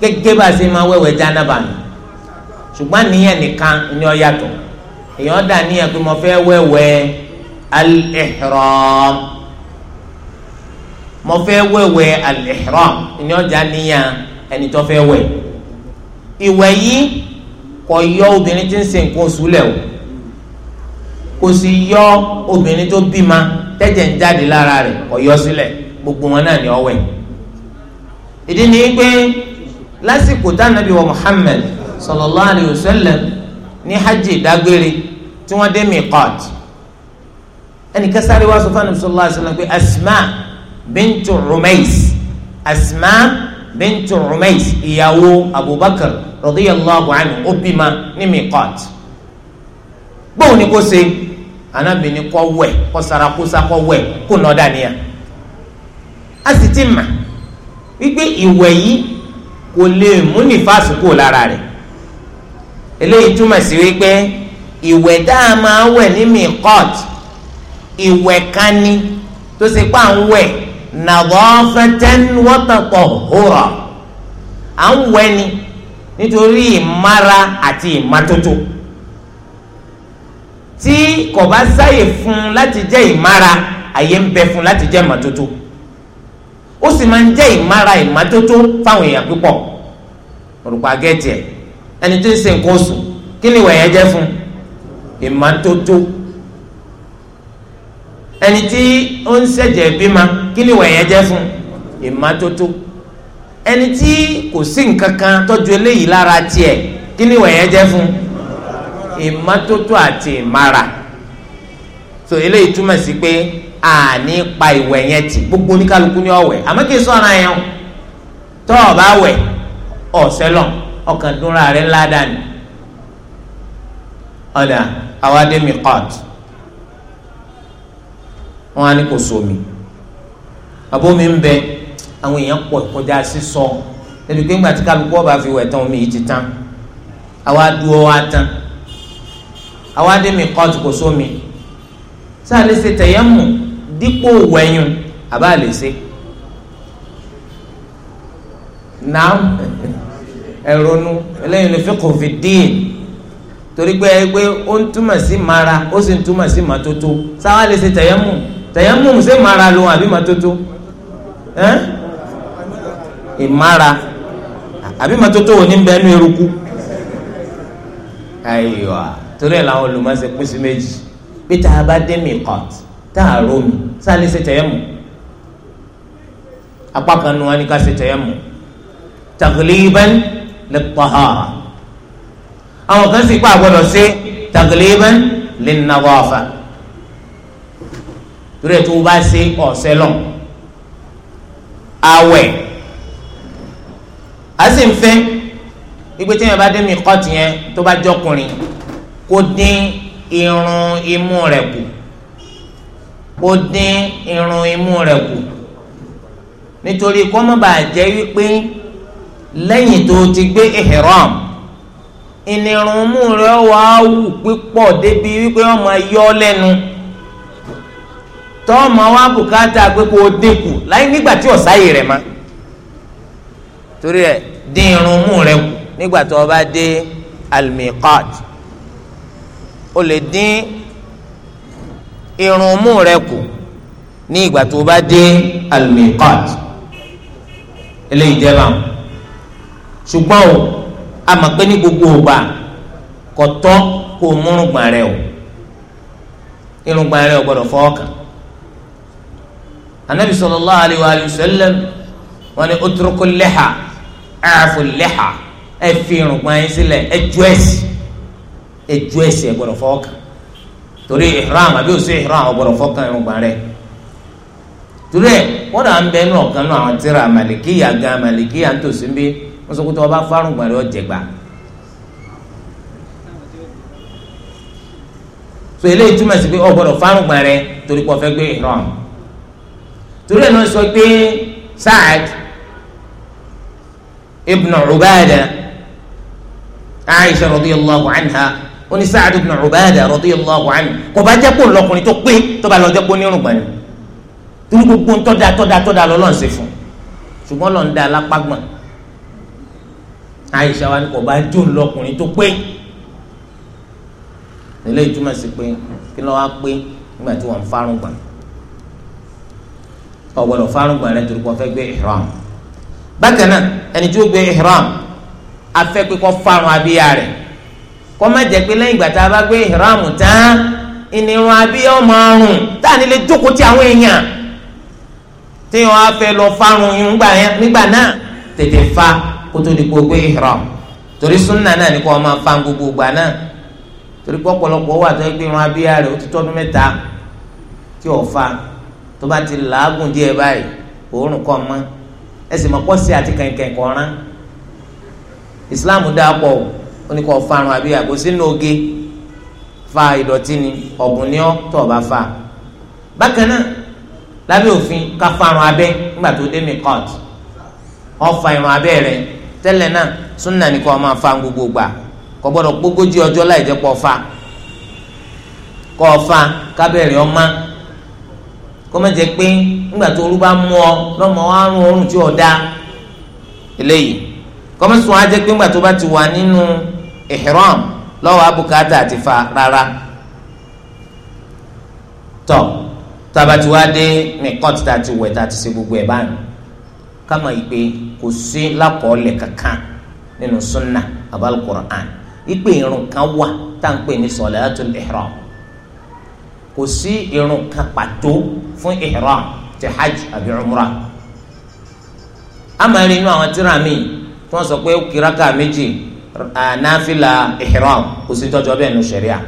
gẹ́gẹ́ bá a ṣe máa wẹ̀wẹ̀ jánába nù ni ó yàtọ̀ èèyàn dà níyàn pé mo fẹ́ wẹ̀wẹ̀ al-ihram mo fẹ́ wẹ̀wẹ̀ al-ihram ni ọjà níyàn ẹni tó fẹ́ ìwẹ̀ yìí kò yọ obìnrin tí ń ṣe nǹkan oṣù lẹ̀ o kò sì yọ obìnrin tó bímọ tẹ́jẹ̀ ń jáde lára rẹ̀ kò yọ sílẹ̀ gbogbo wọn náà ni ó ìdí ni pé lásìkò tánàbí wa Muhammad sallallahu alayhi ní hajj dágbére tí wọ́n dé miqat ẹnìkan sáré wá sọ fún anabi sallallahu pé Asma bintu Rumais Asma bintu Rumais ìyàwó Abubakar radiyallahu anhu ó bímọ ní miqat bóun ni kò ṣe anábìíní kọ́ wẹ̀ kọ́ sarakosa kọ́ wẹ̀ kó nà dànìyà a sì ti mà wípé ìwẹ̀ yìí kò lè mú nífàsì kúrò lára rẹ̀ eléyìí túmọ̀ sí wípé ìwẹ̀ tá a máa wẹ̀ ní ìwẹ̀ kan ni tó ṣe pa ń wẹ̀ ni. nítorí ìmára àti ìmátótó tí kò bá sáyè fún láti jẹ́ ìmára àyè ń bẹ fún láti jẹ́ ìmátótó ó sì máa ń jẹ́ ìmára ìmátótó fáwọn èèyàn púpọ̀ orúkọ agẹ́tì ẹ̀ ẹni tó ń ṣe nǹkan oṣù kí ni ìwẹ̀ yẹn jẹ́ fún ìmátótó ẹni tí ó ń ṣẹ̀jẹ̀ bímọ kí ni ìwẹ̀ yẹn jẹ́ fún ìmátótó ẹni tí kò sí nǹkan kan tọ́jú eléyìí lára tiẹ̀ kí ni ìwẹ̀ jẹ́ fún ìmọ́tótó àti ìmára so eléyìí túmọ̀ sí pé àní pa ìwẹ̀ yẹn tì gbogbo oníkálukú ní ọ̀wẹ̀ àmọ́ kì í sọ̀rọ̀ yẹn tọ́ ọ bá wẹ̀ ọ̀sẹ̀ lọ ọkàn dúnra rẹ̀ ńlá dànù ọ̀dà àwa dé wọn á ní kò sómi àbómi ń bẹ àwọn èèyàn pọ̀ kọjá sísọ ẹbí pé ńgbà tí kálukú ọba fi wẹ̀ tán omi yìí ti tán àwa dúró wa tán àwa dé mi kọ́ọ̀tù kò sómi sáà lè ṣe tẹ̀yẹ́mù dípò wẹ̀yìn àbá lè ṣe naam ẹ̀rọnu ẹlẹ́yìn lè fi kò dín torí pé ẹ pé ó ń túmọ̀ sí mara ó sì ń túmọ̀ sí màtótó sáà lè ṣe tẹ̀yẹ́mù tẹ̀yẹ́mù ṣe mara lòun àbí màtótó ẹ́. Eh? ìmára àbí mọ́tótó wò ní bẹ́ẹ̀ nu eruku ayiwa torí ẹ̀ làwọn olùmọ̀ọ́sẹ̀ pín sí méjì bí tá a bá dé miqat tá a rómi sáà lè ṣe tẹ̀yẹ̀mù apá kan nu wọn ni ká ṣe tẹ̀yẹ̀mù tagliban lit àwọn kan sì pa àgbọ̀dọ̀ sí tagliban lin-nadafa torí ẹ̀ tó o bá ṣe ọ̀sẹ̀ lọ awẹ́ a sì ń fẹ́ ìgbé tí yẹn bá dé mi kọ́ tiẹ̀ tó bá jọkùnrin kó dín irun imú rẹ̀ kù kó dín irun imú rẹ̀ kù nítorí kó má bàa jẹ́ wípé lẹ́yìn tó ti gbé ihram ìnirun mú rẹ̀ wá wù pípọ̀ débi wípé wọ́n máa yọ lẹ́nu tọ́ ma bùkátà pé kó o dínkù láì nígbà tí ọ̀sáyè rẹ̀ ma torí ẹ̀ dín irun mú rẹ kù nígbà tó o bá dé almiqat o lè dín irun mú rẹ kù ní ìgbà tó o bá dé almiqat eléyìí jẹ́ báwọn ṣùgbọ́n o a mọ̀ pé ní gbogbo ògbà kò tọ́ kó o múrùngbà rẹ o irùngbà rẹ o gbọ́dọ̀ fọwọ́ kàn anabi sallallahu alayhi wa sallam wọ́n ní utrukul liha. àfòlẹ́hà ẹ fi irùngbọ̀n yín sílẹ̀ ẹ ju ẹ̀sì ẹ ẹ̀sì ẹ fọ́ọ̀kan torí ìhram àbí òsè ìhram ọ gbọ́dọ̀ fọ́ọ̀kan irùngbọ̀n rẹ̀ torí ẹ wọ́n dà ń bẹ nínú ọ̀kan náà àwọn tíra màlìkíyà gan màlìkíyà ń tòsí ń bí wọ́n sọ pé fárùngbọ̀n rẹ̀ ọ̀jẹ̀ gbà. so eléyìí túmọ̀ sí pé o fárùngbọ̀n rẹ̀ torí pé fẹ́ gbé ìhram torí ẹ̀ náà sọ pé ibn Ubaada Aisha radiyallahu anha oní Sa'ad ibn Ubaada radiyallahu anhu kò bá jẹ́ kó lọkùnrin tó pé tó bá lọ jẹ́ kó nírùngbọ̀n ni torí gbogbo ń tọ́da tọ́da tọ́da lọ́lọ́run ṣe fún ṣùgbọ́n lọ́n da alápágbọ̀n Aisha wa ni kò bá jó lọkùnrin tó pé nílẹ̀ ìtumọ̀ sí pé kí lọ́wọ́ á pé nígbà tí wọ́n ń fárùngbọ̀n ọ̀gbọ̀dọ̀ fárùngbọ̀n rẹ̀ torí kò fẹ́ gbé ihram bákan náà ẹni tí ó gbé ihram afẹ́ pé kó fárun abíyá rẹ̀ kó má jẹ́ pé lẹ́yìn ìgbà tá a bá gbé ihram tán ìnirun abíyá ọmọ ọrùn tá a nílé jókòó ti àwọn èèyàn tí wọn á fẹ́ lọ fárun irun nígbà náà tètè fa kó tó di kó gbé ihram torí súnà náà ni kó máa fa gbogbo ìgbà náà torí pé ọ̀pọ̀lọpọ̀ wà tó gbé irun abíyá rẹ̀ ó ti tọ́dún mẹ́ta tí ò fa tó bá ti làágùn díẹ̀ báyìí òórùn kọ́ mọ́ ẹsìn mọ̀kọ́ sí àti kẹ̀kẹ́ kọ̀ọ̀rán islam dáa pọ̀ ó ní kò farun àbí àgbo sínú oge fa ìdọ̀tí ni ọ̀gùn ni ọ́ tó o ofin fa bákan náà lábẹ́ òfin ká farun abẹ́ fa irun abẹ́ rẹ̀ tẹ́lẹ̀ náà súnà ni máa fa gbogbo gbà kò gbọ́dọ̀ gbógójì ọjọ́ láì jẹ́ fa fa kó má jẹ́ pé ńgbà tó olú bá mú ọ lọ́mọ àrùn oorun tí ò da eléyìí kó sùn á jẹ́ pé ńgbà tó bá ti wà nínú ihram lọ́wọ́ àti fa rárá a gbogbo ẹ̀ báyìí kama yìí pé kò sí lákọọ́lẹ̀ kankan nínú sunna irun kan wà tá à ń pè kò sí irun kan pàtó fún ihram ti hajj àbí umrah amari inú àwọn tíra mi tí wọ́n sọ pé ó kí raka méjì náfìlà ihram kò sí tọ́jú ọbẹ̀ nù sẹ̀ríà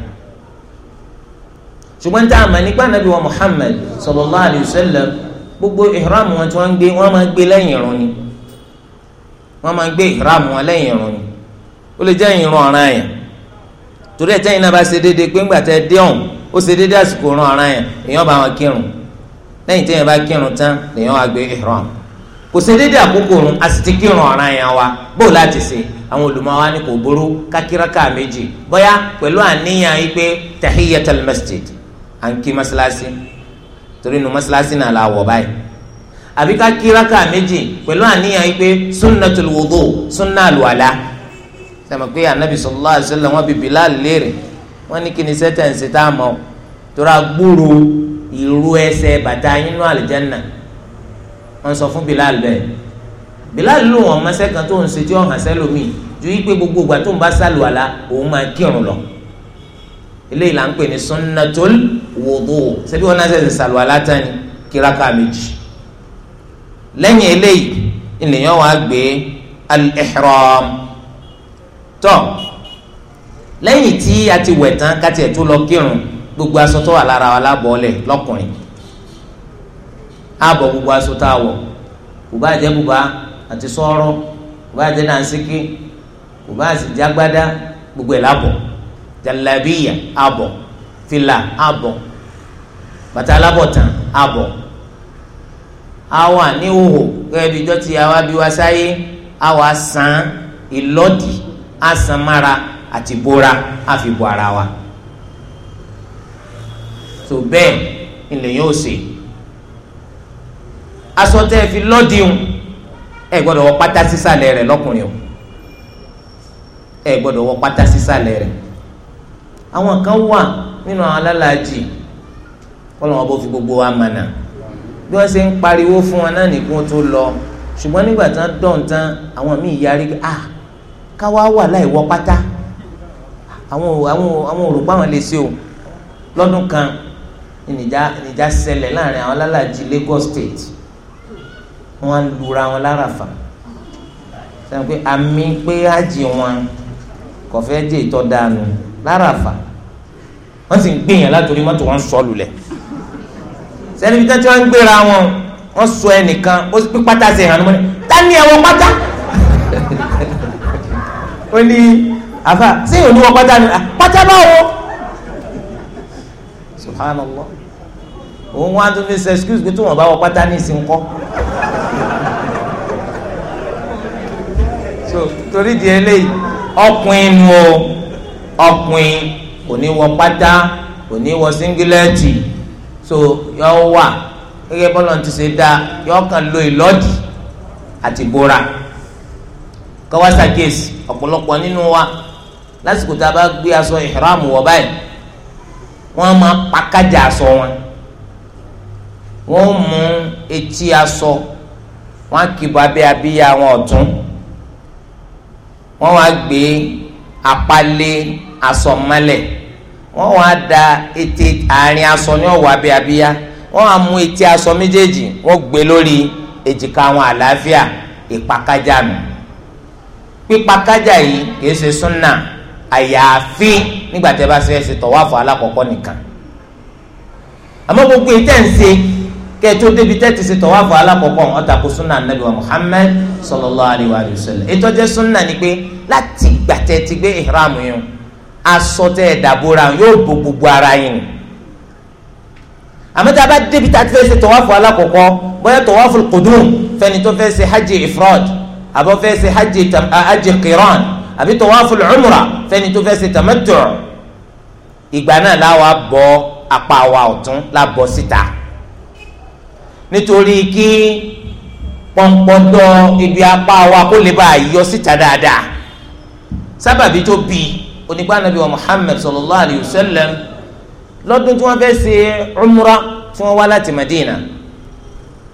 ṣùgbọ́n tá a mọ̀ nípa nàbí wa Muhammad sallallahu alayhi wa sallam gbogbo ihram wọn tí wọ́n gbé wọ́n máa gbé lẹ́yìn irun ni wọ́n máa gbé ihram wọn lẹ́yìn irun ni ó lè jẹ́ irun ọ̀ràn yẹn torí ẹ̀ tẹ́yìn náà bá ṣe déédéé pé ńgbà tẹ́ dé ọ̀hún ó ṣe déédéé àsìkò ràn ara yẹn èèyàn bá wọn kírun lẹ́yìn tí èèyàn bá kírun tán lèèyàn wá gbé ihram kò ṣe déédéé àkókò run a sì ti kírun ara yẹn wa bó láti ṣe àwọn olùmọ̀ wa ni kò burú kákíraka méjì bóyá pẹ̀lú àníyàn yìí pé tahiyatul à ń kí masalasi torí nu masalasi náà la wọ̀ báyìí àbí ká méjì pẹ̀lú àníyàn yìí pé sunnatul sunna alwala sẹ́mi pé anabi sallallahu alaihi wọn bí bilal wọ́n ní kí ni sẹ́tẹ̀ǹsì tá a mọ̀ ọ́ tóra gbúrò ìrú ẹsẹ̀ bàtà yín nú àlìjánná wọ́n sọ fún Bilal bẹ́ẹ̀ Bilal ló wọn mọ́sẹ́ kan tó ń ṣe tí ọ̀hàn sẹ́lómi ju ipe gbogbo ìgbà tó ń bá sálùwàlá òun máa kírun lọ eléyìí là ń pè ní sunnatul wudu ṣebí wọn náà ṣẹ̀ṣẹ̀ sálùwàlá tán ni méjì lẹ́yìn eléyìí ènìyàn wàá gbé al-ihram tọ́ lẹ́yìn tí a ti wẹ̀ tán ká tiẹ̀ tó lọ kírun gbogbo aṣọ tó wà lára wa lábọ́ọ̀lẹ̀ lọ́kùnrin ààbọ̀ gbogbo aṣọ tá a wọ̀ kò bá jẹ́ bùbá àti sọ́ọ́rọ́ kò bá jẹ́ nàǹsíkì kò bá jẹ́ agbádá gbogbo ẹ̀ lábọ̀ jalabiya ààbọ̀ fìlà ààbọ̀ bàtà alábọ̀tàn ààbọ̀ àwa ní hòhò gẹ́gẹ́ bí ijọ́ àwa bí wa sáyé àwa sàn ìlọ́dì àsàmára àti bóra á fi bo ara wa tó bẹ́ẹ̀ ilẹ̀ yóò ṣe aṣọ tẹ́ ẹ fi lọ́dìhun ẹ gbọ́dọ̀ wọ pátá sísàlẹ̀ rẹ̀ lọ́kùnrin o ẹ gbọ́dọ̀ wọ pátá sísàlẹ̀ rẹ̀ àwọn kan wà nínú àwọn alálàájì kọ́lọ́wọ́n bó fi gbogbo wa mànà bí wọ́n ṣe ń pariwo fún wọn náà nìkún tó lọ ṣùgbọ́n nígbà tán dọ̀ǹtán àwọn míì yarí ah káwá wà láì wọ pátá àwọn àwọn àwọn òrùpá àwọn lè ṣe o lọ́dún kan ìnìjà ìnìjà ṣẹlẹ̀ láàrin àwọn alálàjì Lagos State wọ́n á lura wọn láràfà sẹ́yìn pé àmì pé àjì wọn kò fẹ́ jẹ́ ìtọ́ dànù láràfà wọ́n sì ń gbìyàn látòrí mọ́tò wọn sọ lulẹ̀ sẹ́ni bí tẹ́tí wọ́n ń gbéra wọn wọ́n sọ ẹnìkan ó sì pé sí ìhànú mọ́ni tá ní pátá (laughs) ó ní. Afa, àfà sí ìlú wọn pátá ni pátá báwo subhanallah òun wá tún fi ṣe excuse pé tí wọn bá wọ pátá ní ìsìn kọ so torí di eléyìí ọkùnrin nu o ọkùnrin kò ní wọ pátá kò ní wọ singilẹ́tì so yọ wà gẹ́gẹ́ bọ́lá ti ṣe dá yọ kàn lo ìlọ́dì àti bóra kọ́wá ṣàkíyèsí ọ̀pọ̀lọpọ̀ nínú wa lásìkò tá a bá gbé aṣọ ìhìrámù wọ̀ báyìí wọ́n máa pàkàjà aṣọ wọn wọ́n mú etí aṣọ wọ́n kìbọ abẹ́ abíyá wọn ọ̀tún wọ́n wá gbé apálé aṣọ mọ́lẹ̀ wọ́n wá da ètè àárín aṣọ ní ọ̀wọ́ abẹ́ abíyá wọ́n á mú etí aṣọ méjèèjì wọ́n gbé lórí èjìká wọn àlàáfíà ìpàkàjà nù pípàkàjà yìí kìí ṣe súnà àyàfi nígbà tẹ́ bá fẹ́ ṣe tọ̀wáfù alákọ̀ọ́kọ́ nìkan àmọ́ gbogbo ètò ẹ̀ ń ṣe kẹ́ẹ̀tọ́ débi tẹ́tí ṣe tọ̀wáfù alákọ̀ọ́kọ́ ọ̀tàkù súnà nàbí wa Muhammad sallallahu alayhi wa sallam ètò ọjọ́ súnà ni pé láti ìgbà tẹ́ ti gbé ìhram yẹn aṣọ tẹ́ ẹ̀ dàbóra yóò bo gbogbo ara yẹn àmọ́ tá a bá débi tá ṣe tọ̀wáfù alákọ̀ọ́kọ́ bóyá tọ̀wáfù kudum fẹ́ni tó fẹ́ ṣe hajj ifrad àbọ̀ fẹ́ ṣe hajj qiran àbí tawaful umrah fẹ́ni tó fẹ́ ṣe tamattu ìgbà náà láwa bọ́ apá wa ọ̀tún lábọ́ síta nítorí kí pọ́npọ́ndọ́ ibi apá wa kó lè bá yọ síta dáadáa sábàbí tó bí onígbà nàbí wa Muhammad sallallahu alayhi wa sallam lọ́dún tí wọ́n fẹ́ ṣe umrah tí wọ́n wá láti Madina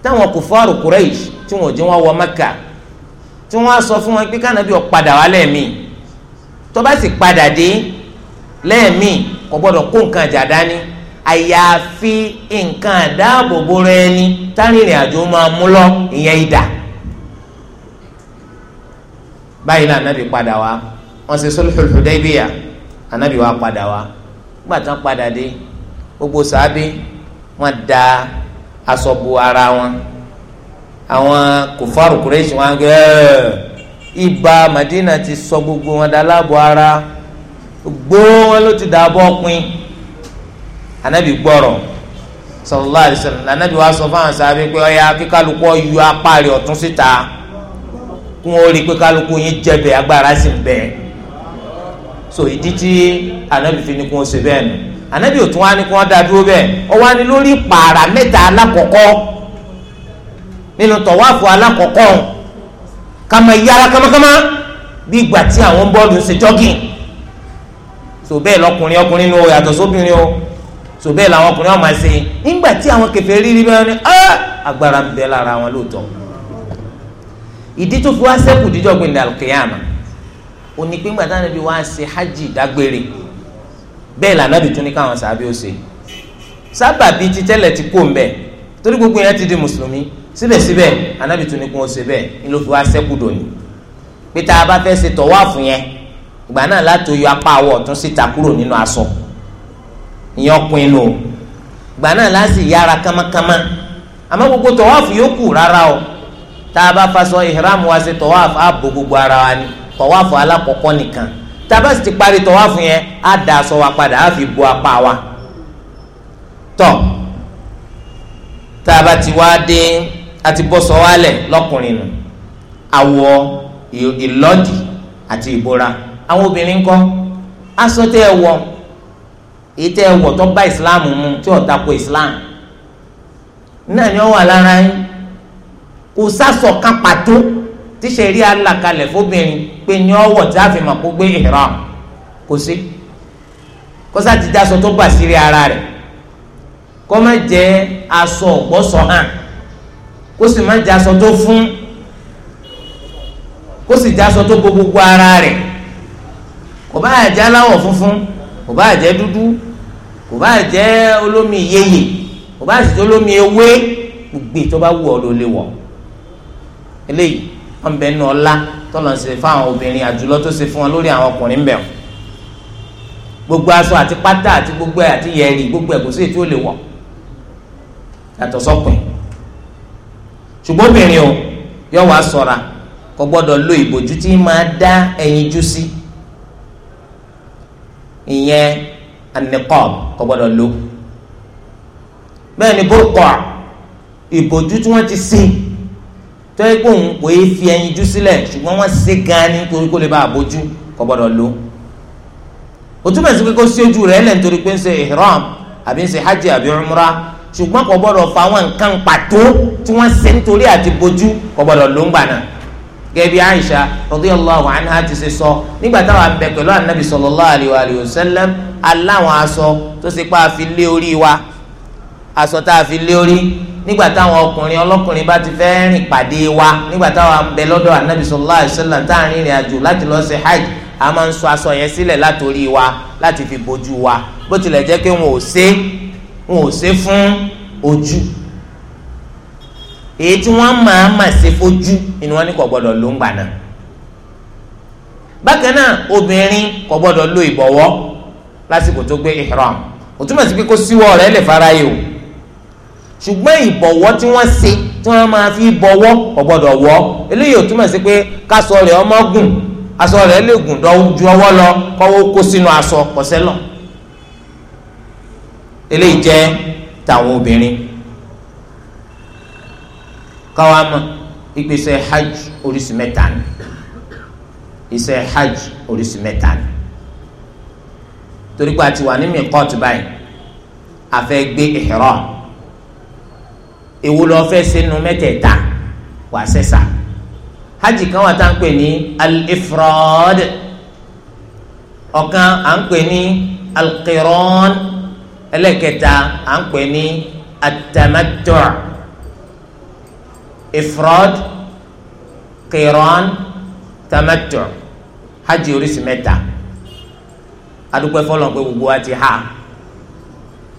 táwọn kùfàrù Quraysh tí wọ́n jẹ́ wọ́n wọ Mẹ́kà tí wọ́n á sọ fún wọn pé kánábì ó padà wá lẹ́ẹ̀mí tó bá sì padà dé lẹ́ẹ̀mí kò gbọ́dọ̀ kó nǹkan jà dání àyàfi nǹkan àdáàbòbò rẹ ni tárìnrìn àjò máa mú lọ ìyẹn ìdà báyìí náà ànábì padà wá wọ́n ṣe sulhul Hudaybiyah ànábì wá padà wá nígbà tán padà dé gbogbo sàábé wọ́n da aṣọ bo ara wọn àwọn kòfàrù kùrẹ́sì wọn gẹ́ ibà Madina ti sọ gbogbo wọn dá láàbọ̀ ara gbó wọn ló ti dàbọ̀ pin anabi gbọ́rọ̀ sallallahu alaihi wasallam anabi wa sọ fáwọn sábẹ́ pé ọ̀ya kíkálukú ọ̀yọ́ apárí ọ̀tún síta kún ó rí pé kálukú yín jẹ̀bẹ̀ agbára sì ń bẹ̀ so ìdí tí anabi fi ni kún ó ṣe bẹ́ẹ̀ nù anabi ò tún wá ní kún ó dá dúró bẹ́ẹ̀ ọ wá ní lórí pààrà mẹ́ta alákọ̀ọ́kọ́ nínú tọ̀wáàfù alákọ̀ọ́kọ́ ọ̀hún kàmá yára kámákámá bí ìgbà tí àwọn bọ́ọ̀lù ń ṣe jọ́gìn so bẹ́ẹ̀ lọkùnrin ọkùnrin nu yàtọ̀ sóbìnrin o so bẹ́ẹ̀ làwọn ọkùnrin ọmọ ṣe nígbà tí àwọn kẹfẹ́ rírí bẹ́ẹ̀ ni ah! agbára ń bẹ lára wọn lóòótọ́ ìdí tó fi wá sẹ́kù díjọ́gbìn ní alùkìyàmà òní pé ńgbà táwọn ẹbí wá ṣe hajj dágbére bẹ́ẹ̀ lànàbì tún ní káwọn sàbí ó ṣe sábàbí ti tẹ́lẹ̀ ti kó ń bẹ̀ torí gbogbo yẹn ti di mùsùlùmí síbẹ̀síbẹ̀ anabi tún ní kí wọ́n ṣe bẹ́ẹ̀ ni ló fi wá sẹ́kù dòní pé tá a bá fẹ́ ṣe tọ̀wáàfù yẹn ìgbà náà láti yọ apá àwọ̀ ọ̀tún síta kúrò nínú aṣọ ìyẹn ọkùn inú o ìgbà náà láti yára kámákámá àmọ́ gbogbo tọ̀wáàfù yòókù rárá o tá a bá faṣọ ìhìrámù wa ṣe tọ̀wáàfù ààbò gbogbo ara wa ni tọ̀wáàfù alákọ̀ọ́kọ́ nìkan tá a bá sì ti parí tọ̀wáàfù yẹn á da aṣọ wa padà á fi bo apá wa tọ̀ tá a bá ti wá dé àti bọ́sọ̀ wálẹ̀ lọ́kùnrin nù àwọ̀ ìlọ́dì àti ìbora àwọn obìnrin kọ́ aṣọ tẹ́ ẹ wọ̀ èyí tẹ́ ẹ wọ̀ tó bá islam mu tí ò tako islam náà ni ó wà lára yín kò sásọ kan pàtó tí sẹ́rí alákalẹ̀ fóbìnrin pé ni ó wọ̀ tí a fi mọ̀ kó gbé ihram kò sí kọ́sá ti dá tó bá sírí ara rẹ̀ kọ́ má jẹ́ aṣọ ọ̀gbọ́sọ̀ hàn kó sì má jaṣọ tó fún kó sì jaṣọ tó bo gbogbo ara rẹ̀ kò bá jẹ́ aláwọ̀ funfun kò bá jẹ́ dúdú kò bá jẹ́ olómi yeye kò bá jẹ́ olómi ewé gbogbo tó bá wù ọ́ ló lè wọ̀ eléyìí wọn bẹ nù ọlá tọ́lọ̀ ṣe fáwọn obìnrin àjùlọ tó ṣe fún wọn lórí àwọn ọkùnrin bẹ̀ wọn gbogbo aṣọ àti pátá àti gbogbo ẹ̀ àti yẹ̀rì gbogbo ẹ̀ kò sí ètò ò lè wọ̀ yàtọ̀ ṣùgbọ́n obìnrin o yọ wá ṣọ́ra kò gbọ́dọ̀ lo ìbòjú tí máa dá ẹyinjú sí ìyẹn an-niqab kò gbọ́dọ̀ lo bẹ́ẹ̀ ni burqa ìbòjú tí wọ́n ti ṣe tó yẹ kó òun kò yé fi ẹyinjú sílẹ̀ ṣùgbọ́n wọ́n ṣe gan-an nítorí kó lè bá àbójú kò gbọ́dọ̀ lo o túmọ̀ sí pé kó sí ojú rẹ̀ lẹ́nu torí pé ń ṣe ihram àbí ń ṣe hajj àbí umrah ṣùgbọ́n kò gbọ́dọ̀ fa àwọn nǹkan pàtó tí wọ́n ṣe nítorí àti bojú kò gbọ́dọ̀ ló ń gbàna gẹ́gẹ́ bí Aisha radiyallahu anha ti ṣe sọ nígbà táwọn abẹ pẹ̀lú anabi sallallahu alayhi wa sallam aláwọn aṣọ tó ṣe pa àfi lé orí wa aṣọ tá a fi lé orí nígbà táwọn ọkùnrin ọlọ́kùnrin bá ti fẹ́ rìn pàdé wa nígbà táwọn abẹ lọ́dọ̀ anabi sallallahu alayhi à ń rìnrìn àjò láti lọ ṣe hajj a máa ń sọ aṣọ yẹn sílẹ̀ látòrí wa láti fi bojú wa wọn ò se fún ojú èyí tí wọn máa ma se fojú ni wọn ni kò gbọ́dọ̀ ló ń gbà náà bákan náà obìnrin kò lo ìbọ̀wọ́ lásìkò tó gbé ihram ó túmọ̀ sí pé kó síwọ́ rẹ̀ lè fara yìí o ṣùgbọ́n ìbọ̀wọ́ tí wọ́n ṣe tí wọ́n máa fi bọ̀wọ́ kò gbọ́dọ̀ wọ́ eléyìí ó túmọ̀ sí pé kásọ rẹ̀ ọmọ gùn aṣọ rẹ̀ lè gùn dọ́jú lọ kọ́wọ́ kó sínú aṣọ kọ̀ṣẹ́ lọ́n eléyìí jẹ́ tàwọn obìnrin káwa mọ̀ ìgbésẹ̀ hajj oríṣi mẹ́ta ni iṣẹ́ hajj oríṣi mẹ́ta ni torí pé a ti wà ní miqat báyìí a fẹ́ gbé ihram èwo ló fẹ́ sínú mẹ́tẹ̀ẹ̀ta wà sẹ́sà hajj kan wà tá à ń pè ní al-ifrad à ń pè ní al-qiran. al al ẹlẹ́kẹta à ń pè ní atamattu' ifrad qiran tamattu' hajj oríṣi mẹ́ta adúpẹ́ fọlọ́n pé gbogbo wa ti ha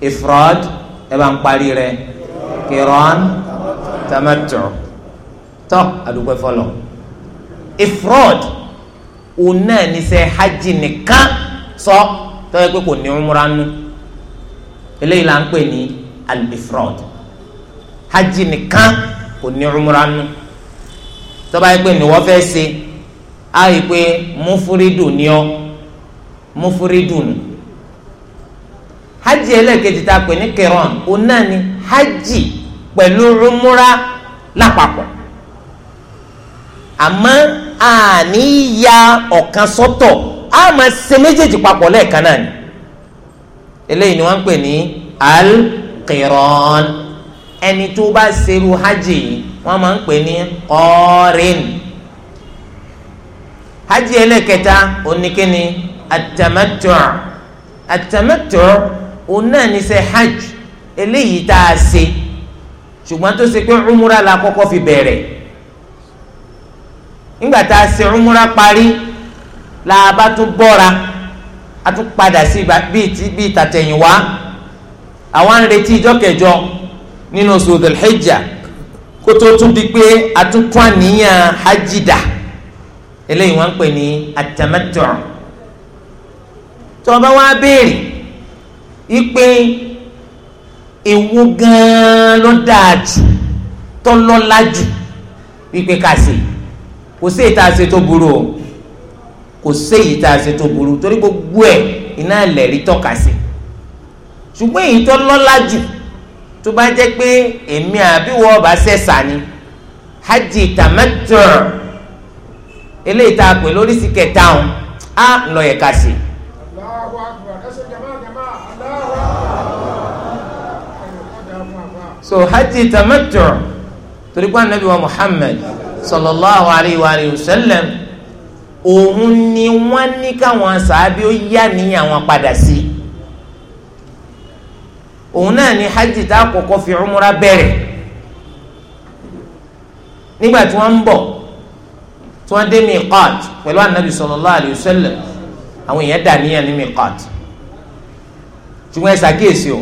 ifrad ẹ bá ń parí rẹ̀ qiran tamattu' tọ́ adúpẹ́ fọlọ́n ifrad òun náà ní ṣe hajj nìkan sọ tọ́ ẹ pé kò ní umra nù. So, eléyìí là ń pè ní al-ifrad hajj nìkan kò ní umra nù tó bá yẹ pé ni wọ́n fẹ́ ṣe á yìí pé mufuridu ni ọ́ mufuridu nù hajj ẹlẹ́ẹ̀kejì tá pè ní kiran òun ni hajj pẹ̀lú umra lápapọ̀ àmọ́ àníyá ọ̀kan sọ́tọ̀ á máa papọ̀ lẹ́ẹ̀kan náà ni eléyìí ni wọ́n ń pè ní alqiran ẹni tó bá ṣerú hajj yìí wọ́n máa ń pè ní qarin hajj ẹlẹ́kẹta oníkíni atamattu atamattu òun náà ní ṣe hajj eléyìí tá a ṣe ṣùgbọ́n tó ṣe pé umura la kọ́kọ́ fi bẹ̀rẹ̀ nígbà tá a ṣe umura parí la bá tún bọ́ra a tún padà sí bíi tàtẹ̀yìnwá àwọn à ń retí ìjọ kẹjọ nínú oṣù Dhul-Hijja kó tó tún di pé a tún tún àníyàn hajj dà eléyìí wọ́n ń pè ní atamattu tó o bá wá béèrè ipe èwo gan ló dáa jù tó jù wípé ká kò sí ètò àṣetò burú o kò séyìí tá a ṣe tó burú torí gbogbo ẹ̀ iná ẹ̀lẹ́rí tọ́ka sí ṣùgbọ́n èyí tó lọ́lá jù tó bá jẹ́ pé èmi àbí wọ́n bá ṣẹ̀ṣà ni hajj tamattu' eléyìí tá a pè lórí sí kẹta ọ̀hún á lọ yẹ ká ṣe. so hajj tamattu' torí pé anabi wa Muhammad sallallahu alayhi wa sallam òun ni wọ́n ní káwọn sàábí ó yá níyàn wọn padà sí òun náà ni hajj tá a kọ́kọ́ fi umra bẹ̀rẹ̀ nígbà tí wọ́n ń bọ̀ tí wọ́n dé miqat pẹ̀lú anabi sallallahu alayhi wa sallam àwọn èèyàn dà níyàn ní miqat ṣùgbọ́n ẹ ṣàkíyèsí o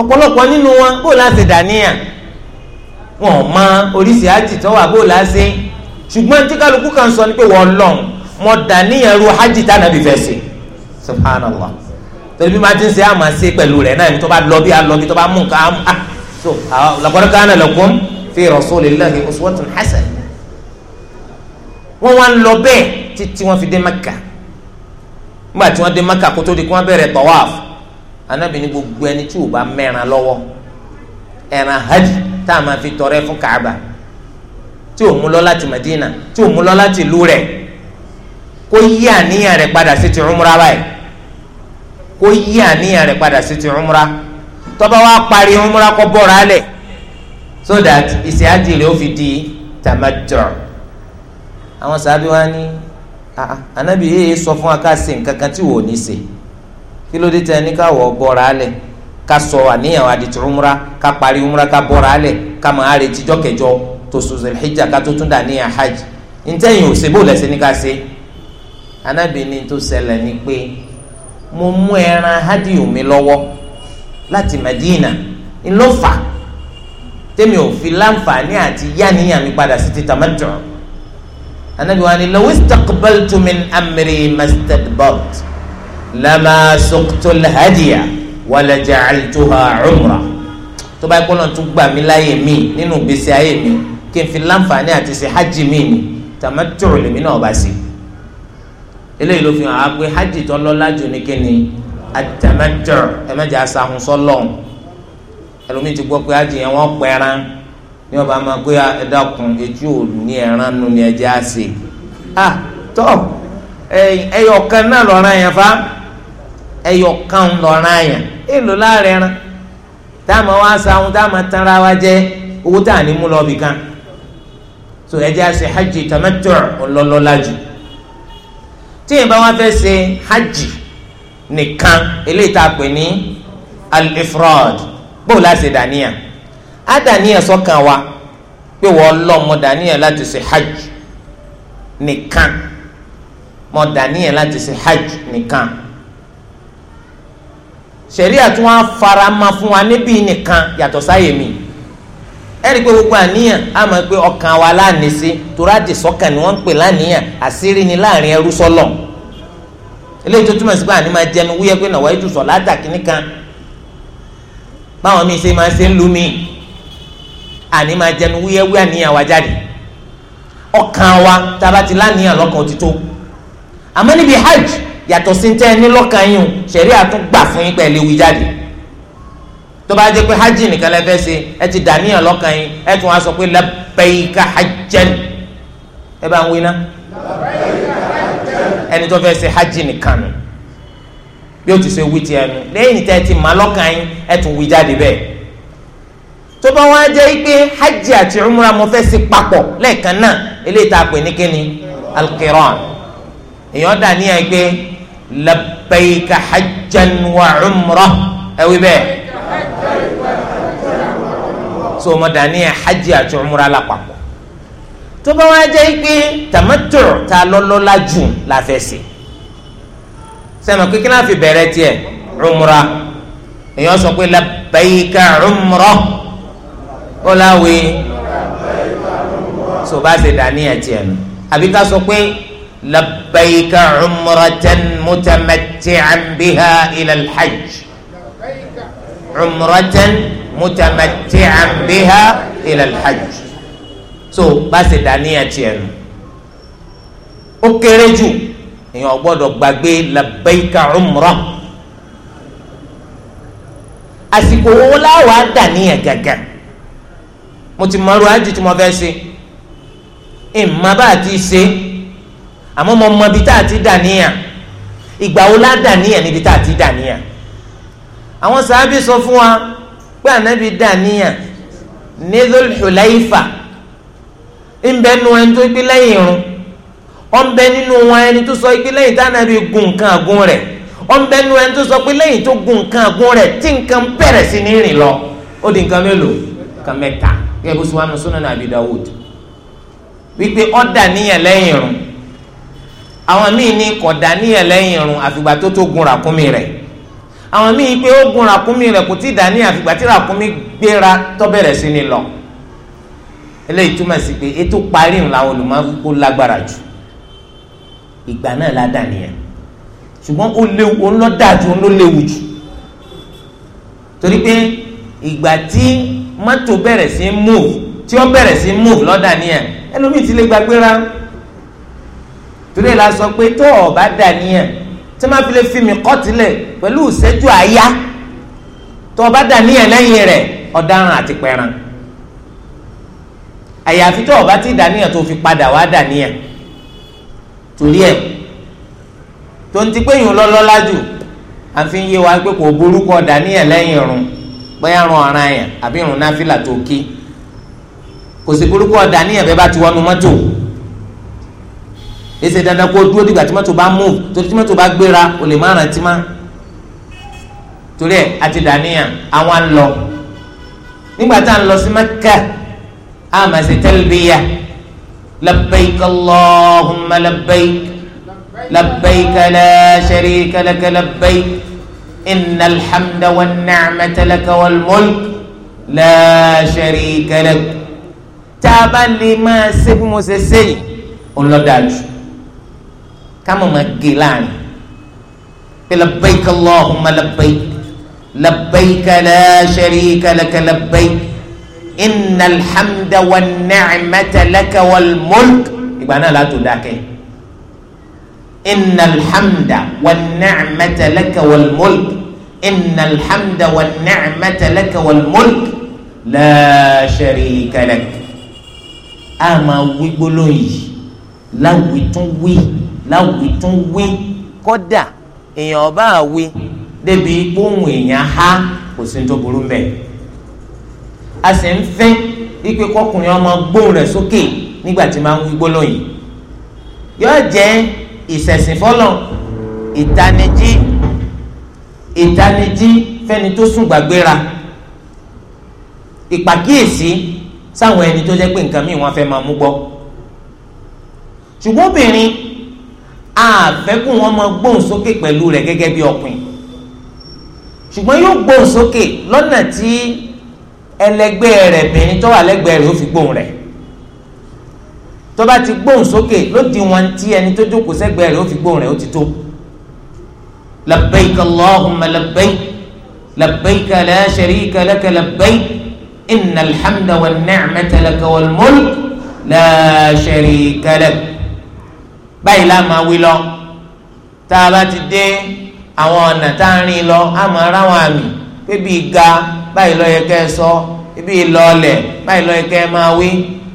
ọ̀pọ̀lọpọ̀ nínú wọn bó láti dà níyàn wọn ò mọ oríṣi hajj tó wà bó láti ṣùgbọ́n tí kálukú kan sọ ni pé wọ́n lọ́n mọ dàníyàn ru hajj tánàbí fẹ́ ṣe subhanallah torí bí máa ti ń ṣe àmà ṣe pẹ̀lú rẹ̀ náà tó bá lọ bí alọ bí tó bá mú nǹkan á mú ah so ah, laqad kana lakum fi rasulillahi uswatun hasanah wọ́n wá ń lọ bẹ́ẹ̀ títí wọ́n fi dé Mẹ́kà nígbà tí wọ́n dé Mẹ́kà kó tó di kí wọ́n bẹ̀rẹ̀ tawaf Ànábì ní gbogbo ẹni tí ò bá mẹ́ran lọ́wọ́ ẹran hajj tá a máa fi tọrẹ fún Kaaba tí ò mú lọ láti Madina tí ò mú lọ láti ìlú rẹ̀ kó yí àníyàn rẹ̀ padà sí ti umra báyìí kó yí àníyàn rẹ̀ padà sí ti umra tó wa wá parí umra kó bọ́ra lẹ̀ so that ìsìn àjì rẹ̀ ó fi di tamattu àwọn sábẹ́ wa ní anabi yéé sọ fún wa ká ṣe nǹkan tí wò ó ní ṣe kí ló dé tẹ ní ká wọ̀ bọ́ra lẹ̀ ká sọ àníyàn wa di ti umra ká parí umra ká bọ́ra lẹ̀ ká máa retí jọ́kẹ́jọ́ tó sòsò ìjà ká tó tún dà ní hajj ntẹ́yìn òsèbó lẹ́sẹ̀ ní ká ṣe anábìíní tó ṣẹlẹ̀ ni pé mo mú ẹran hádìí mi lọ́wọ́ láti Madina ńlọ́fà tẹ́mi ò fi láǹfààní àti yáníyàn mi padà sí ti tamattu anabi wa ni lawi istaqbaltu min amri mastadbart lama suqtu alhadiya wala ja'altuha umra tó bá yẹ kó lọ́n tún gbà mí láyè nínú gbèsè ayé mi kí n fi láǹfààní àti ṣe hajj mi ni tamattu lèmi náà bá ṣe eléyìí ló fi hàn á pé hajj tó lọ́lá jù ní kíni atamattu ẹ mẹ́jọ asahun sọ́lọ̀ ẹlòmíì ti gbọ́ pé hajj yẹn wọ́n pẹ́ran ní ọba máa pé ah, ẹ etí ò ní ẹran nu ni ẹjẹ́ á ṣe ah tọ́ ẹyọ kan náà lọ́ra yẹn fa ẹyọ kan lọ́ra yẹn èèlò láàrin ẹran táwọn wá sáwọn táwọn tanra wa jẹ owó tá à ní mú lọ bìkan so ẹ jẹ́ à ṣe hajj tamattu ńlọ́lọ́lájú tí yẹn bá wọn fẹ́ ṣe hajj nìkan eléyìí tá a pè ní al-ifrad bóò láti dàníyà á dàníyà sọ́kàn wa pé wọ́n lọ́ mọ́ dàníyà láti ṣe hajj nìkan mọ́ dàníyà láti ṣe hajj nìkan ṣẹ̀ríà tí wọ́n fara ma fún wa níbí nìkan yàtọ̀ sáyè ẹ̀rí pé gbogbo àníyàn á máa pé ọkàn wa láàní sí torí àdìsọ́kàn ni wọ́n ń pè láníyàn àṣírí ni láàrin ẹrú sọ́lọ̀ eléyìí tó túmọ̀ sí pé àní máa jẹnu wúyẹ́ pé nàwọ́ ètò sọ̀ látàkínní kan báwọn míì ṣe máa ṣe ń lu mi àní máa jẹnu wúyẹ́ wúyẹ́ àníyàn wa jáde ọkàn wa tá a bá ti láníyàn lọ́kàn òtítọ́ àmọ́ níbi hajj yàtọ̀ sí tẹ́ ẹ ní lọ́kàn yín o ṣẹ̀rí àtúngbà fún yín pẹ̀lú ìwí jáde tó bá jẹ́ pé hajj nìkan lẹ fẹ́ ṣe ẹ ti dàníyàn lọ́kàn yín ẹ tún wá sọ pé labbaika hajjan ẹ bá ń wí ná ẹni tó fẹ́ ṣe hajj nìkan nù bí o ti ṣe wí tiẹ̀ nù lẹ́yìn tẹ́ ẹ ti má lọ́kàn yín ẹ tún wí jáde bẹ́ẹ̀ tó bá wá pé hajj àti umra mo fẹ́ ṣe papọ̀ lẹ́ẹ̀kan náà eléyìí tá a pè ní kíni alqiran èèyàn dàníyàn pé labbaika hajjan wa umra ẹ wí bẹ́ẹ̀ so ọmọ dání ẹ̀ hajj àti umra lápapọ̀ tó bá wá jẹ́ pé tamattu ta lọ́lọ́lá jù la fẹ́ ṣe sẹ́nu kíkí náà fi bẹ̀rẹ̀ tiẹ̀ umra èèyàn sọ pé labbaika umra ó láwe so bá ṣe dání ẹ̀ tiẹ̀ nù àbí ká sọ pé labbaika umratan mutamatti'an biha ila al-hajj umratan mutamatti'an biha ila al so bá ṣe dàníyàn tiẹ̀ nù ó kéré jù èèyàn gbọ́dọ̀ gbàgbé labbaika umrah àsìkò wo láwàá dàníyàn gàgà mo ti mọ̀rọ̀ àjì tí mo fẹ́ ṣe ìmọ̀ bá ti ṣe àmọ́ mo mọ ibi tá a ti dàníyàn ìgbà wo lá dàníyàn níbi tá a ti dàníyàn àwọn sàábì sọ fún wa pé ànábì dàníyàn nídòl Hulaifa ńbẹ nu ẹni tó gbé lẹ́yìn irun ọ̀nbẹ nínú wọn ẹni tó sọ gbé lẹ́yìn tánàbì gun nǹkan àgún rẹ̀ ọ̀nbẹ nu ẹni tó sọ pé lẹ́yìn tó gun nǹkan àgún rẹ̀ tí nǹkan bẹ̀rẹ̀ sí ní rìn lọ ó di nǹkan mélòó nǹkan mẹ́ta kí ẹ bó sọ wà Abi Dawud wípé ọ̀dà níyàn lẹ́yìn irun àwọn míì ní kọ̀dà níyàn lẹ́yìn irun àfìgbà tó tó gun ràkúnmí rẹ̀ àwọn míì pé ó gun ràkúnmí rẹ̀ kò tí ì dá ní àfìgbà tí ràkúnmí gbéra tó bẹ̀rẹ̀ sí ni lọ eléyìí túmọ̀ sí pé ètò parí ń làwọn lágbára jù ìgbà náà la dà nìyẹn ṣùgbọ́n ó léwu ó ń lọ dáa ju ó ń lọ léwu jù torí pé ìgbà tí mọ́tò bẹ̀rẹ̀ sí move tí ó bẹ̀rẹ̀ sí move lọ́dà nìyẹn ẹlòmíì ti lè gbàgbéra torí ẹ̀ la sọ pé tó o bá dà nìyẹn tí má fi lè fi mí kọ́tìlẹ̀ pẹ̀lú ìṣẹ́jú àyá tó o bá dà níyàn lẹ́yìn rẹ̀ ọ̀daràn àti pẹ̀ràn àyàfi tó o bá ti dà níyàn tó fi padà wá dà níyàn torí ẹ̀ tó ń ti pé yìí lọ́lọ́lá jù àfi ń yé wa pé kò burúkọ dà níyàn lẹ́yìn irun bóyá irun ọ̀ràn yẹn àbí irun náfìlà tó kí kò sí burúkọ dà níyàn bẹ́ẹ̀ bá ti wọnú mọ́tò èsè dandan kó dúró dìgbà tí mọ́tò bá move torí tí mọ́tò bá gbéra o lè má rántí má torí ẹ̀ àti dàníyàn àwọn à ń lọ nígbà tá à ń lọ sí Mẹ́kà á máa ṣe talbiya labbaik Allahumma labbaik labbaik la sharika laka labbaik innal hamda wan ni'mata laka wal mulk la sharika lè máa ṣe bí mo ṣe ṣe yìí ó kámọ̀ máa gé láàrin pé labbaik allahumma labbaik labbaik la sharika laka labbaik innal hamda wan ni'mata laka wal mulk ìgbà náà látò dákẹ́ innal hamda wan ni'mata laka wal mulk innal hamda wan ni'mata laka wal mulk la sharika laka a máa wí gbólóyìn láwùí tún wí. láwùjọ tún wé kódà èèyàn ọba àwe débi ohun èèyàn há kò sí tó burú mbẹ a sì ń fẹ́ ipe kọkùnrin ọmọ gbóhùn rẹ̀ sókè nígbà tí máa ń wí gbólóyìn yóò jẹ́ ìṣẹ̀sìn fọlọ́ ìtanijí ìtanijí fẹ́ni tó sùn gbàgbéra ìpàkíyèsí sáwọn ẹni tó jẹ́ pé nǹkan míì wọ́n fẹ́ máa mú gbọ́ ṣùgbọ́n obìnrin àfẹ́kùn wọn máa gbóhùn sókè pẹ̀lú rẹ̀ gẹ́gẹ́ bí ọ̀pìn ṣùgbọ́n yóò gbóhùn sókè lọ́nà tí ẹlẹgbẹ́ rẹ̀ bìnrin tó wà lẹ́gbẹ̀ẹ́ rẹ̀ ó fi gbóhùn rẹ̀ tó bá ti gbóhùn sókè ló wọn tí ẹni tó jókòó sẹ́gbẹ̀ẹ́ rẹ̀ ó fi gbóhùn rẹ̀ ó ti tó labbaik allahumma labbaik labbaik la sharika laka labbaik innal hamda wan ni'mata laka wal mulk báyìí la máa wí lọ tá a bá ti dé àwọn ọ̀nà tá a rìn lọ a máa ráwọn àmì pé bíi ga báyìí ló yẹ kẹ́ ẹ sọ ibi ìlọlẹ̀ báyìí ló yẹ kẹ́ ẹ máa wí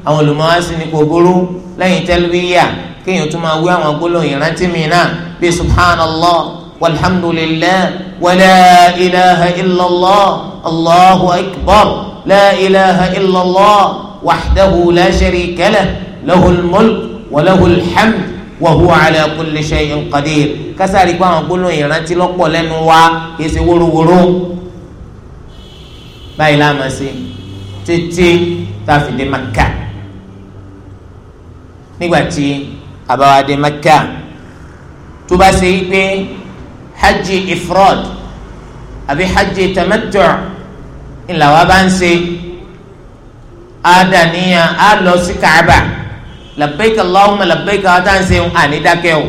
àwọn olùmọ̀ọ́ sì ní kò burú lẹ́yìn tẹ́lifíyà kéèyàn tún máa wí àwọn gbólóyìn rántí mi náà bíi subhanallah walhamdulillah wala ilaha illallah allahu akbar la ilaha illallah wahdahu la sharika lah lahul wa huwa ala kulli shay'in qadir kásárì pé àwọn gbólóhùn ìrántí lọ́pọ̀ lẹ́nu wa kì í ṣe wórówóró báyìí láàmà sí títí táfìdé maka nígbà tí àbáwádé maka tó bá ṣe pé hajj ifrod àbí hajj tamattu ńlá wa bá ń ṣe àdàníyàn á lọ sí kaaba labbaik allahumma labbaik ata ń sẹ́yìn ànídàkẹ́ o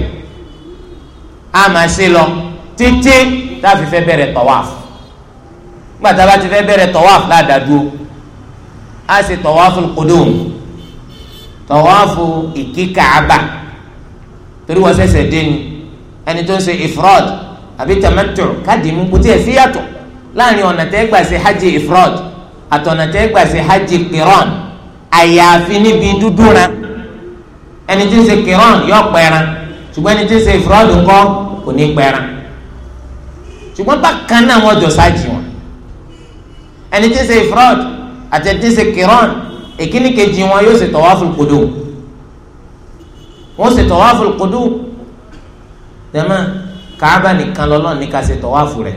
a máa ṣe lọ títí tá a fi fẹ́ bẹ̀rẹ̀ tọ́wáf gbàtà bá ti fẹ́ bẹ̀rẹ̀ tọ́wáf ládàdúró a ṣe tọ́wáf kudum tọ́wáf ìkíkàába torí wọ́n ṣẹ̀ṣẹ̀ dé ni ẹni tó ń ṣe ifrod àbí tamattu káàdì mú kó tiẹ̀ síyàtọ̀ láàrin ọ̀nà tẹ́ gbà ṣe hajj ifrod àtọ̀nà tẹ́ gbà ṣe hajj qiran àyàfi níbi dúdúran ẹni tí ń ṣe kiran yọ pẹran ṣùgbọ́n ẹni tí ń ṣe ìfúrọ́dù ńkọ́ kò ní pẹran ṣùgbọ́n bákan náà wọ́n jọ ṣáàjì wọn ẹni tí ń ṣe ìfúrọ́dù àti ẹni tí ń ṣe kiran èkíní kejì wọn yóò ṣe tawaful qudum wọ́n ṣe tawaful qudum dẹ́mà káábà nìkan lọ́lọ́ọ̀ ní ká ṣe tawafu rẹ̀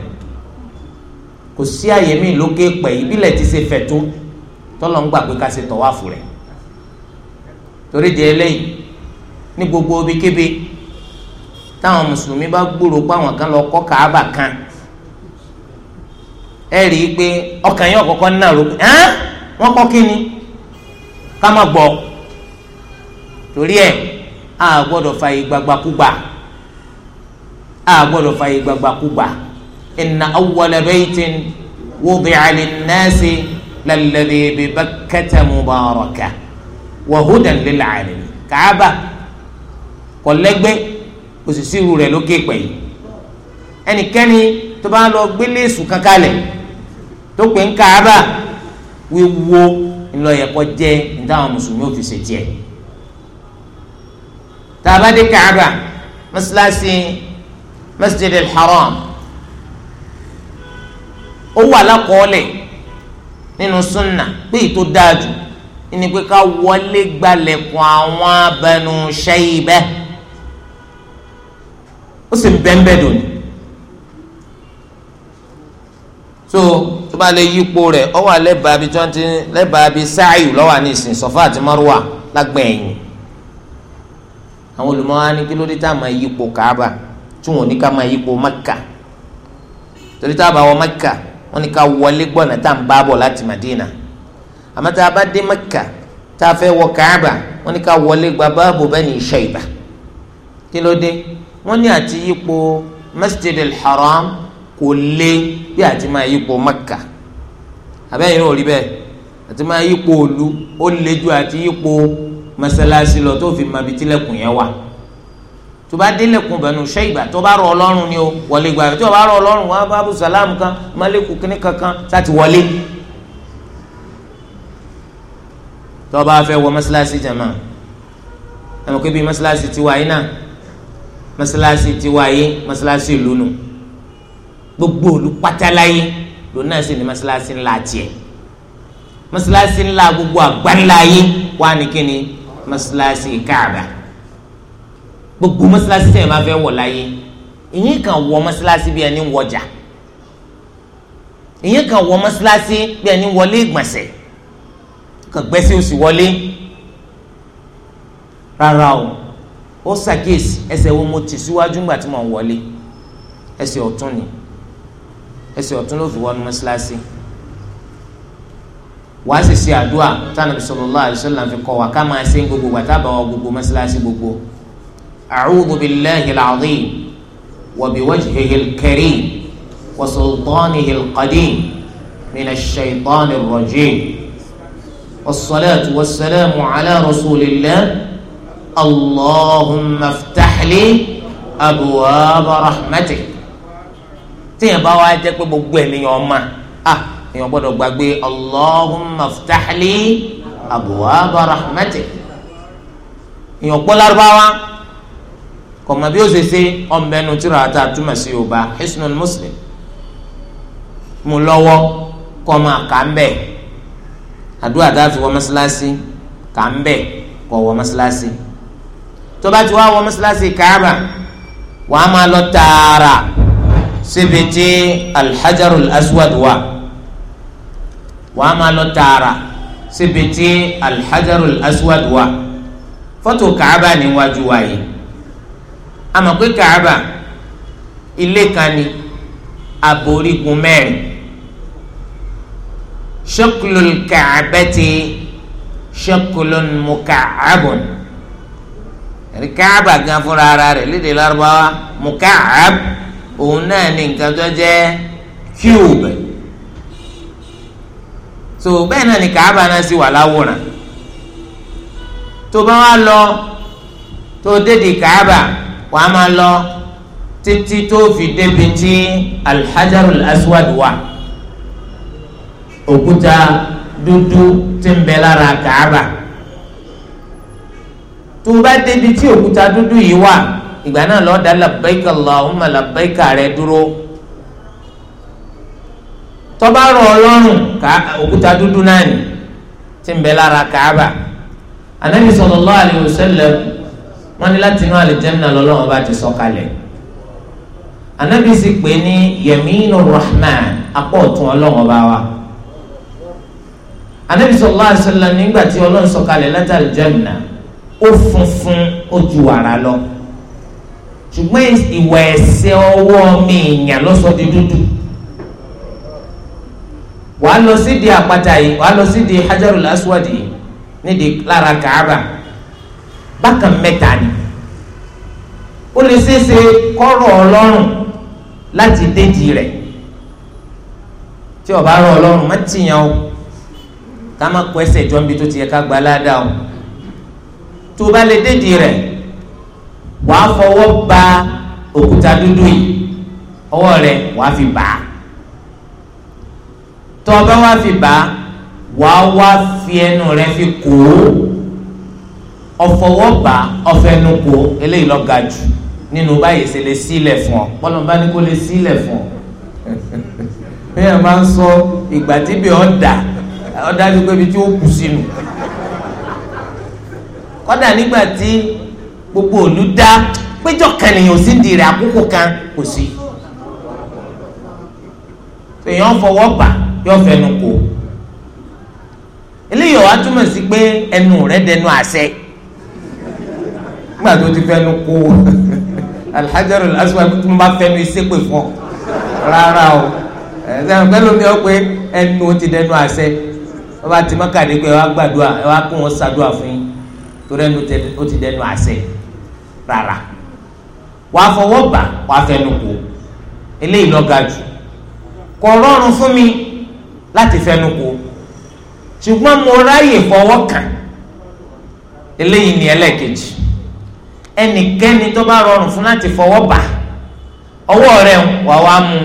kò sí àyè mi lókè pẹ̀ ìbílẹ̀ ti ṣe fẹ̀ tó tọ́lọ́ ń gbà pé ká ṣe tawaful rẹ̀ torí di eléyìí ní gbogbo obìkébé táwọn mùsùlùmí bá gbúrò pé àwọn kan lọ kọ́ kàábà kan ẹ rí i pé ọkàn yóò kọ́kọ́ náà rò pé ẹ́n wọ́n kọ́ kí ni ká má gbọ́ torí ẹ̀ a gbọ́dọ̀ fààyè gbagbakúgbà a gbọ́dọ̀ fààyè gbagbakúgbà inna awwala baytin wudi'a lin-nasi lalladhi bi Bakkata mubaraka wa hudan lil-'alamin Kaaba. kọ̀lẹ́gbẹ́ òṣìṣẹ́ irú rẹ̀ lókè pẹ̀ yìí ẹnikẹ́ni tó bá lọ gbélé èṣù kankan lẹ̀ tó pè ń kaaba wíwo ńlọyẹ̀kọ́ jẹ́ nítawọn mùsùlùmí ò fi ṣe tiẹ̀ tá kaaba mọ́sálásí masjid haram nínú sunna pé ètò dáa jù ka pé ká wọlé gbalẹ̀kùn àwọn ó sì ń bẹ́ńbẹ́ dòní. so tó bá lè yípo rẹ̀ ọ wà lẹ́bàá bíi tí wọ́n ti lẹ́bàá bíi sáàyù lọ́wọ́ àní ìsìn sọ́fà àti márùwà lágbẹ̀ẹ́yìn àwọn olùmọ̀ọ́ ní kí ló dé tá a máa yípo Kaaba tí wọn ò ní ká máa yípo Mẹ́kà torí tá a bá wọ Mẹ́kà wọn ní ká wọlé gbọ́nà tá à ń bá bọ̀ láti Madina àmọ́ tá a bá dé Mẹ́kà tá a fẹ́ wọ Kaaba wọn ní ká wọlé gba báàbò Bani Shayba kí ló dé wọ́n ní àti yípo masjid al-haram kò lé bí àti máa yípo makka abẹ́yìn náà rí bẹ́ẹ̀ àti máa yípo òlu ó lé ju àti yípo masalasi lọ tó fi máa bi tilẹ̀kùn yẹn wà tó bá délẹ̀kùn bẹ̀nu ṣẹ́yìnbà tó bá rọ ọlọ́run ni o wọlé gbà tó bá rọ ọlọ́run wọn bá bu sàlámù kan málẹ́kù kínní kankan sáti wọlé tó bá fẹ́ wọ masalasi jama ẹ̀ mọ̀ masalasi ti wà yín náà mọ́sálásí tiwa yé mọ́sálásí ìlú nù gbogbo ìlú pátáláyé lòun náà sì ní mọ́sálásí ńlá tiẹ̀ mọ́sálásí ńlá gbogbo àgbáńláyé wà ní kíni mọ́sálásí káàbà gbogbo mọ́sálásí sẹ́yìn máa fẹ́ wọ̀ láyé ìyẹn kan wọ mọ́sálásí bí ẹni wọjà ìyẹn kan wọ mọ́sálásí bí ẹni wọlé ìgbọ̀nsẹ̀ kàn gbẹ́sẹ̀ òsì wọlé rárá o ó ṣàkíyèsí ẹsẹ̀ wo mo tì síwájú ńgbà tí mò ń wọlé ẹsẹ̀ ọ̀tún ni ẹsẹ̀ ọ̀tún ló fi wọnú mọ́ṣáláṣí wàá sì ṣe àdúrà tánàbí sallallahu alaihi wasallam fi kọ́ wa ká máa ṣe gbogbo wa tábà wọ gbogbo mọ́ṣáláṣí gbogbo a'udhu billahi al-azim wa biwajhihi al-karim wa sultanihi al-qadim min ash-shaytani ar-rajim allahumma ftahli abuwaaba rahmatik tíyẹn bá wá jẹ́ pé gbogbo ẹ̀ níyàn ọmọ a èèyàn gbọ́dọ̀ gbàgbé allahumma ftahli abuwaaba rahmatik èèyàn gbọ́ lárúbáwá kọ̀mọ̀ bí ó ṣe ṣe ọ̀nbẹ́nu tíra àti àtúmọ̀ sí yorùbá hisnul muslim mu lọ́wọ́ kọ́mọ kà ń bẹ̀ àdúrà wọ́n mọ́ṣáláṣí kà ń kọ́ wọ́n mọ́ṣáláṣí tó bá ti wá wọ mọ́sálásí káàbà wàá máa lọ tààrà síbi tí alhajarul aswad wà wàá máa lọ tààrà síbi tí alhajarul aswad wà fọ́tò káàbà níwájú wa yìí pé káàbà ilé kan ni aborígun mẹ́rin shaklul ka'bati shaklun muka'abun ẹni káàbà gan fúnra ara rẹ̀ lédè lárúbáwá mukaab òun náà ní nǹkan tó jẹ́ cube so bẹ́ẹ̀ náà ni káàbà náà sì wà láwòrán tó bá wá lọ tó dédì káàbà wà á máa lọ títí tó fi débi tí alhajarul aswad wà òkúta dúdú tí ń bẹ lára káàbà tó o bá débi tí òkúta dúdú yìí wà ìgbà náà lọ́ọ́ da labbaika Allahumma labbaika rẹ dúró tó bá rọ̀ ọlọ́run ká òkúta dúdú náà ni tí ń bẹ lára Kaaba Ànábì sallallahu alaihi wasallam wọ́n ní láti inú àlìjẹ́nà lọ́lọ́run bá ti sọ kalẹ̀ Ànábì sì pé ní yaminu rahman apá ọ̀tún ọlọ́run bá wa Ànábì sallallahu alaihi wasallam nígbà tí ọlọ́run sọ kalẹ̀ láti àlìjẹ́nà. ó funfun ó ju lọ ṣùgbọ́n ìwà ẹ̀ṣẹ̀ ọwọ́ mi èèyàn lọ́sọ̀ di dúdú wàá lọ sídìí àpáta yìí wàá lọ sídìí hajaru aswad nídìí lára kaaba bákan mẹ́ta ni ó lè ṣeéṣe kọ́rọ̀ ọlọ́run láti déjì rẹ̀ tí ó bá ọlọ́run má tìyàn o ká má kó ẹsẹ̀ tó ti o. tó bá lè dédìí rẹ̀ wàá fọwọ́ ba òkúta dúdú yìí ọwọ́ rẹ̀ wàá fi bà á tó o bá wàá fi bà á wàá wá fi ẹnu rẹ̀ fi kó ọfọwọ́ bà á ọfẹnu kó eléyìí lọ ga jù nínú báyìí ṣe lè sílẹ̀ fún ọ bọ́lọ̀ bá ní kó lè sílẹ̀ fún ọ bí ẹ máa ń sọ ìgbà tí bí ọ dà ọ dájú pé ibi tí ó kù sínú kọ́dà nígbà tí gbogbo òlu dá péjọ kànìyàn ò sí ń dirẹ̀ àkókò kan kò sí èèyàn fọwọ́ bà yọ fẹnu kò eléyìí wàá túmọ̀ sí pé ẹnu rẹ̀ dẹnu àṣẹ nígbà tó ti fẹnu kò (laughs) alhajarul aswad tó ń bá fẹnu iṣẹ́ pè fún ọ rárá o ẹ̀sán pẹ̀lú mi ọ pé ẹnu ti dẹnu àṣẹ ọba tìmọ́kàdé pé ẹ wá gbàdúrà ẹ wá kó wọn ṣàdúrà fún yín. torí ẹnu ó ti dẹnu rara rárá wàá fọwọ́ bà wàá fẹnu kò eléyìí lọ ga jù kò rọrùn fún mi láti fẹnu kò ṣùgbọ́n mo ráyè fọwọ́ kàn eléyìí ni ẹlẹ́ẹ̀kejì ẹnikẹ́ni tó bá rọrùn fún láti fọwọ́ bà ọwọ́ rẹ wàá wá mú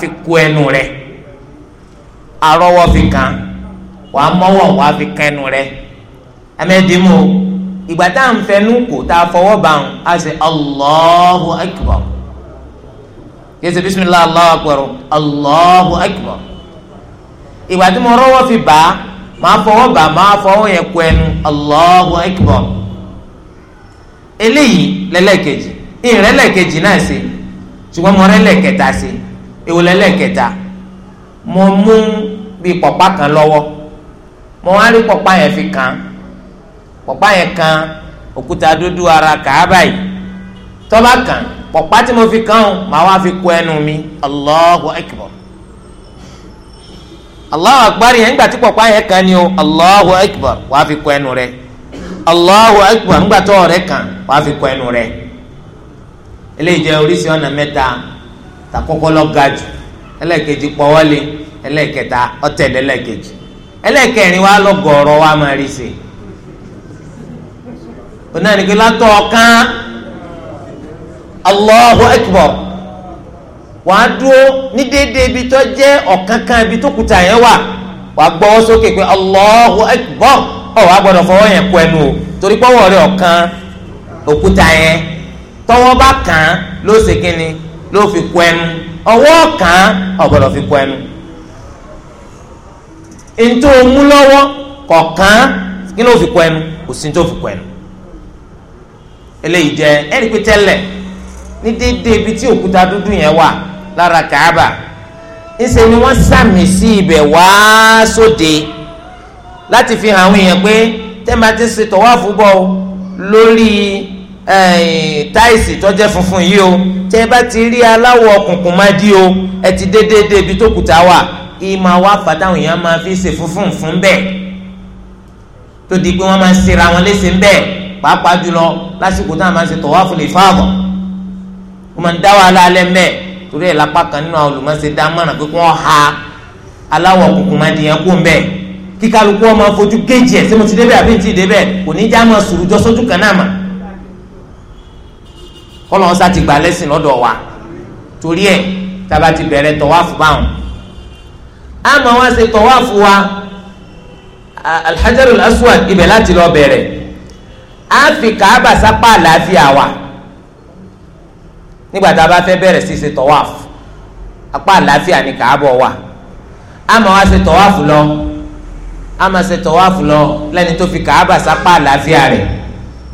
fi kó ẹnu rẹ fi kàn mọ́wọ́ fi rẹ ìgbà tá à ń fẹnu kò tá a fọwọ́ bá wọn a sì allahu akbar yẹsẹ bisimilahi allahu akbar allahu akbar ìgbà tí mo rọwọ́ fi bá máa fọwọ́ bá máa fọwọ́ yẹn kú ẹnu allahu akbar eléyìí lẹ́lẹ́kejì ìrẹ́lẹ́kejì náà ṣe ṣùgbọ́n mo rẹ́lẹ́kẹta ṣe èwo lẹ́lẹ́kẹta mo mú bí pọ̀pá kan lọ́wọ́ mo wá rí pọ̀pá yẹn fi kàn án pọ̀pá yẹn kan òkúta dúdú ara kàába yìí tọ́ba kan pọ̀pá tí mo fi kàn ó màá wá fi kó ẹnu mi Allahu akbar Allahu akbar yẹn nígbà tí pọ̀pá yẹn kan ni o Allahu akbar wàá fi kó ẹnu rẹ Allahu akbar nígbà tó ọ̀rẹ́ kan wàá fi kó ẹnu rẹ eléyìí jẹ́ oríṣi ọ̀nà mẹ́ta takọ́kọ́ lọ ga jù lọ gọ̀ọ̀rọ̀ wa máa rí sí ona ní kí látọ̀ ọ̀kan Allahu Akbar wàá ibi kan ibi tó kùtà yẹn wa wàá gbọ́wọ́ sókè pé Akbar ọ̀ wàá gbọ́dọ̀ kwenu o torí pọ́wọ́ rẹ ọ̀kan òkúta yẹn tọwọ́ bá kàn ló ló fi kwenu ẹnu ọwọ́ kàn fi kọ ẹnu kí ló fi fi eléyìí jẹ ẹni pé tẹ́lẹ̀ ní déédéé ibi tí òkúta dúdú yẹn wà lára Kaaba ńṣe ni wọ́n sàmì sí ibẹ̀ wá sóde láti fi hàn àwọn èèyàn pé tẹ́lẹ̀ máa ti ṣe tọ́wọ́ fúbọ́ lórí táìsì tọ́jẹ́ funfun yìí o tẹ́ ẹ bá ti rí aláwọ̀ kùnkùn má dí o ẹ ti dé déédéé ibi tó kùtà wà ìmọ̀ wá fàtàwọn èèyàn máa fi ṣe funfun fún bẹ́ẹ̀ tó di pé wọ́n máa ń ṣera wọn léṣe bẹ́ẹ̀ pàápàá jùlọ lásìkò tá a máa ń ṣe tọ̀wáfù lè fáàbọ̀ wọ́n máa ń dá wàhálà alẹ́ mẹ́ẹ̀ torí ẹ̀ lápá kan nínú àwọn olùmọ̀ọ́sẹ̀ dá mọ́ràn pé kí wọ́n ha aláwọ̀ kùkùn máa dìyàn kú mbẹ́ kí kálukú wọn máa fojú géèjì ẹ̀ sí mo ti débẹ̀ àbí ti débẹ̀ kò ní já máa sùrù jọ sójú kan náà mà kọ́lọ̀ ń sá ti gbà lẹ́sìn lọ́dọ̀ wa torí ẹ̀ tába ti bẹ̀rẹ̀ tọ̀wáfù báwọn àmọ́ wọn ṣe tọ̀wáfù wa alhajarul aswad ibẹ̀ láti lọ bẹ̀rẹ̀ á fi kàábà sápá àlàáfíà wa nígbà tá a bá fẹ́ bẹ̀rẹ̀ sí ṣe tọ́wáf apá àlàáfíà ni kàábọ̀ wà á máa wá ṣe tọ́wáf lọ á máa ṣe tọ́wáf lọ lẹ́ni tó fi kàábà sápá àlàáfíà rẹ̀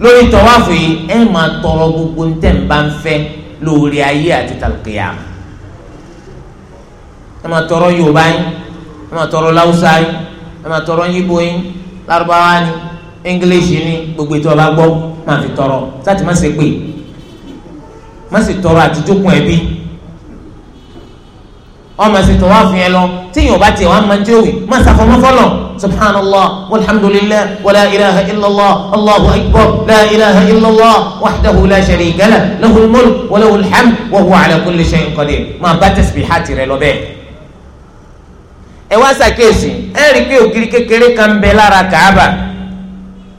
lórí tọ́wáf yìí ẹ máa tọrọ gbogbo ntẹ̀ ń bá ń fẹ́ lórí ayé àti tàlùkìyà ẹ máa tọrọ yorùbá yín ẹ máa tọrọ láwùsá yín ẹ máa tọrọ yíbo yín lárúbáwá ni english ni gbogbo ètò ọba gbọ́ máa fi tọrọ sáà tí má ṣe pè má sì tọrọ àtijókun ẹbí ọmọ sì tó wá fi yẹn lọ tíyẹn ọba tiẹ̀ wá máa ń tí ó wì má sàfọmọ́ fọlọ́ subhanallah walhamdulillah wala ilaha illallah allahu akbar la ilaha illallah wahdahu la sharika lah lahul mulk wa lahul hamd wa huwa ala kulli shay'in qadir máa bá tasbihati rẹ̀ lọ bẹ́ẹ̀ ẹ wá ṣàkíyèsí ẹ rí i pé ògiri kékeré kan bẹ lára kàába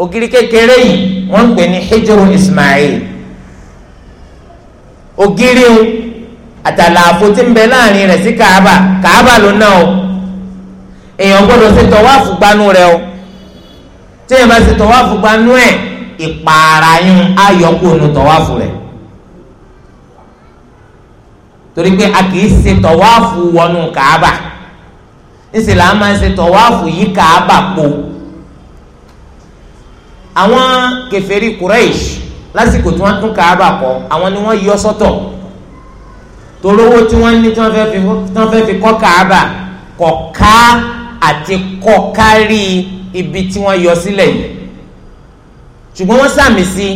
ògiri kékeré yìí wọ́n ń pè ní hijiru ismail ògiri àtàlàfo tí ń bẹ láàrin rẹ̀ sí kaaba kaaba ló ná o èèyàn gbọ́dọ̀ ṣe tọwáfù gbanú rẹ̀ o tí èèyàn bá ṣe tọwáfù gbanú ẹ̀ ìpààrà yún ayọ̀kú tọwáfù rẹ̀ torí pé a kì í ṣe tọwáfù wọnú kaaba ńṣe làá máa ń ṣe tọwáfù yí kaaba po àwọn kèfèrí Quraysh lásìkò tí wọ́n tún Kaaba kọ́ àwọn ni wọ́n yọ sọ́tọ̀ torí owó tí wọ́n ní tí wọ́n fẹ́ fi kọ́ Kaaba kọ̀ ká àti kọ́ ibi tí wọ́n yọ sílẹ̀ yìí ṣùgbọ́n wọ́n sàmì sí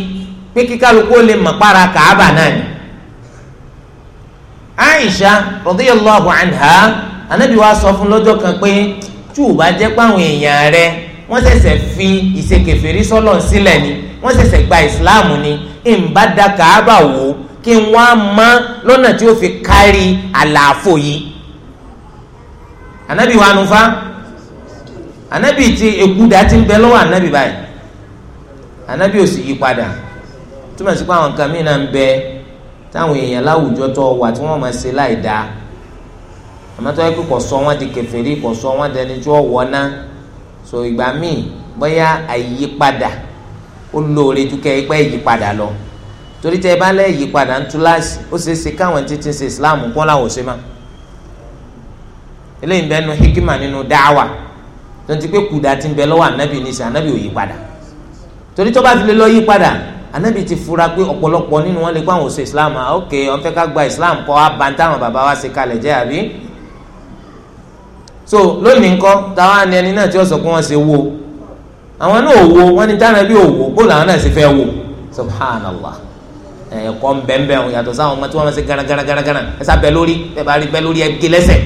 pé kíkálukú lè mọ̀ para Kaaba náà ni. Aisha radiyallahu anha anabi wa sọ fún lọ́jọ́ kan pé tí ò bá jẹ́ pé àwọn èèyàn rẹ̀ wọ́n ṣẹ̀ṣẹ̀ fi ìṣekèfèrí sọ́lọ̀ sílẹ̀ ni wọ́n ṣẹ̀ṣẹ̀ gba ìsìláàmù ni ìǹbá da kàábà wò kí n wá mọ́ lọ́nà tí ó fi kárí àlàáfò yìí ànábì wa nufa ànábì ti èkúdà ti ń bẹ lọ́wọ́ ànábì báyìí ànábì ò sì yí padà túmọ̀ sí pé àwọn nǹkan mìíràn ń bẹ táwọn èèyàn láwùjọ tó wà tí wọ́n máa ṣe láì dáa àmọ́ tó yẹ kó kò sọ wọ́n di kèfèrí kò sọ wọ́n dẹni tí wọ́n wọ̀ náà so ìgbà míì bóyá àyípadà ó lóore ju kẹ́ ipẹ́ ìyípadà lọ torí tẹ́ ẹ bá lẹ́ ìyípadà ń túláàsì ó ṣeé ṣe káwọn títí ṣe islam kọ́ làwọn ò ṣe má eléyìí bẹ́ẹ̀ nu hikima nínú dáwà tó ti pé kùdà ti ń bẹ lọ́wọ́ ànábì ní sẹ́ ànábì ò yípadà torí tó bá fi lè lọ yípadà ànábì ti fura pé ọ̀pọ̀lọpọ̀ nínú wọn lè kó àwọn ò ṣe islam ah, ok ọ̀n fẹ́ ká gba islam kọ́ abantá àwọn bàbá wa ṣe kalẹ̀ jẹ́ àbí so lónìí nǹkan táwa ni ẹni náà tí ó sọ pé wọ́n ṣe wo àwọn náà ò wo wọ́n ní dáná bí ò wo bó làwọn náà sì fẹ́ wo subhanallah ẹ̀kọ́ nbẹ̀nbẹ̀ ọ̀hún yàtọ̀ sáwọn ọmọ tí wọ́n máa ṣe gánagánagánagánà ẹ̀sà bẹ̀ lórí bẹ́ẹ̀ bá rí bẹ́ẹ̀ lórí ẹ̀gẹ́ lẹ́sẹ̀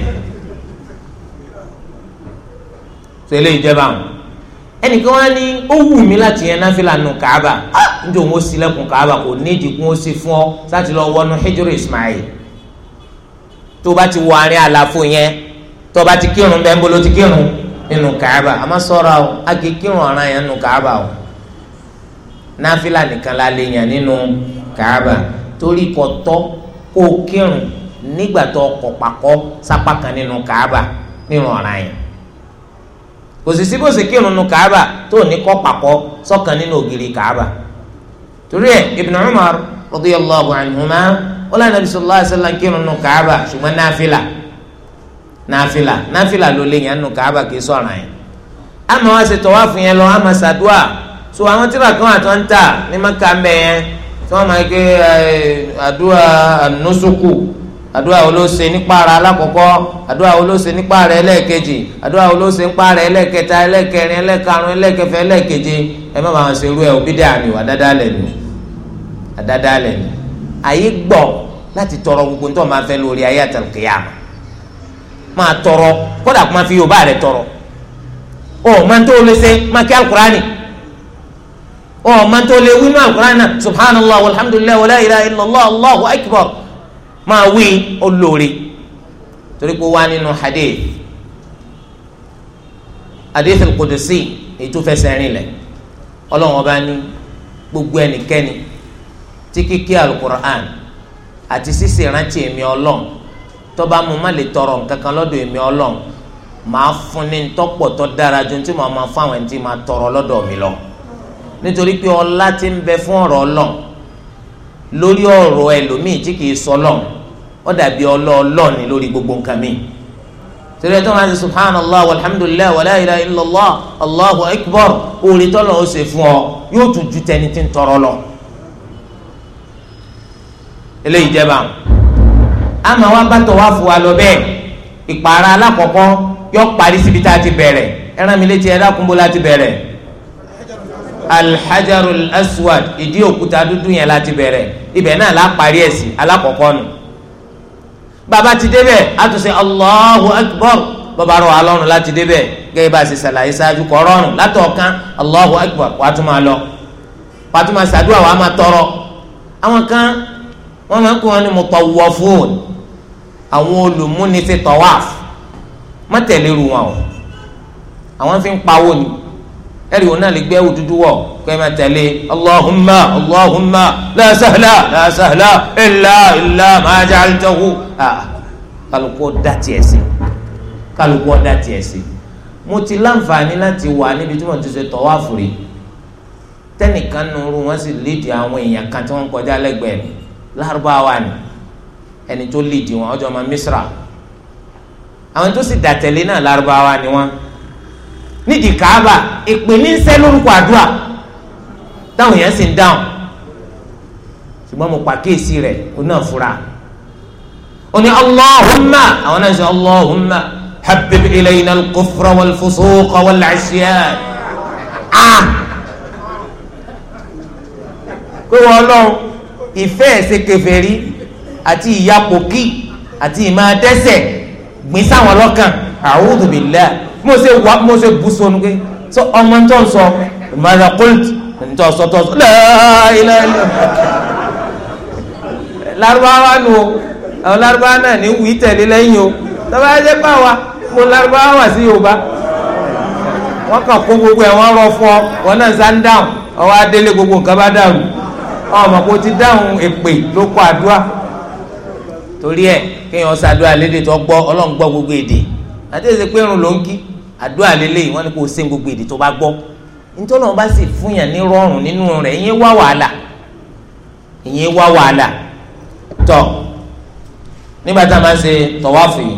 so eléyìí jẹ́ báwọn ẹnìkan wá ní ó wù mí láti yẹn náfìlà nù kàába níjọ òun ó ṣílẹ̀kùn kàába kò nídìí kún ó sì fún ọ sáà ti lọ wọnú hijiru Ismail tó bá ti wọ àárín àlàfo yẹn tó bá ti kírun bẹ́ẹ̀ ń bolo ti kírun nínú kàába àmọ́ sọ́ra o a kì í kírun ọ̀ràn yẹn nínú kàába o náfìlà nìkan la lè yàn nínú kàába torí kọ̀tọ́ kó kírun nígbà tó kọ̀ pàkọ́ sápá kan nínú kàába nínú ọ̀ràn yẹn kò sì sí bó ṣe kírun nu kàába tó ní kọ́ pàkọ́ sọ́kan nínú ògiri kàába torí ẹ Ibn Umar radiyallahu anhuma wala nabi sallallahu alaihi kírun nu kàába ṣùgbọ́n náfìlà náfìlà náfìlà ló lè yàn nù káàbà kì í sọ̀ràn yẹn àmọ́ wá ṣe tọ́wáfù yẹn lọ àmọ́ ṣàdúà so àwọn tíra kan àti wọn ta ní maka ń bẹ yẹn tí wọn máa gbé àdúrà ànúsùkù àdúrà olóse nípa rẹ̀ alákọ̀ọ́kọ́ àdúrà olóse nípa rẹ̀ ẹlẹ́ẹ̀kejì àdúrà olóse nípa rẹ̀ ẹlẹ́ẹ̀kẹta ẹlẹ́ẹ̀kẹrin ẹlẹ́ẹ̀karùn ẹlẹ́ẹ̀kẹfẹ ẹlẹ́ẹ̀keje ẹ má bàa ṣe irú ẹ òbí dáa wà dáadáa lẹ̀ ni àdáadáa lẹ̀ ni àyè gbọ́ láti tọrọ gbogbo nítorí máa fẹ́ lórí ayé àtàlùkìyàmù máa tọrọ kódà kó máa fi yorùbá rẹ tọrọ ọ máa tó lè ṣe máa kí alukurani ọ máa tó lè wí máa alukurani náà subhanallah walhamdulilayi wala ilaha illallah allahu akbar máa wí olóore torí pé wá nínú hadith hadith al-qudusi ètò fẹsẹ̀ rìn lẹ̀ ọlọ́run ọba ní gbogbo ẹnikẹ́ni tí kíkí alukur'an àti sísè rántí èmi ọlọ́run tọ́ba mu má lè tọrọ nǹkankan lọ́dọ̀ èmi ọlọ́run màá fún ní tọ́pọ̀ tó dára ju tí màá máa fún àwọn ẹni tí màá tọrọ lọ́dọ̀ mi lọ nítorí pé ọlá ti ń bẹ fún ọ̀rọ̀ ọlọ́run lórí ọ̀rọ̀ ẹlòmíì tí kìí sọ ọlọ́run ó dàbí ọlọ́ọ̀lọ́ọ̀ni lórí gbogbo nǹkan mi torí ẹ tó máa ń sọ subhanallah walhamdulilayi wala ilaha illallah allahu akbar orí tọ́lọ̀ ó ṣe fún ọ yóò tún ju tẹni tí ń tọrọ lọ eléyìí jẹ́ báwọn àmọ́ wa bá tọ̀wáfù wa lọ bẹ́ẹ̀ ìpààrà alákọ̀ọ́kọ́ yọ parí síbi tá a ti bẹ̀rẹ̀ ẹ rán mi létí ẹ dákun la ti bẹ̀rẹ̀ alhajarul aswad ìdí òkúta dúdú yẹn la ti bẹ̀rẹ̀ ibẹ̀ náà la parí ẹ̀ sí alákọ̀ọ́kọ́ nù bàbá ti débẹ̀ àtúnṣe allahu akbar bàbá rọ alọ́run láti débẹ̀ gẹ́gẹ́ bá a ṣe ṣàlàyé ṣáájú kọ́ rọrùn látọ̀ọ̀kan allahu akbar wàá tún máa lọ wàá tún máa ṣàdúrà wàá máa tọrọ àwọn kan wọ́n máa ń kó wọn ní mutawwafun àwọn olùmúni ti tawaf má tẹ̀lé ru wọn o àwọn fi ń pawó ni ẹ̀rì wọn náà lè gbé ẹ̀wù dúdú wọ̀ kó ẹ máa tẹ̀lé allahumma allahumma la sahla la sahla illa illa ma ja'altahu ah, kálukú ọ̀dà tiẹ̀ sí kálukú ọ̀dà tiẹ̀ sí mo ti láǹfààní láti wà níbi tí wọ́n ti ṣe tawaf rí tẹ́nìkan nù rú wọ́n sì lédìí àwọn èèyàn kan tí wọ́n kọjá lẹ́gbẹ̀ẹ́ mi lárúbáwá ni ẹni tó lead wọn ọjọ́ ọmọ misra àwọn tó sì dàtẹ̀lé náà lárúbáwá ni wọn nídìí káábà ìpè ní ń sẹ́ lórúkọ àdúrà táwọn yẹn sì ń dáhùn ṣùgbọ́n mo pàkíyèsí rẹ̀ ó náà fura ó ní allahumma àwọn náà ń sọ allahumma habib ilayna al wal-fusuqa wal-'isyan ah pé wọ́n lọ́wọ́ ìfẹ́ ẹ̀ ṣe kèfèrí. àti ìyapòkì àti ìmáa dẹ́ṣẹ̀ gbin sáwọn lọ́kàn a'udhu mo ṣe wà mo ṣe bú sọnù pé sọ ọmọ tó ń sọ mara kult tó sọ tó o àwọn Lárúbáwá náà ní wí tẹ̀lé lẹ́yìn o tọ́ba ẹ jẹ́ mo Lárúbáwá wà sí Yorùbá wọ́n kàn kó gbogbo ẹ̀ wọn náà sand down ọwọ́ adélé gbogbo nǹkan bá dàrú ọmọ kò torí ẹ kéèyàn ṣàdúrà lédè tó gbọ́ ọlọ́run gbọ́ gbogbo èdè àti èsì pé irun ló ń kí àdúrà lélẹ́yìn wọ́n ní ni o ṣe gbogbo èdè tó bá gbọ́ nítorí wọn bá sì fún yàn ní rọrùn nínú rẹ̀ ìyẹn wá wàhálà ìyẹn wá wàhálà tọ nígbà tá a máa ṣe tọwáfù yìí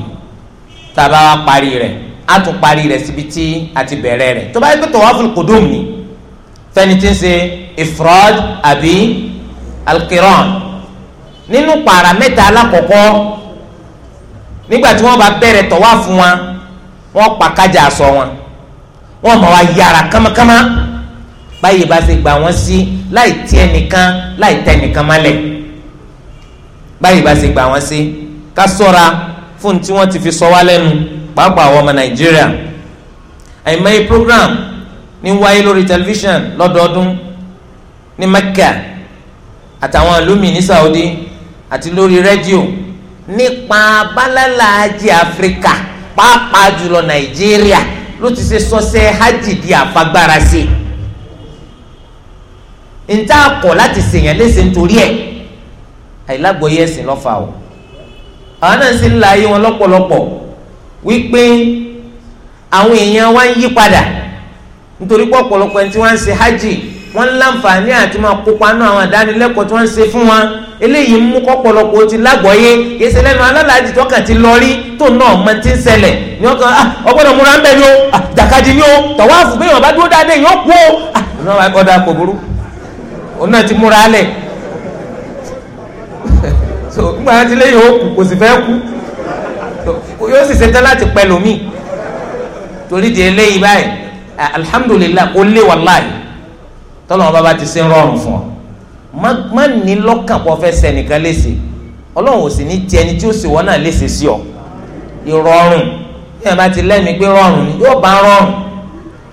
tá a bá wá parí rẹ̀ á tún parí rẹ̀ síbi tí a ti bẹ̀rẹ̀ rẹ̀ tó bá yẹ pé tọwáfù kòdóòmù ni fẹ́ni tí ń ṣe ifrad àbí alkiran nínú pààrà mẹ́ta alákọ̀ọ́kọ́ nígbà tí wọ́n bá bẹ̀rẹ̀ tọ́wá fún wa wọ́n pa kájà aṣọ wọn wọ́n mọ̀ wá yára kámákámá báyìí bá ṣe gbà wọ́n sí láì tí ẹnìkan láì tẹ ẹnìkan mọ́lẹ̀ báyìí bá ṣe gbà wọ́n sí ká sọ́ra fún tí wọ́n ti fi sọ wá lẹ́nu pàápàá àwọn ọmọ nàìjíríà àìmọye program ní wáyé lórí tẹlifíṣàn lọ́dọọdún ní mẹ́kà àtàwọn ìlú mi ní saudi àti lórí rédíò nípa bálálàájì áfíríkà pàápàá jùlọ nàìjíríà ló ti ṣe sọ́sẹ́ hajj di àfagbára sí i n tá a kọ̀ láti ṣèyàn léṣe nítorí ẹ̀ àìlágbọ̀ọ́yé ẹ̀sìn lọ́fà o àwọn náà sì ń la ayé wọn lọ́pọ̀lọpọ̀ wípé àwọn èèyàn wa ń yí padà nítorí pé ọ̀pọ̀lọpọ̀ ẹni tí wọ́n ń ṣe hajj wọ́n ń láǹfààní àti máa kópa nú àwọn àdánilẹ́kọ̀ọ́ tí wọ́n ń ṣe fún wọn eléyìí ń mú kọ́pọ̀lọpọ̀ ti lágbọ́yé yẹsẹ̀ lẹ́nu alálàájì tó kàn ti lọ rí tó nà ọmọ ti ń ṣẹlẹ̀ ni wọ́n kàn ah, ọgbọ́dọ̀ múra ń bẹ̀ ni ó ah, jàkadì ni ó tọ̀wáàfù bẹ́ẹ̀ wọn bá dúró dáadé yóò kú ó. Ah, ọ̀dà kò burú òun náà ti múra lẹ̀ (laughs) so nígbà tí lẹ́yìn ó kù kò sì fẹ́ kú yóò sì ṣetán láti pẹ̀lú mi torí di eléyìí báyìí alhamdulillah kò lé wàláyìí tọ́lọ́wọ́n bá bá ti ṣe rọrùn fún ọ má ní lọ́kàn pọ̀ fẹ́ sẹ́nìkan léṣe ọlọ́run ò sì ní jẹ ẹni tí ó sì wọ́n náà léṣe sí ọ ìrọ̀rùn bí ẹ bá ti lẹ́mìí pé rọrùn ni yóò bá rọrùn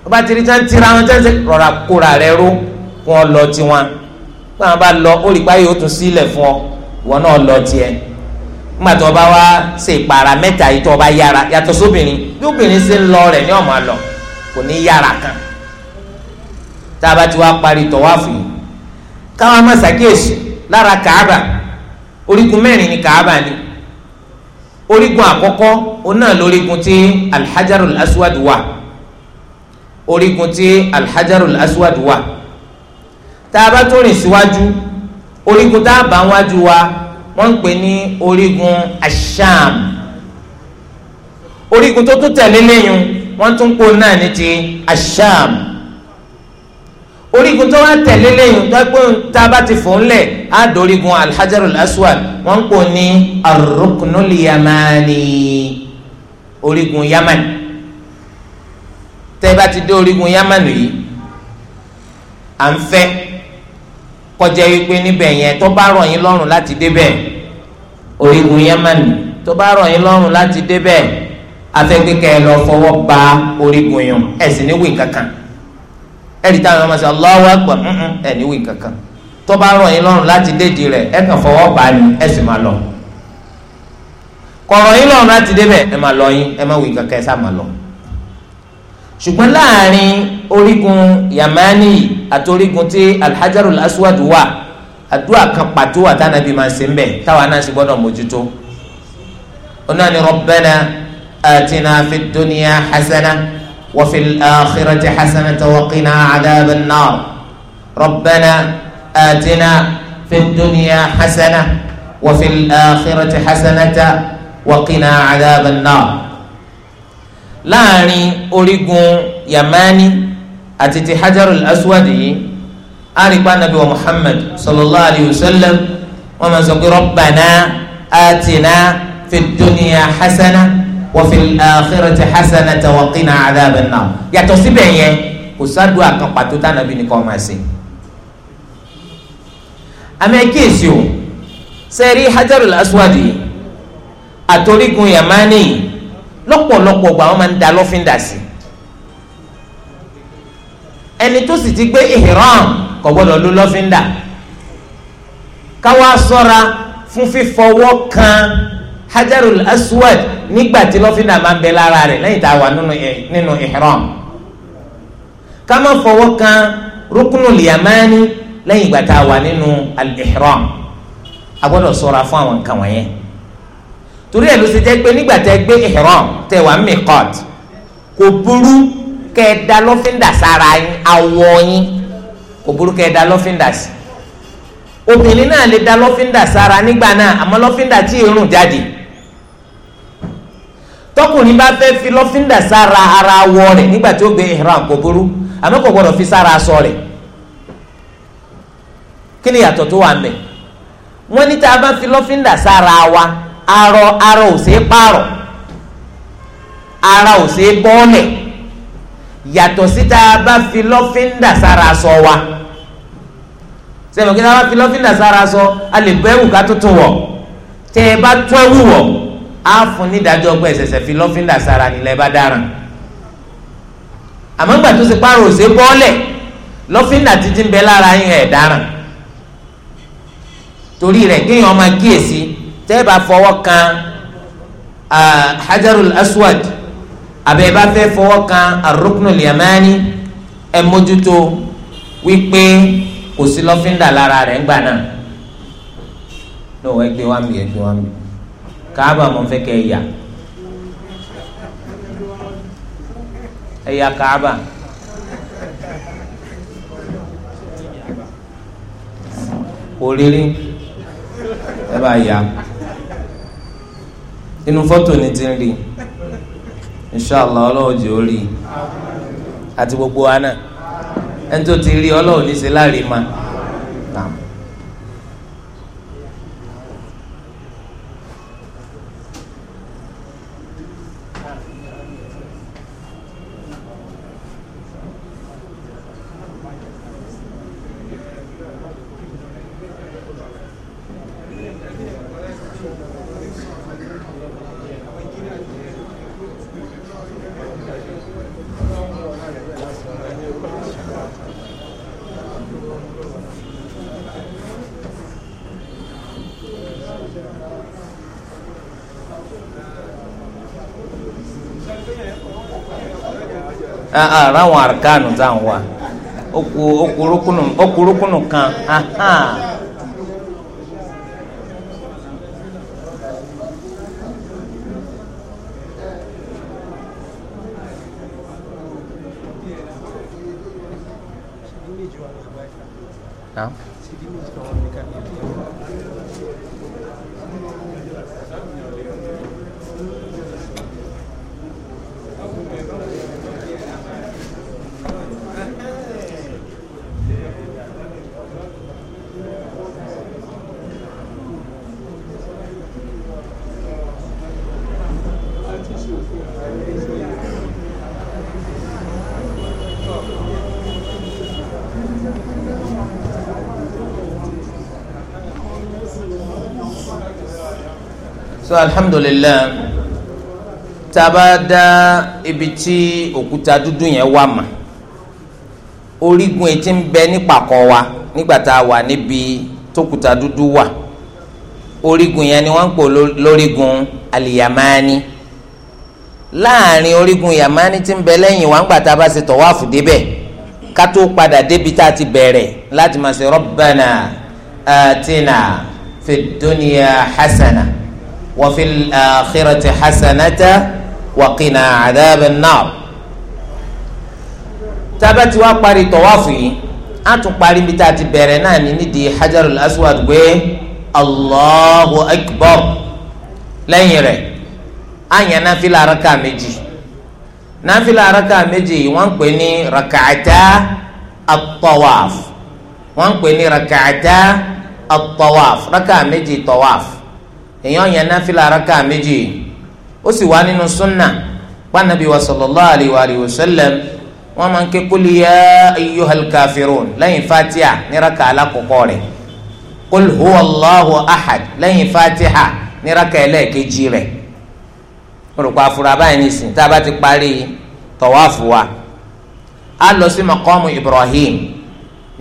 wọ́n bá ti rí tán tira wọn tẹ́sí rọra kóra rẹ ró kó wọn lọ tiwọn pé àwọn bá lọ ó rí páyé ó tún sílẹ̀ fún ọ wọn náà lọ tiẹ̀ nígbà tí wọn bá wá ṣe ìpara mẹ́ta yìí tí wọn bá yára yàtọ̀ sóbìnrin bí obìnrin ṣe ń lọ rẹ̀ ní ọ̀mọ̀ àlọ́ kò ní yára kan tá a bá ti wá parí tọ̀wáfù yìí káwọn máa ṣàkíyèsí lára kàába orígun mẹ́rin ni kàába ni orígun àkọ́kọ́ òun náà lórígun tí alhajarul aswad wà orígun tí alhajarul aswad wà tá a bá tó rìn síwájú orígun tá a bá wájú wa wọ́n ń pè ní orígun asham orígun tó tún tẹ̀lé lẹ́yìn wọ́n tún kó náà ní ti asham orígun tó wá tẹ̀lé lẹ́yìn dọ́gbọ́n tá a bá ti fò ń lẹ̀ á dorígun alhajarul aswad wọ́n ń pò ní aruknul yamani orígun yamani tẹ́ bá ti dé orígun yamani yìí à ń fẹ́ kọjá wípé níbẹ̀ yẹn tó bá rọ̀ yín lọ́rùn láti débẹ̀ orígun yamani tó bá rọ̀ yín lọ́rùn láti débẹ̀ afẹ́kẹ́kẹ́ lọ fọwọ́ ba orígun yẹn ẹ̀sìn níwèé kankan ẹ̀rí táwọn ọmọ sọ Allahu Akbar ẹ̀ níwì kankan tó bá rọ̀ yín lọ́rùn láti dédi rẹ̀ ẹ kàn fọwọ́ bá ní ẹ sì máa lọ kọ̀rọ̀ yín lọ́rùn láti débẹ̀ ẹ máa lọ yín ẹ máa wì kankan ẹ sá máa lọ. ṣùgbọ́n láàrin orígun yamani àti orígun tí alhajarul aswad wà àdúrà kan pàtó àtànàbí máa ń ṣe ń bẹ̀ táwa náà sì gbọ́dọ̀ mójútó. onáni rabbana atina fid dunya hasana. وفي الآخرة حسنة وقنا عذاب النار ربنا آتنا في الدنيا حسنة وفي الآخرة حسنة وقنا عذاب النار لاني أريد يماني أتتي حجر الأسود أريد النبي محمد صلى الله عليه وسلم وما ربنا آتنا في الدنيا حسنة wọ́fi àkérètì hasana tawakina adáàbẹ̀ náà yàtọ̀ síbẹ̀ yẹn kò sádùá kan pàtó tánàbí nìkan máa ṣe. àmì kíyèsí o sẹ́rí hajarul aswadi àtòrígun yamani lọ́pọ̀lọpọ̀ gbà wọ́n máa ń da lọ́fíńdà sí ẹni tó sì ti gbé ihram kò gbọ́dọ̀ ló lọ́fíńdà káwá sọ́ra fún fífọwọ́ kan hajarul aswad nígbà tí lọ́fíńdà máa ń bẹ lára rẹ̀ lẹ́yìn tá a wà nínú ihram ká má fọwọ́ kan rukunul yamani lẹ́yìn ìgbà tá a wà nínú al-ihram a gbọ́dọ̀ ṣọ́ra fún àwọn nǹkan wọ̀nyẹn torí ẹ̀ ló ṣe jẹ́ pé nígbà tẹ́ gbé ihram tẹ́ wà miqat kò burú kẹ́ ẹ da lọ́fíńdà sára yín awọ yín kò burú kẹ́ ẹ da lọ́fíńdà sí obìnrin náà lè da lọ́fíńdà sára nígbà náà àmọ́ lọ́fíńdà tí irun jáde tọkùnrin bá fẹ́ fi lọ́fíńdà sára ara wọ rẹ̀ nígbà tí ó gbé ihram kò burú àmọ́ kò gbọdọ̀ fi sára aṣọ rẹ̀ kí ni yàtọ̀ tó wà mẹ́ wọ́n ní tá a bá fi lọ́fíńdà sára wa arọ arọ ò sí pààrọ̀ ara ò sí bọ́ọ̀lẹ̀ yàtọ̀ sí tá a bá fi lọ́fíńdà sára aṣọ wa. So sẹ́mi kí sábà filọ́fílà sára sọ a lè bọ́ ẹ̀wù ká tuntun wọ̀ tẹ́ ẹ bá tún wọ̀ á fún nídàájọ́ pé ẹ̀sẹ̀sẹ̀ filọ́fílà sára nílẹ̀ bá dáràn àmọ́ gbà tó ṣe pààrọ̀ òṣè bọ́ọ̀lẹ̀ lọ́fíńdà títí ń bẹ lára yín ẹ̀ torí rẹ̀ kéèyàn ọmọ kíyèsí tẹ́ ẹ bá fọwọ́ kan hajarul aswad ẹ bá fẹ́ fọwọ́ kan kò sí lọ́fíńdà lára rẹ̀ ńgbà náà ní òun ẹgbẹ́ wa mi ẹgbẹ́ wa mi káàbà mo fẹ́ kẹ́ ẹ yà ẹ yà káàbà. oríire ẹ bá yà inú fọ́tò ni ti ń rí inṣàlá ọlọ́ọ̀jì ó rí àti gbogbo wa náà ẹni tó ti rí ọlọ́run ní ṣe láre máa. Ah, ah, ráwọn àrùkánu táwọn wà okùrúkùnù kan. alhamdulilayi taba da ibi tí òkúta dúdú yẹn wà mà orígun etí ń bẹ nípàkọ́ wa nígbà tá a wà níbi tókúta dúdú wà orígun yẹn ni wọ́n ń pò lórígun aliyamani láàrin orígun yamani tí ń bẹ lẹ́yìn wa ńgbà tá a bá ṣe tọ̀wáfù débẹ̀ ká tó padà débi tá a ti bẹ̀rẹ̀ láti máa ṣe rọ́bànà àtìnà fìdúnìyà hasana wa fil akhirati hasanata wa qina adhaban nar. tábà tí wàá parí tọ̀wáfù yìí a tún parí bí tá a ti bẹ̀rẹ̀ náà ní nídìí hajarul aswad gbé allahu akbar lẹ́yìn rẹ̀ a yàn náfìlà araka méjì náfìlà araka méjì wọ́n ń pè ní rakata at-tawaf wọ́n ń pè ní rakata at-tawaf raka méjì tawaf èèyàn yẹn náfìlà araka méjì ó sì wá nínú súnà pànàbí wa sallallahu alayhi wa alihi wa sallam wọn máa ń ké kúlì yá ayyuhal kafirun lẹ́yìn fatiha ní raka alákọ̀ọ́kọ́ rẹ̀ kúl huwa allahu ahad lẹ́yìn fatiha ní raka ẹlẹ́ẹ̀kejì rẹ̀ olùkọ́ afurá báyìí nìsín tá a bá ti parí tọ̀wáfù a lọ sí maqamu ibrahim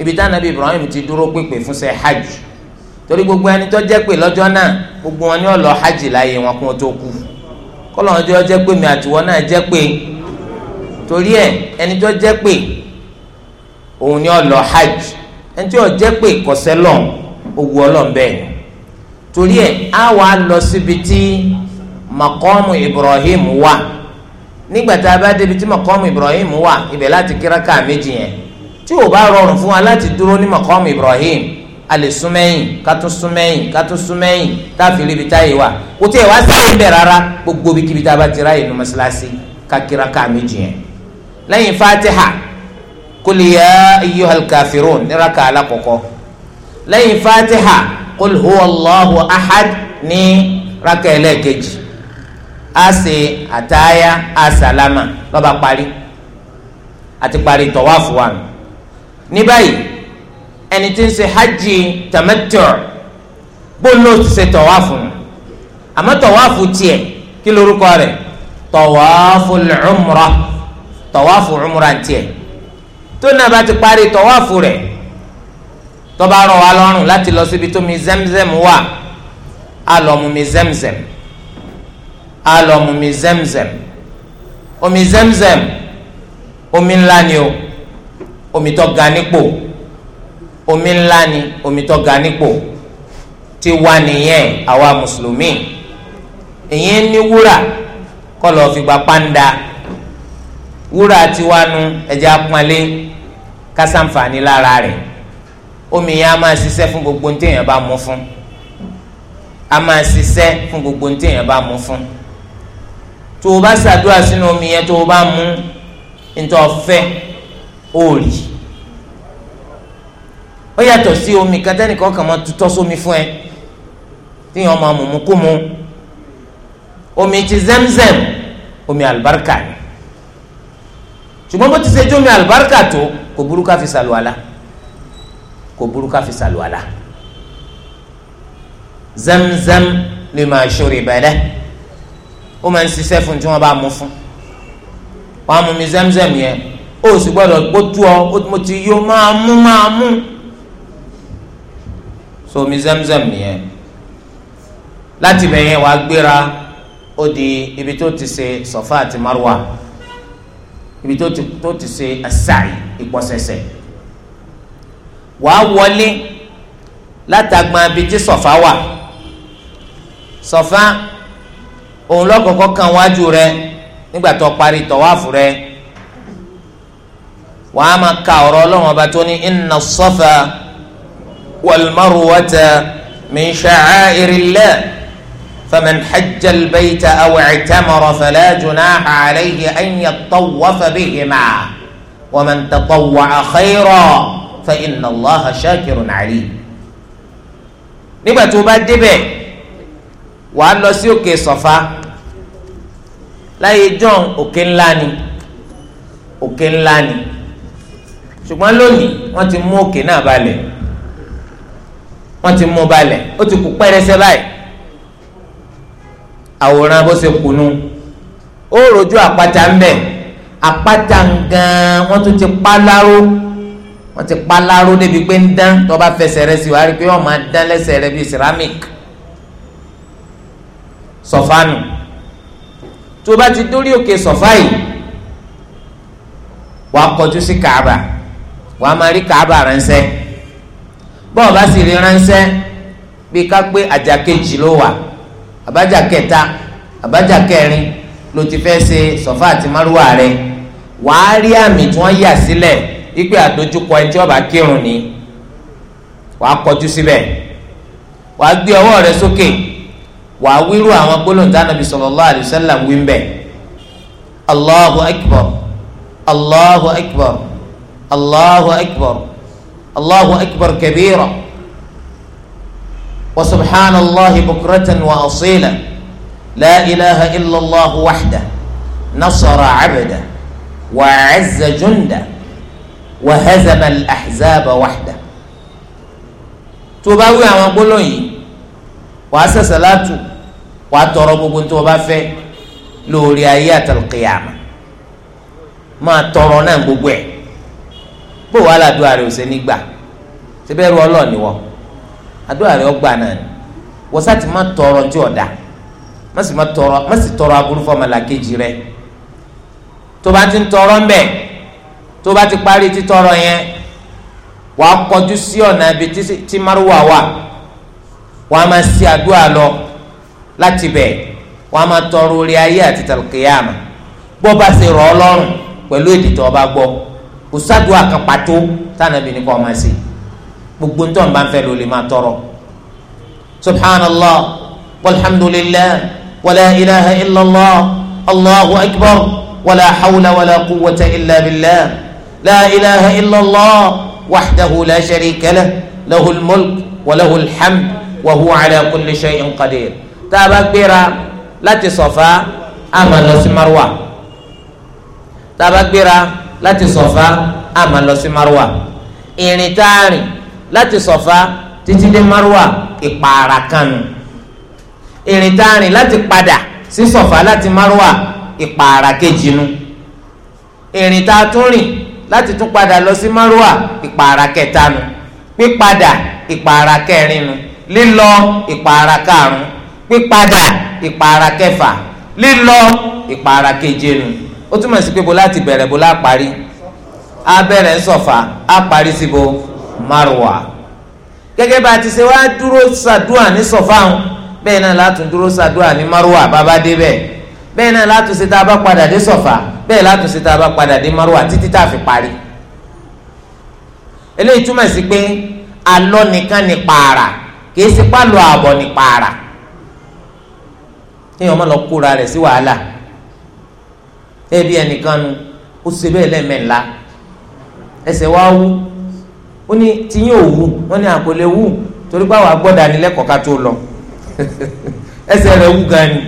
ibi tá nàbí ibrahim ti dúró pèpè fún ṣe hajj torí gbogbo ẹni tó jẹ́ pé lọ́jọ́ náà gbogbo wọn ni ó lọ hajj láyé wọn kún tó kú kọ́lọ̀ ọjọ́ jẹ́ pé mi àtiwọ́ náà jẹ́ pé torí ẹ ẹni tó jẹ́ pé òun ni ó lọ hajj ẹni tí ó jẹ́ pé kọ̀sẹ́ lọ́n owó ọlọ́n bẹ́ẹ̀ torí ẹ á wàá lọ síbi tí maqamu Ibrahim wà nígbà tá a bá débi tí maqamu Ibrahim wà ibẹ̀ láti kíráka méjì yẹn tí ò bá rọrùn fún wa láti dúró ní maqamu Ibrahim a lè sún mẹ́yìn ká tún sún mẹ́yìn ká tún sún mẹ́yìn tá a fi ríbi táyé wa kò tí ì wá sí ibẹ̀ rárá gbogbo bí kíbi tá a bá ti ráyè nu mọ́ṣáláṣí ká fatiha qul ya ayyuhal nira ká alákọ̀ọ́kọ́ lẹ́yìn fatiha qul allahu ahad ní rákà ẹlẹ́ẹ̀kejì a ṣe àtàyà a sàlámà lọ́ba parí àti parí tọ̀wáfù ẹni tí ń ṣe hajj tamattu' gbóná ó ti ṣe tọ̀wáfù àmọ́ tọ̀wáfù tiẹ̀ kí lorúkọ rẹ̀ tọ̀wáfù umrah tọ̀wáfù umrah tiẹ̀ tó náà bá ti parí tọ̀wáfù rẹ̀ tó bá rọ̀ wá lọ́rùn láti lọ síbi tó mi zemzem wà á lọ mu mi zemzem á lọ mu mi zemzem omi zemzem omi ńlá ni o omi tó ga nípò omi ńlá ni omi tó ga nípò ti wá nìyẹn àwa mùsùlùmí ìyẹn ní wúrà kọ́ lọ́ọ́ fi gba pàǹdà wúrà tiwa nu ẹ̀jẹ̀ apọ́nlé kásáǹfààní lára rẹ̀ omi yẹn a máa ṣiṣẹ́ fún gbogbo ní téèyàn bá mú fún a máa ṣiṣẹ́ fún gbogbo ní téèyàn bá mú fún tó o bá ṣàdúrà sínú omi yẹn tó o bá mú nítorí ọ̀fẹ́ òòrì ó yàtọ̀ sí omi kan tẹ́nìkan kàn máa tutọ́ sómi fún ẹ tíyàn máa mùmú kú mu omi ti zẹ́mzẹ́m omi àlùbáríkà ni ṣùgbọ́n bó ti ṣe jó omi àlùbáríkà tó kò burú ká fi ṣàlùwàlà kò burú ká fi ṣàlùwàlà zẹ́mzẹ́m lè máa ṣòro ìbẹ̀rẹ̀ ó máa ń ṣiṣẹ́ fún tí wọ́n bá mú fún wọ́n á mú mi zẹ́mzẹ́m yẹn ó sì gbọ́dọ̀ gbótú ọ mo ti yó máa mú máa mú so omi zamzam nìyẹn láti bẹ̀ yẹn wàá gbéra ó di ibi tó ti ṣe sọfà àti marwa ibi tó ti tó ti ṣe asai ìpọ̀sẹ̀sẹ̀ wàá wọlé látàgbọn abidjan sọfà wà sọfà òun lọ́kọ̀ọ́kọ́ kan wájú rẹ nígbà tó parí tọ́wáfù rẹ wàá máa ka ọ̀rọ̀ ọlọ́run ọba tó ní inna sọfà. والمروة من شعائر الله فمن حج البيت أو اعتمر فلا جناح عليه أن يطوف بهما ومن تطوع خيرا فإن الله شاكر عليم نبا tó به وأن نسيوكي صفا لا يجون أكين لاني أكين لاني شكرا لوني òkè ńlá نابالي wọ́n ti mú balẹ̀ ó ti kú pẹ́rẹsẹ́ báyìí àwòrán bó ṣe kùnú ó rojú àpáta ńbẹ àpáta gan wọ́n tún ti pa láró wọ́n ti pa láró débi pé ń dán tó bá fẹsẹ̀ rẹ sí wàá rí i pé wọ́n máa dán lẹ́sẹ̀ rẹ bíi ceramic sọfánù tó bá ti dórí òkè sọfá yìí wàá kọjú sí kaaba wàá máa rí kaaba ránṣẹ́. bọ́ọ̀ bá sì rí ránṣẹ́ bí ká pé àjàkejì ló wà àbájá kẹta àbájá kẹrin ló ti fẹ́ ṣe sọ̀fà àti márùwà rẹ̀ wàá rí àmì tí wọ́n yà sílẹ̀ ipe àdójúkọ ẹni tí kírun ni wàá kọjú síbẹ̀ wàá gbé ọwọ́ rẹ sókè wàá wíru àwọn gbólóhùn tí Ànábì Allahu akbar Allahu akbar Allahu akbar. الله أكبر كبيرا وسبحان الله بكرة وأصيلا لا إله إلا الله وحده نصر عبده وعز جنده وهزم الأحزاب وحده توباوي أما قولوني وأسا سلاتو وأتربو كنت وبافي لولي آيات القيامة ما ترونان بقوي bó wàá la àdúrà rẹ ò ṣe ní gbà síbẹ̀ ru ọlọ́ọ̀ ni wọ́n àdúrà rẹ ọgbà náà ni wọ́n sá ti má tọrọ tí ọ̀dà má sì má tọrọ má sì tọrọ aburú fọmọlàkejì rẹ tó bá ti ń tọrọ ńbẹ tó bá ti parí títọrọ yẹn wàá kọjú sí ọ̀nà ibi tí márùwà wà wàá máa ṣe àdúrà lọ láti bẹ̀ wàá máa tọrọ orí ayé àti tàlùkìyàmà bó bá ṣe rọ̀ ọ́ lọ́rùn pẹ̀lú èdè tó gbọ́ kò sádùá kan pàtó tànàbí ni kò máa ṣe gbogbo ń tọ́ ń bá ń fẹ́ ló lè máa tọrọ subhanallah walhamdulillah wala ilaha illallah allahu akbar wala hawla wala quwwata illa billah la ilaha illallah wahdahu la sharika lah lahul mulk walahul hamd wa huwa ala kulli shay'in qadir tá a bá gbéra láti Safa Marwa tá a láti sọ̀fà a máa lọ sí marwa ìrìn tá a rìn láti sọ̀fà títí dé marwa ìpààrà kanu ìrìn tá a rìn láti padà sí sọ̀fà láti marua ìpààrà kejì nu ìrìn tá a tún rìn láti tún padà lọ sí marwa ìpààrà kẹta pípadà ìpààrà kẹrin lílọ ìpààrà karùn pípadà ìpààrà kẹfà lílọ ìpààrà keje ó túmọ̀ sí pé bó láti bẹ̀rẹ̀ bó láà á bẹ̀rẹ̀ sọ̀fà á parí síbo márùwà gẹ́gẹ́ bá a ti ṣe wá dúró sàdúà ní sọ̀fà ń bẹ́ẹ̀ náà látún dúró sàdúà ní márùwà bàbá débẹ̀ bẹ́ẹ̀ náà látún ṣe tá a bá padà dé sọ̀fà bẹ́ẹ̀ látún ṣe tá a bá padà dé márùwà títí tá a fi parí eléyìí túmọ̀ sí pé alọ́ nìkan ní pààrà kìí ṣe pálọ̀ àbọ̀ ní pààrà kéèyàn má lọ kóra rẹ̀ sí wàhálà. Si ẹbí ẹnìkan nu ó ṣe bẹ́ẹ̀ lẹ́ẹ̀mẹ́la ẹsẹ̀ wa wú ó ní tiyín ò wú wọ́n ní àpò wú torí báwa gbọ́dọ̀ ànilẹ́kọ̀ọ́ ká tó lọ (laughs) ẹsẹ̀ rẹ̀ wú gan ni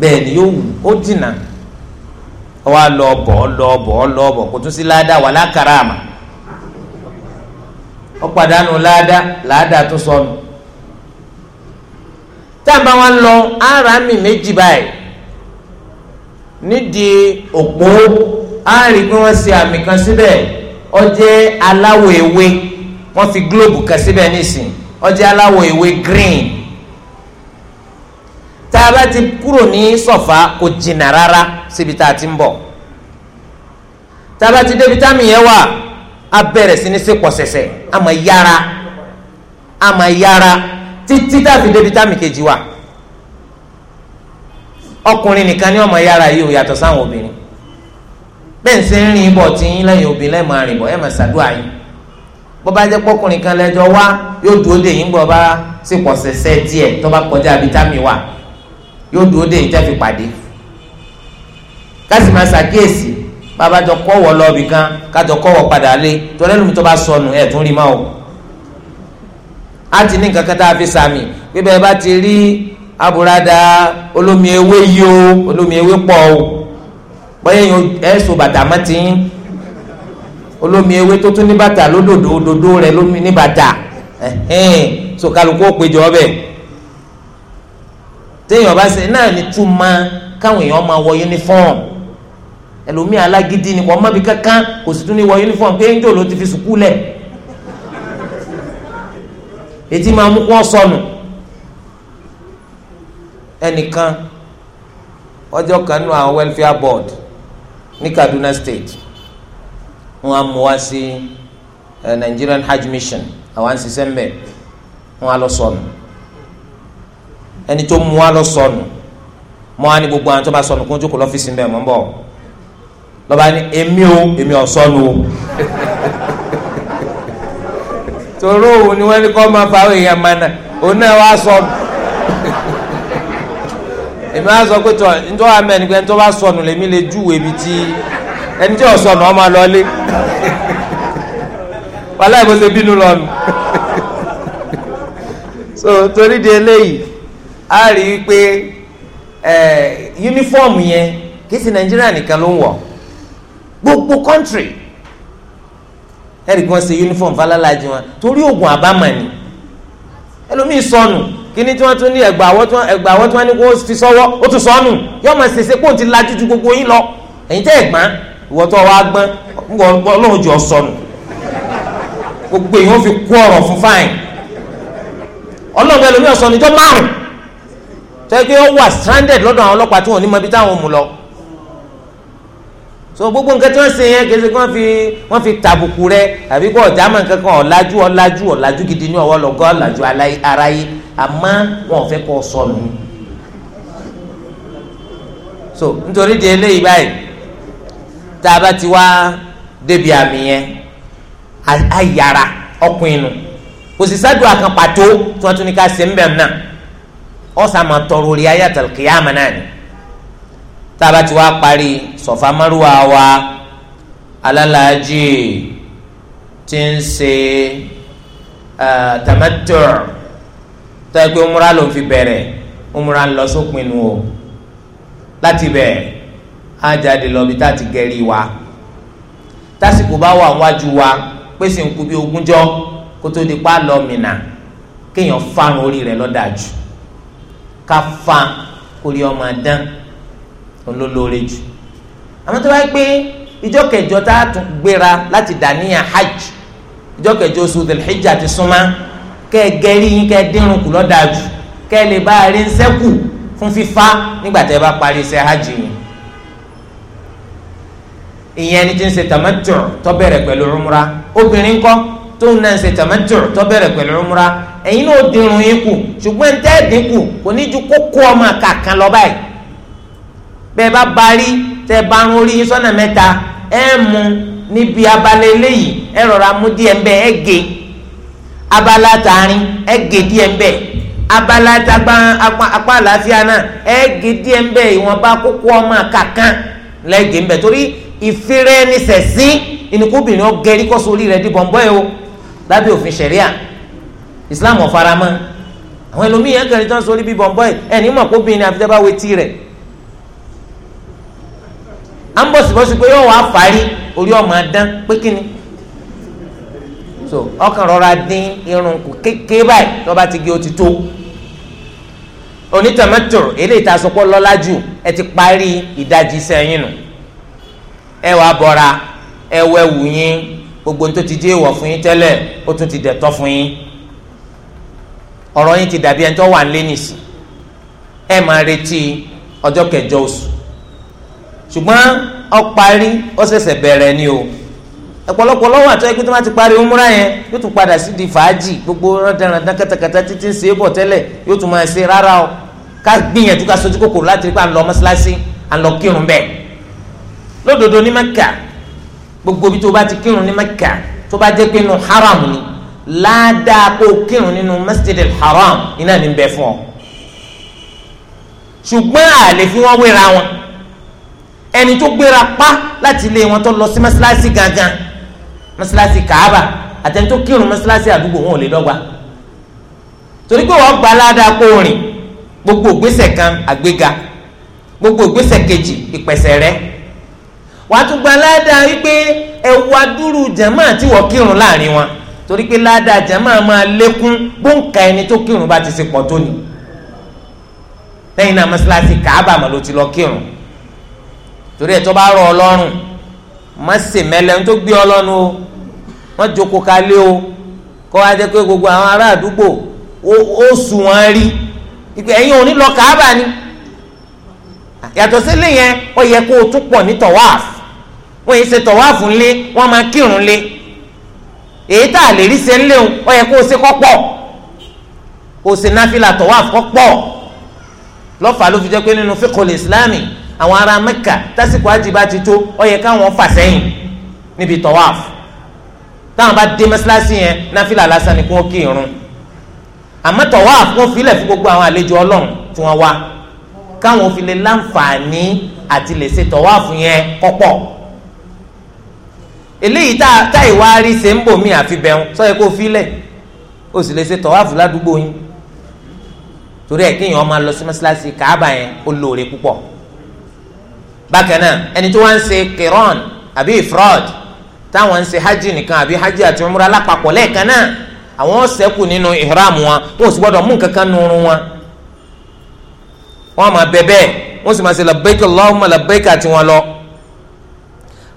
bẹ́ẹ̀ ni yóò wú ó dìnnà lọ bọ̀ lọ bọ̀ lọ bọ̀ kò tún sí láàdá wà lákàrà àmà ó pàdánù láàdá láàdá tó sọnù lọ ara mi méjì báyìí nídìí òpó á rí i pé wọ́n ṣe àmì kan síbẹ̀ ó jẹ́ aláwọ̀ ewé wọ́n fi gílóòbù kan síbẹ̀ nísìn ó aláwọ̀ ewé green tá a bá ti kúrò ní sọ̀fà kò jìnnà rárá síbi tá a ti ń bọ̀ tá a bá ti dé fítámì yẹn wà á bẹ̀rẹ̀ sí ní sèpọ̀ sẹ̀sẹ̀ àmọ́ yára àmọ́ yára títí tá a fi dé fítámì kejì wà ọkùnrin nìkan ní ọmọ yàrá yìí ò yàtọ̀ sáwọn obìnrin bẹ́ẹ̀ ń ṣe ń rìn bọ̀ tí yín lẹ́yìn obìnrin lẹ́ẹ̀ máa rìn bọ̀ ẹ̀ máa ṣàdúrà yín bó bá jẹ́ pọ́kùnrin kan lẹ́jọ́ wá yóò dúró dè yín gbọ́ bá sì pọ̀ sẹ̀sẹ̀ díẹ̀ tó bá kọjá àbí támì wà yóò dúró dè yín tẹ́ fi pàdé kásì ṣàkíyèsí bàbá jọ kọ́wọ́ lọ́ọ̀bì kan kájọ kọ́wọ́ padà lé tọ́lẹ́lùmí ẹ̀ aburada olómi ewé yìí o olómi ewé pọ̀ o bẹ́ẹ̀ ẹ so bàtà mọ́tì olómi ewé tó tún ní bàtà lódòdó òdòdó rẹ̀ lómi ní bàtà so kálukú ó péjọ ọbẹ̀ téèyàn bá ṣe náà ní túmọ̀ káwọn èèyàn máa wọ uniform ẹlòmíì alágídí ni kò mọbi kankan kò sì tún ní wọ uniform pé njó ló ti fi sùkúlẹ̀ ètí máa mú kó sọnù. So, ẹnìkan ọjọ́ kan nù àwọn welfare board ní Kaduna state wọn mú wá sí Nigerian Hajj Mission àwọn àṣìṣe mbẹ wọn á lọ sọnù ẹni tó mú wá lọ sọnù mọ á ní gbogbo àwọn tó bá sọnù kó jókòó lọ́fíìsì mbẹ mọ́ ń bọ̀ lọ́ba ní èmi o èmi ò sọnù o (laughs) tòró òun ni wọ́n ní kọ́ máa fa àwọn èèyàn mọ́nà òun náà wá sọnù. èmi á sọ pé tọ ntọ́ amẹ́ pé ntọ́ bá sọnù lèmi lè júwèé bi tí ẹni tí ò sọnù ọmọ lọlé wàhálà ìbò ṣe bínú lọnù so torí di eléyìí a rí i pé yunifọ́ọ̀mù yẹn kì í nàìjíríà nìkan ló ń gbogbo country ẹ̀rí kí ṣe yunifọ́ọ̀mù falálàjì wọn torí oògùn àbámọ̀ ni ẹlòmíì sọnù. kíní tí wọ́n tún ní ẹ̀gbà àwọ̀ tí wọ́n ẹ̀gbà àwọ̀ tí wọ́n ní kó fi sọ́wọ́ ó tún sọ́nù yóò máa ṣèṣe kó o ti lajú ju gbogbo yín lọ ẹ̀yin tẹ́ ẹ̀gbọ́n ìwọ tó wá gbọ́n ọlọ́run jọ sọnù gbogbo èèyàn fi kú ọ̀rọ̀ fún fáìn ọlọ́run ẹlòmíràn sọ níjọ́ márùn tẹ́ pé ó wà stranded lọ́dọ̀ àwọn ọlọ́pàá tí wọ́n ní mọ ibi táwọn mú lọ so gbogbo nǹkan tí wọ́n ṣe yẹn kèsì wọ́n fi wọ́n fi tàbùkù rẹ àbí kó ọ̀já mọ̀ nǹkan kan ọ̀làjú ọ̀làjú ọ̀làjú gidi ní ọwọ́ lọ́gọ́ ọ̀làjú aráyé àmọ́ wọn ò fẹ́ kọ́ sọnù so nítorí di eléyìí báyìí tá a bá ti wá débi àmì yẹn ayára ọkùn inú kò sì sádùn àkàn pàtó tí wọ́n tún ní ká ṣe ń bẹ̀ náà ọ̀sà máa tọrọ orí ayé àtàlùkìyàmà náà ni tá a bá ti wá parí sọ̀fà márùwá wa alálàájì tí ń ṣe tàmátọ̀rọ̀ tẹ́gbẹ́ umra ló ń fi bẹ̀rẹ̀ umra ń lọ sópin nu o láti bẹ̀rẹ̀ á jáde lọ bí tá a ti gẹ̀rí wa tásìkò bá wà wájú wa pèsè nkú bí ogúnjọ́ kótó di pa lọ mìnà kéèyàn fárun orí rẹ̀ lọ́dà jù ká fa orí ọmọ dán olólóore jù àmọ́ tó bá yẹ pé ìjọ kẹjọ tá a tún gbéra láti dàníyàn hajj ìjọ kẹjọ oṣù Dhul ti súnmọ́. kẹ́ ẹ gẹ́rí yín kẹ́ ẹ dínrùn kù lọ́dàájú kẹ́ lè bá a rí nsẹ́kù fún fífá nígbà tẹ́ bá parí iṣẹ́ hajj yín ìyẹn ẹni tí ń ṣe tamattu tó bẹ̀rẹ̀ obìnrin tó ń náà ṣe tó dínrùn yín kù ń kò ní ju kókó ọmọ lọ báyìí bá parí bá abala taarin ẹ gé díẹ̀ ń bẹ̀ abala tagba apá àlàáfíà náà ẹ gé díẹ̀ ń bẹ̀ ìwọ̀nba kókó ọmọ kankan lẹ́gẹ̀ ń bẹ̀ torí ìfẹ́rẹ́ ẹni sẹ̀sìn ìnìkúbìnrin ọgẹ́rí kọ́ di bọ̀m̀bọ́ yìí o lábẹ́ òfin ṣẹ̀ríà Islam ọ̀faramọ́ àwọn ẹlòmíì yẹn kẹrin tán sórí bí bọ̀m̀bọ́ yìí ẹni mọ̀ kó bìnrin àfi tẹ́bá wetí rẹ̀ à ń bọ̀ síbọ̀sí pé yóò wá fàárí orí ọmọ adán pé kíni so ọkàn rọra dín irun kù kékeré báyìí tó bá ti gé o ti tó onítàmátò eléyìí tá a sọ pé lọ́lá jù ẹ ti parí ìdajì sẹ́yìn nù ẹ wàá bọ̀ra ẹ wẹ wù yín gbogbo ní tó ti jẹ́ èèwọ̀ fún yín tẹ́lẹ̀ ó tún ti dẹ̀tọ́ fún yín ọ̀rọ̀ yín ti dàbí ẹni tó wà nílé nìsí ẹ máa retí ọjọ́ kẹjọ oṣù ṣùgbọ́n ó parí ó ṣẹ̀ṣẹ̀ bẹ̀rẹ̀ ni o ọ̀pọ̀lọpọ̀ lọ́wọ́ àtọ́ ẹgbẹ́ tó máa ti parí umra yẹn yóò tún padà sí di fàájì gbogbo rádaràdá kẹtàkẹtà títí ń ṣe é bọ̀ tẹ́lẹ̀ yóò tún máa ṣe rárá o ká gbìyànjú ká sojú kòkòrò láti rí pé à ń lọ mọ́ṣáláṣí à ń lọ kírun bẹ́ẹ̀. lódodo ní mẹ́kà gbogbo bí tó bá ti kírun ní mẹ́kà tó bá jẹ́ pé inú haram ni ládàá kó kírun nínú masjidil haram iná ní bẹ fún ọ. ṣùgbọ́n àlè fi wọ́n wéra wọn ẹni tó gbéra pa láti ilé wọn tó lọ sí mọ́ṣáláṣí gangan mọ́sálásí kàába àtẹni tó kírun mọ́sálásí àdúgbò wọn ò lè dọ́gba torí gba aládàá kó gbogbo ògbésẹ̀ kan àgbéga gbogbo ògbésẹ̀ kejì ìpẹ̀sẹ̀ re wàá tún gba aládàá wípé ẹwà dúró jàmáà tí wọ́n kírun láàrin wọn torí pé ládàá jàmáà máa lékún gbóǹkà ẹni tó kírun bá ti ṣe pọ̀ tó ni lẹ́yìn náà mọ́sálásí kàába ti lọ kírun torí ẹ̀ tó bá rọ ọlọ́run mẹ́lẹ́ ń o wọ́n jókòó kalẹ̀ o kọ́ wa jẹ́ pé gbogbo àwọn ará àdúgbò ó sùn wọ́n rí ìpè ẹ̀yin ò ní lọ kàábà ni yàtọ̀ sílé yẹn ó yẹ kó o tún pọ̀ ní tọ̀wáàfù wọ́n yìí ṣe tọ̀wáàfù ńlé wọ́n máa kírun lé èyí tá a lè rí ṣe ńlé o ó yẹ kó o ṣe kọ́ o ṣe náfìlà tọ̀wáàfù kọ́ lọ́fà ló fi jẹ́ pé nínú fíkọ̀ọ́ lè islámì àwọn ará mẹ́kà tásìkò àjìbá ti tó ó yẹ káwọn fà sẹ́yìn níbi tọ̀wáàfù táwọn bá dé mọ́sálásí yẹn náfìlà lásán ni kò kí irun àmọ́ tọ̀wáàf wọ́n filẹ̀ fún gbogbo àwọn àlejò ọlọ́run tí wọ́n wá káwọn fi lè láǹfààní àti lè ṣe tọ̀wáàf yẹn kọ́pọ̀ eléyìí tá ìwà rí ṣe ń bò mí àfi bẹ̀rùn sọ yẹ kó filẹ̀ ó sì lè ṣe tọ̀wáàf ládùúgbò yín torí ẹ̀ kéèyàn máa lọ sí mọ́sálásí kàábà yẹn ó lóore púpọ̀ bákan náà ẹni tó wá ń ṣe kírọ́n àbí ifrọ́d táwọn ń ṣe hajj nìkan àbí hajj àti umrah lápapọ̀ lẹ́ẹ̀kan náà àwọn ṣẹ́kù nínú ihram wọn wọn ò sì gbọ́dọ̀ mú nǹkan kan nu irun wọn wọn máa bẹ bẹ́ẹ̀ wọn sì máa ṣe labbaika Allahumma labbaika àti wọn lọ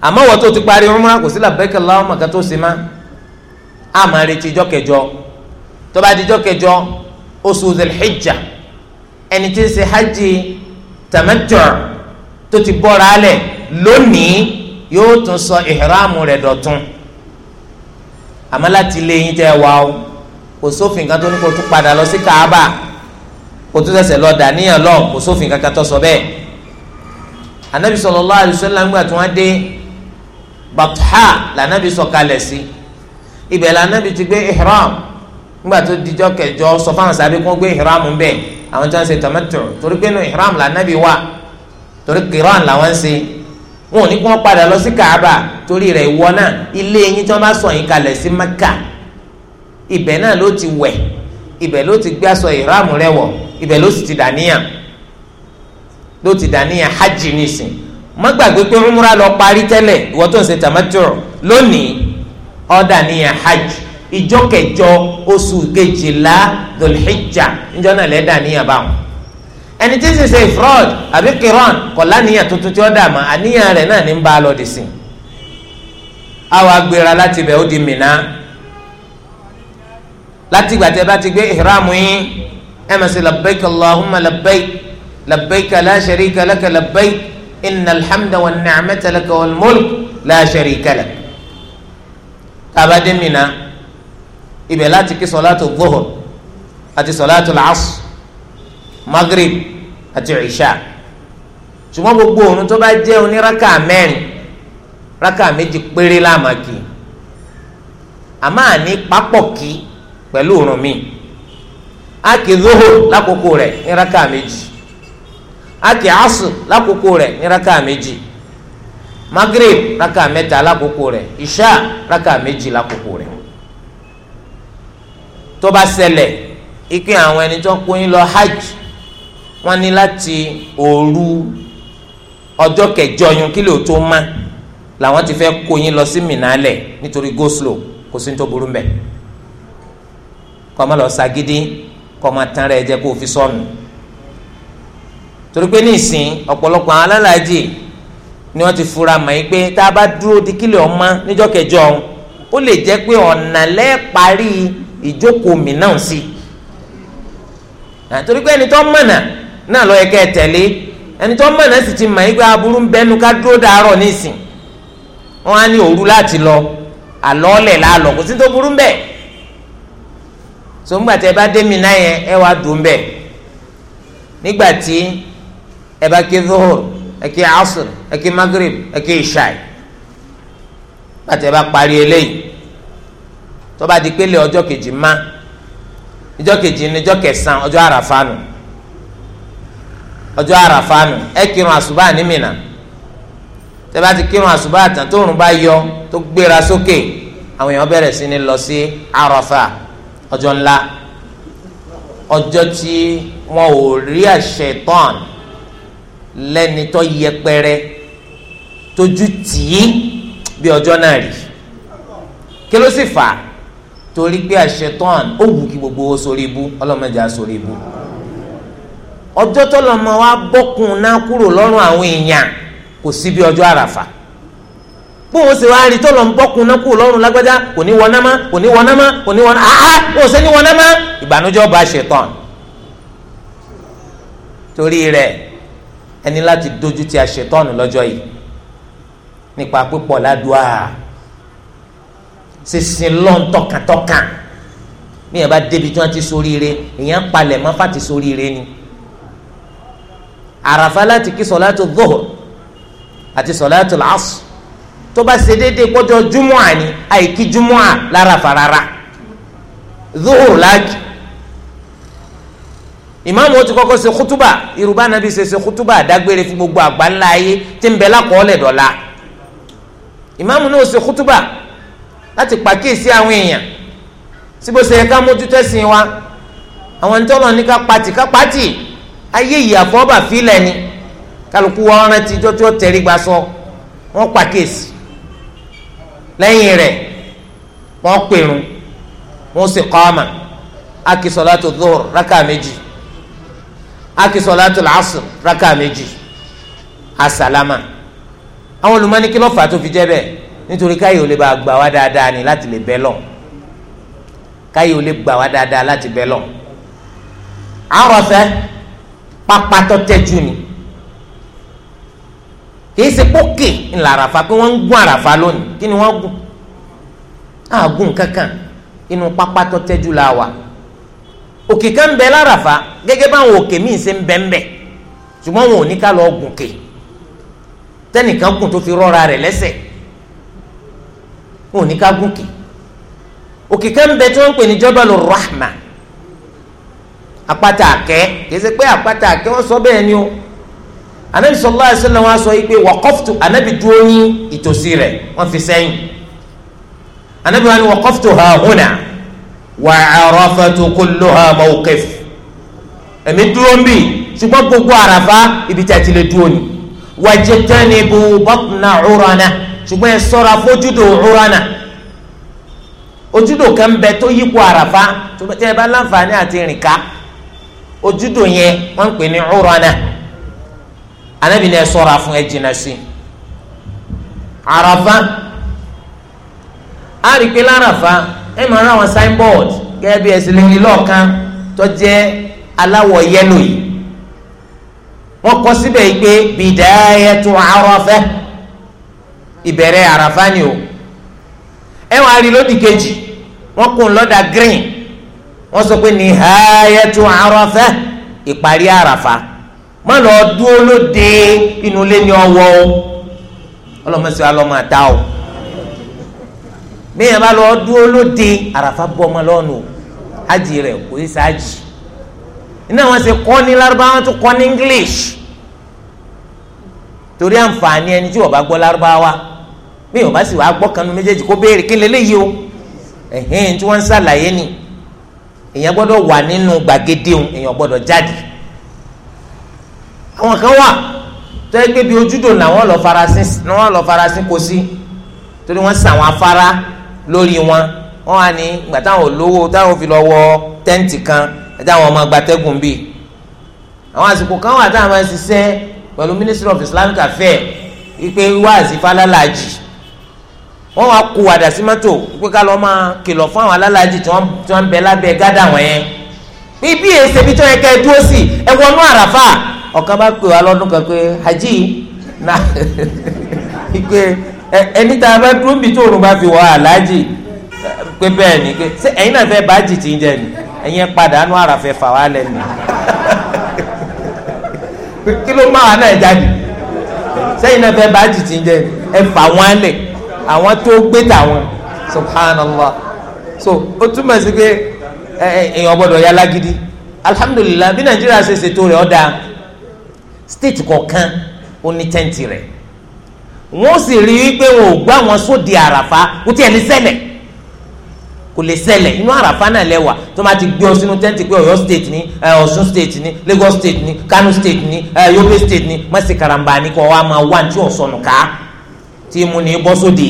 àmọ́ wọ́n tó ti parí umrah kò sí labbaika Allahumma kan tó ṣe má a máa retí ijọ́ kẹjọ tó bá di ijọ́ kẹjọ oṣù zelhijja ẹni tí ń ṣe hajj tamattu tó ti bọ́ra alẹ̀ lónìí yóò tún sọ ìhìrámù rẹ̀ dọ̀tun àmọ́ láti lé yín tẹ́ wá o kò sófin kan tó ní kó tún padà lọ sí Kaaba kó tún ṣẹ̀ṣẹ̀ lọ dàníyàn lọ kò sófin kankan tó sọ bẹ́ẹ̀ anabi sallallahu alaihi wasallam ńgbà tí wọ́n dé Batha lànàbì sọ̀kalẹ̀ sí ibẹ̀ lànàbì ti gbé ìhìrámù ńgbà tó dijọ́ kẹjọ sọ fáwọn sábẹ́ kó gbé ìhìrámù ńbẹ̀ àwọn tí wọ́n ṣe tamattu torí pé inú ìhìrámù lànàbì wà torí qiran làwọn ṣe wọn ò ní kí wọ́n padà lọ sí kaaba torí rẹ̀ ìwọ náà ilé yín tí wọ́n bá sọ yín kalẹ̀ sí maka ibẹ̀ náà ló ti wẹ̀ ibẹ̀ ló ti gbé aṣọ ìráàmù rẹ̀ wọ̀ ibẹ̀ ló sì ti dàníyàn ló ti dàníyàn hajj nìsín má gbàgbé pé umra lọ parí tẹ́lẹ̀ ìwọ tó ń ṣe tàmátìrọ̀ lónìí ó dàníyàn hajj ìjọ kẹjọ oṣù kejìlá dòlhíjà níjọ náà lẹ́dàníyàn báwọn ẹni tí ń ṣiṣẹ́ ifrod àbí kiran kò láníyàn tuntun tí ó dà mọ́ àníyàn rẹ̀ náà ní ń bá a lọ dì sí. àwa gbéra láti bẹ̀ ó di Mínà láti ìgbà tí ẹ bá ti gbé ihram yín ẹ máa ṣe labbaik allahumma labbaik labbaik la sharika laka labbaik innal hamda wan ni'mata laka wal mulk la sharika lak. ibẹ̀ láti kí sọ̀látù dhuhr àti sọ̀látù al-asr magrib àti isha ṣùgbọ́n gbogbo òun tó bá jẹ́ oníraka mẹ́rin raka méjì péré láàmàkì àmọ́ àní papọ̀ kí pẹ̀lú òrùn mi àkè zoho lákòókò rẹ̀ ní raka méjì àkè asù lákòókò rẹ̀ ní raka méjì magrib raka mẹ́ta lákòókò rẹ̀ isha raka méjì lákòókò rẹ̀ tó bá ṣẹlẹ̀ ike àwọn ẹni tó ń kó lọ hajj wọ́n ní láti òru ọjọ́ kẹjọ yun kí lè tó má làwọn ti fẹ́ kó yín lọ sí mìnálẹ̀ nítorí go slow kò sí ní tó burú mbẹ̀ kọ́ ọ má lọ ságídí kọ́ ọ má tán rẹ̀ jẹ́ kó o fi sọnù torí pé nísìn ọ̀pọ̀lọpọ̀ àwọn alálàájì ni wọ́n ti fura mọ̀ yín pé tá a bá dúró di kílẹ̀ ọmọ níjọ́ kẹjọ ó lè jẹ́ pé ọ̀nà lẹ́ẹ̀parí ìjókòó mìíràn sí torí pé ẹni tó mọ̀nà náà lọ yẹ kẹ́ ẹ tẹ̀lé ẹni tó náà sì ti mọ̀ igba aburú ń bẹnu ká dúró dàárọ̀ ha ni á ní òru láti lọ àlọ́ọ̀lẹ̀ là lọ kò sí tó burú bẹ́ẹ̀ sọmúgbà tí ẹ bá dé mi náà yẹn ẹ wá dùn bẹ́ẹ̀ nígbà tí ẹ bá zohor ẹ ẹ magrib ẹ kí ishai gbàtẹ́ bá parí eléyìí tó di ọjọ́ àràfà nù ẹ kírun àṣùbà ní Mínà tẹ́ bá ti kírun àṣùbà tán tóòrùn bá yọ tó gbéra sókè àwọn èèyàn bẹ̀rẹ̀ sí ni lọ sí àràfà ọjọ́ ńlá ọjọ́ tí wọn ò rí àṣetán lẹ́ni tó yẹpẹrẹ tójú tì í bí ọjọ́ náà rí kí ló sì fà torí pé àṣetán ó wù kí gbogbo sórí ibú ọlọ́mọdé á sórí ibú ọjọ́ tọ́lọ̀ mọ́ wa bọ́kùn náà kúrò lọ́rùn àwọn èèyàn kò sí bí ọjọ́ àràfà bó o sì wá rí tọ́lọ̀ ń bọ́kùn náà kúrò lọ́rùn lágbájá kò ní wọná má kò ní wọná má kò ní wọná áá kò sí ní wọná má ìbànújẹ́ bá Ṣẹ̀tán torí rẹ̀ ẹni láti dojú ti àṣetọ́nù lọ́jọ́ yìí nípa pípọ̀ ládùá sísin lọ́n tọkàntọkàn bí yẹn bá débi tí wọ́n ti ṣoríire èèyàn palẹ̀ mọ́fà ti ṣoríire ni àràfà láti kí sọ̀láàtù dhuhr àti sọ̀láàtù asr tó bá ṣe déédéé kọjọ júmọ́à ni àìkí júmọ́à láràfà rárá dhuhr láàkì ìmáàmù ti kọ́kọ́ ṣe kútúbà yorùbá nàbí ṣe ṣe kútúbà dágbére fún gbogbo àgbáńlá ayé tí ń bẹ lákọọ́lẹ̀ dọ̀la ìmáàmù náà ṣe kútúbà láti pàkíyèsí àwọn èèyàn síbòsè ká mójútó wa àwọn ìtọ́nà ní ká pati ká pati ayé yìí àfọwọ́bà fílẹ̀ ni kálukú wa rántí jọ́jọ́ tẹ̀rí gba sọ wọ́n pàkíyèsí lẹ́yìn rẹ̀ wọ́n pèrún wọ́n sì kọ́ọ̀mà aki sọ̀látù dhuhr rákà méjì aki sọ̀látù làásù rákà méjì asàlámà àwọn olùmọ́ni kí ló fà tó fi jẹ́ bẹ́ẹ̀ nítorí káyọ̀ ò lè bá gbà wá dáadáa ni láti lè bẹ́ lọ káyọ̀ ò gbà wá dáadáa láti bẹ́ lọ àròfẹ́ pápá tó tẹ́jú ni kìí ṣe pókè ńlá àràfà pé wọ́n ń gún àràfà lónìí kí ni wọ́n gùn àgùn kankan inú pápá tó tẹ́jú la wà òkè kan bẹ láràfà gẹ́gẹ́ báwọn òkè míì ṣe ń bẹ́ ń bẹ́ ṣùgbọ́n wọn ò ní ká lọ gùn kè tẹ́nìkan gùn tó fi rọ́ra rẹ̀ lẹ́sẹ̀ wọn ò ní ká gùn kè òkè kan bẹ tí wọ́n ń pè ní Jabal Rahma apáta àkẹ́ kìí ṣe pé apáta àkẹ́ o anabi sallallahu alaihi wasallam wọ́n sọ anabi dúró ní ìtòsí rẹ̀ fi anabi wani ní ha huna wa arafatu kulluha mawqif èmi dúró ń bi gbogbo arafa ibi tí ti lè dúró ni wajtanibu batna urana ṣùgbọ́n ẹ sọ́ra fójúdò urana ojúdò kan bẹ tó ojúdò yẹn wọ́n ń pè ní ọ̀rọ̀nà anabi ni ẹ ṣọ́ra fún ẹ jìnnà sí i àràfà á rí i pé láràfà ẹ máa ń ráwọn signboard gẹ́gẹ́ bí ẹsẹ̀ lẹ́yìn lọ́ọ̀kan tó jẹ́ aláwọ̀ yẹ́lò yìí wọ́n kọ síbẹ̀ yìí pé ni o ẹ wàá rí lódì kejì wọ́n kún griin. green. wọ́n sọ pé nihayatu Arafah ìparí àràfà má lọ dúró lóde inú ilé ní ọwọ́ o ọlọ́mọsí wa lọ́ọ́ máa dá o bẹ́ẹ̀ bá lọ dúró lóde àràfà bọ́ ọmọ lọ́nu o ájì rẹ̀ kò í sáájì iná wọn ṣe kọ́ ní lárúbáwá tó kọ́ ní English torí àǹfààní ẹni tí wọ́n bá gbọ́ lárúbáwá bí wọ́n bá sì wá gbọ́ kanú méjèèjì kó béèrè kí lélẹ́yìí o ẹ̀hìn tí wọ́n ń ṣàlàyé ni èèyàn gbọ́dọ̀ wà nínú gbàgede òun èèyàn gbọ́dọ̀ jáde àwọn kan wà tó yẹ pé bí ojúdò làwọn lọ farasin làwọn lọ farasin kò sí torí wọ́n sàn àwọn afárá lórí wọn wọ́n wà ní ìgbà táwọn olówó táwọn fi lọ wọ tẹ́ǹtì kan táwọn ọmọ gbatẹ́gùn bíi àwọn àsìkò kan wà táwọn máa ń ṣiṣẹ́ pẹ̀lú ministry of islamic affairs wípé wáàsí falálàjì wọn wá kó àdá sí pé ká lọ́ọ́ máa kìlọ̀ fún àwọn alálàájì tí wọ́n ń bẹ lábẹ́ gádà wọn yẹn pé bí èsè bí tí wọ́n ká ẹ dúró sí ẹ wọnú àràfà ọ̀kan bá pè wá lọ́dún kan na (laughs) pé ẹni a bá dúró bí òun bá fi pé bẹ́ẹ̀ ni pé ṣé ẹ̀yin náà fẹ́ tí ń jẹ ni ẹ̀yin padà àràfẹ́ fà wá (laughs) kí ló máa náà jáde àwọn tó gbé tàwọn subhanallah so ó túmọ̀ sí pé èèyàn gbọ́dọ̀ yá lágídí alhamdulilah bí nàìjíríà ṣe ṣètò rẹ̀ ọ̀dà state kọ̀ọ̀kan ó ní tẹ́ǹtì rẹ̀ wọ́n sì rí i pé wọn ò gbá wọn sóde àràfá kò tiẹ̀ lè ṣẹlẹ̀ kò lè ṣẹlẹ̀ inú àràfá náà lẹ́wà tó máa ti gbé ọ sínú tẹ́ǹtì pé ọ̀yọ́ state ni state ni lagos state ni kano state ni yobe state ni tí mo ní bọ́ sóde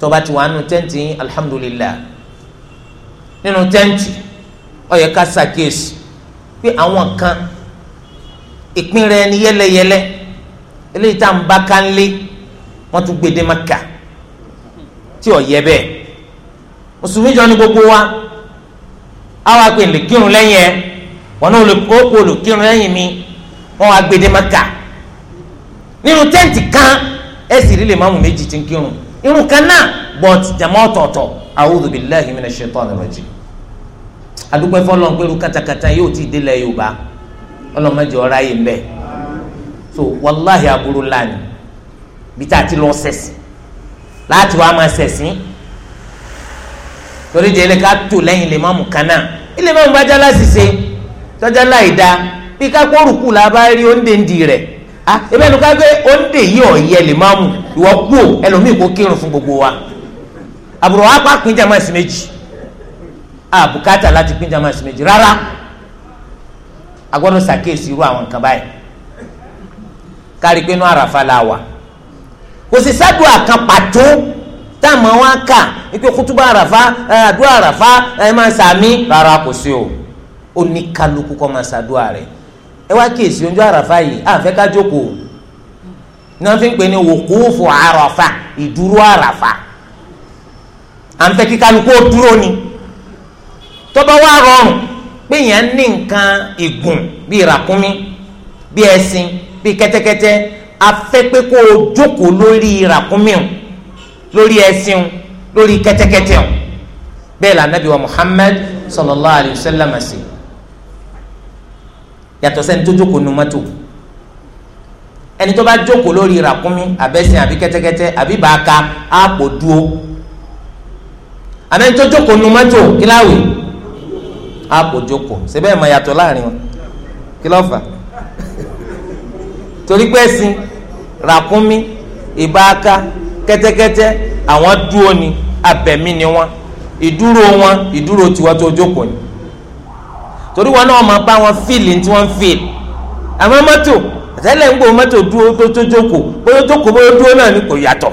tó bá ti wà nù tẹ́ǹtì yín alihamudulilayi nínú tẹ́ǹtì ó ká ṣàkíyèsí pé àwọn kan ìpín rẹ̀ ni yẹlẹyẹlẹ eléyìí tá à ń bá kánlé wọn tún gbèdé maka tí ó yẹ bẹ́ẹ̀ mùsùlùmí jọ ní gbogbo wa àwọn àpè lè kírun lẹ́yìn ẹ wọn náà olùkírun lẹ́yìn mi wọn wá gbèdé maka nínú tẹ́ǹtì kan. esiri sì rí lè máàmù méjì tí ń irun kan but jama ọtọọtọ a'udhu billahi minash shaitani rajim adúpẹ́ fọlọ́n katakata yóò ti délẹ̀ yorùbá ọ̀rá so wàláhì aburú lánìí tá a ti lọ sẹ̀sìn láti wá máa sẹ̀sìn torí jẹ́ ilé ká tó lẹ́yìn lè máàmù kan náà ilé máàmù bá jálá sì ṣe tọ́jà láì bí ká ah ebe ẹnu ká gbé òǹdè yìí ọ̀yẹ́ lè máa mú ìwọ kú ò ẹlòmíì kó kírun fún gbogbo wa àbúrò wa pa pín jama sí méjì àbùkátà láti pín jama sí méjì rárá a gbọ́dọ̀ ṣàkíyèsí irú àwọn nǹkan báyìí kárí pé inú la wà kò sì sádùá kan pàtó táwọn wa kà ipe kútúbà àràfà àdúrà àràfà ẹ máa sàmí rárá kò sí o oníkálukú kọ́ máa sàdúrà rẹ̀ ẹ wá kíyèsí ojú àràfà yìí à ń fẹ́ ká jókòó náà fi ń pè ní wòkúùfù àràfà ìdúró àràfà à ń fẹ́ kí kálukú ó dúró ni tọ́ba wá rọrùn pé yẹn ní nǹkan ìgùn bíi ràkúnmí bíi ẹṣin bíi kẹ́tẹ́kẹ́tẹ́ a pé kó o jókòó lórí ràkúnmí o lórí ẹṣin o lórí kẹ́tẹ́kẹ́tẹ́ o bẹ́ẹ̀ l'Ànábì wa Muhammad sallallahu alayhi wa sallam ṣe yàtọ̀ sẹ́ni tó jókòó nu mọ́tò ẹni tó bá jókòó lórí ràkúnmí abẹ́sìn àbí kẹ́tẹ́kẹ́tẹ́ àbí bàákà àpò dúó àmẹ́ni tó jókòó nu mọ́tò kíláwì àpò jókòó síbẹ̀ mọ̀ yàtọ̀ láàrin wọn kílọ̀fà torí pé ẹ̀sìn ràkúnmí ìbáaká kẹ́tẹ́kẹ́tẹ́ àwọn dúó ni abẹ̀mí ni wọn ìdúró wọn ìdúró tiwọn tó jókòó ni torí wọn náà máa bá wọn fíìlì tí wọ́n ń fíìlì àmọ́ mọ́tò àtẹ́lẹ̀ ń gbò mọ́tò dúró tó tó joko bóyá jókòó bóyá dúró náà ni kò yàtọ̀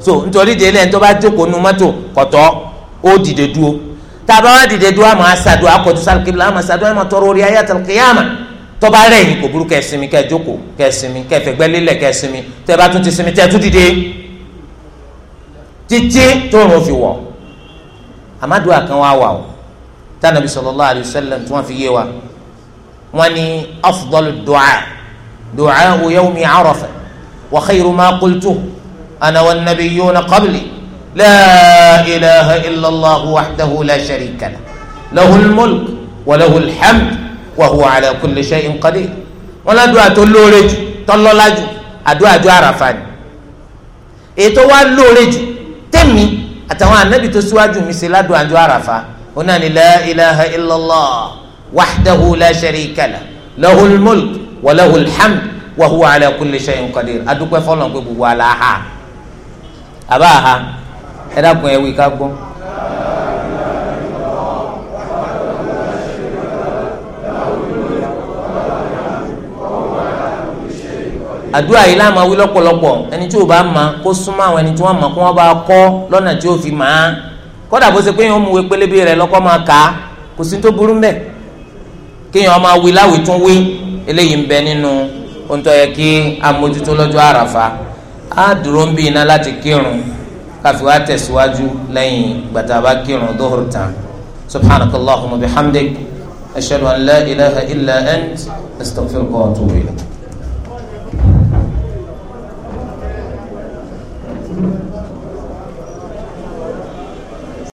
so nítorí délé ẹni tó bá jókòó nu mọ́tò kọ̀tọ́ ó dìde dúró tá a bá wá dìde dúró àmọ́ asàdúró akọ̀tù sàlùkìlà àmọ́ asàdúró àmọ́ tọrọ orí ayé àtàlùkìyàmà tó bá rẹ̀ yìí kò burú kẹ́ sinmi kẹ́ jókòó kẹ́ sinmi kẹ́ fẹ̀gbẹ́ lélẹ̀ kẹ́ sinmi tẹ́ bá tún ti sinmi tẹ́ dìde títí tóorùn fi wọ̀ àmàdùn àkànwá wà o tánàbí sallallahu alayhi wa sallam tí wọ́n fi yé wa wọ́n ní afdalu du'a du'a yawmi arafa wa khayru ma qultu ana wan nabiyyuna qabli la ilaha illallah wahdahu la sharika lah lahul mulk wa lahul hamd wa huwa ala kulli shay'in qadir wọ́n ládùúgbò àti olóore jù tọ́lọ́lá jù àdúrà ju àràfà ni ètò wa lóore jù tẹ̀mí àtàwọn ànábì tó síwájú mi ṣe ládùúgbò àjọ àràfà ona ni la ilaha illallah wahdahu la sharika la lahul mulk wa lahul hamd wa huwa ala kulli shay'in qadir adúpẹ́ fọlọ́n pé gbogbo ala ha àbá ha ẹ dákun ẹ wí ká gbọ́. àdúrà yìí láàmú awí lọ́pọ̀lọpọ̀ ẹni tí ò bá ma kó súnmọ́ àwọn ẹni tí wọ́n mọ̀ kó wọ́n bá kọ́ lọ́nà tí ó fi máa kódà bó ṣe pé yẹn ó mu wé pélébé rẹ lọ́kọ́ máa kà á kò sí tó burú mbẹ́ kéèyàn máa wí láwìí tún wí eléyìí ń bẹ nínú ohun tó yẹ kí amójútó lọ́jọ́ àràfà á dúró ń bí iná láti kírun káfí wá tẹ̀síwájú lẹ́yìn gbàtà kírun dóhùrù tán subhanakallahumma bihamdik ashhadu an la ilaha illa ant astaghfiruka wa atubu ilayk.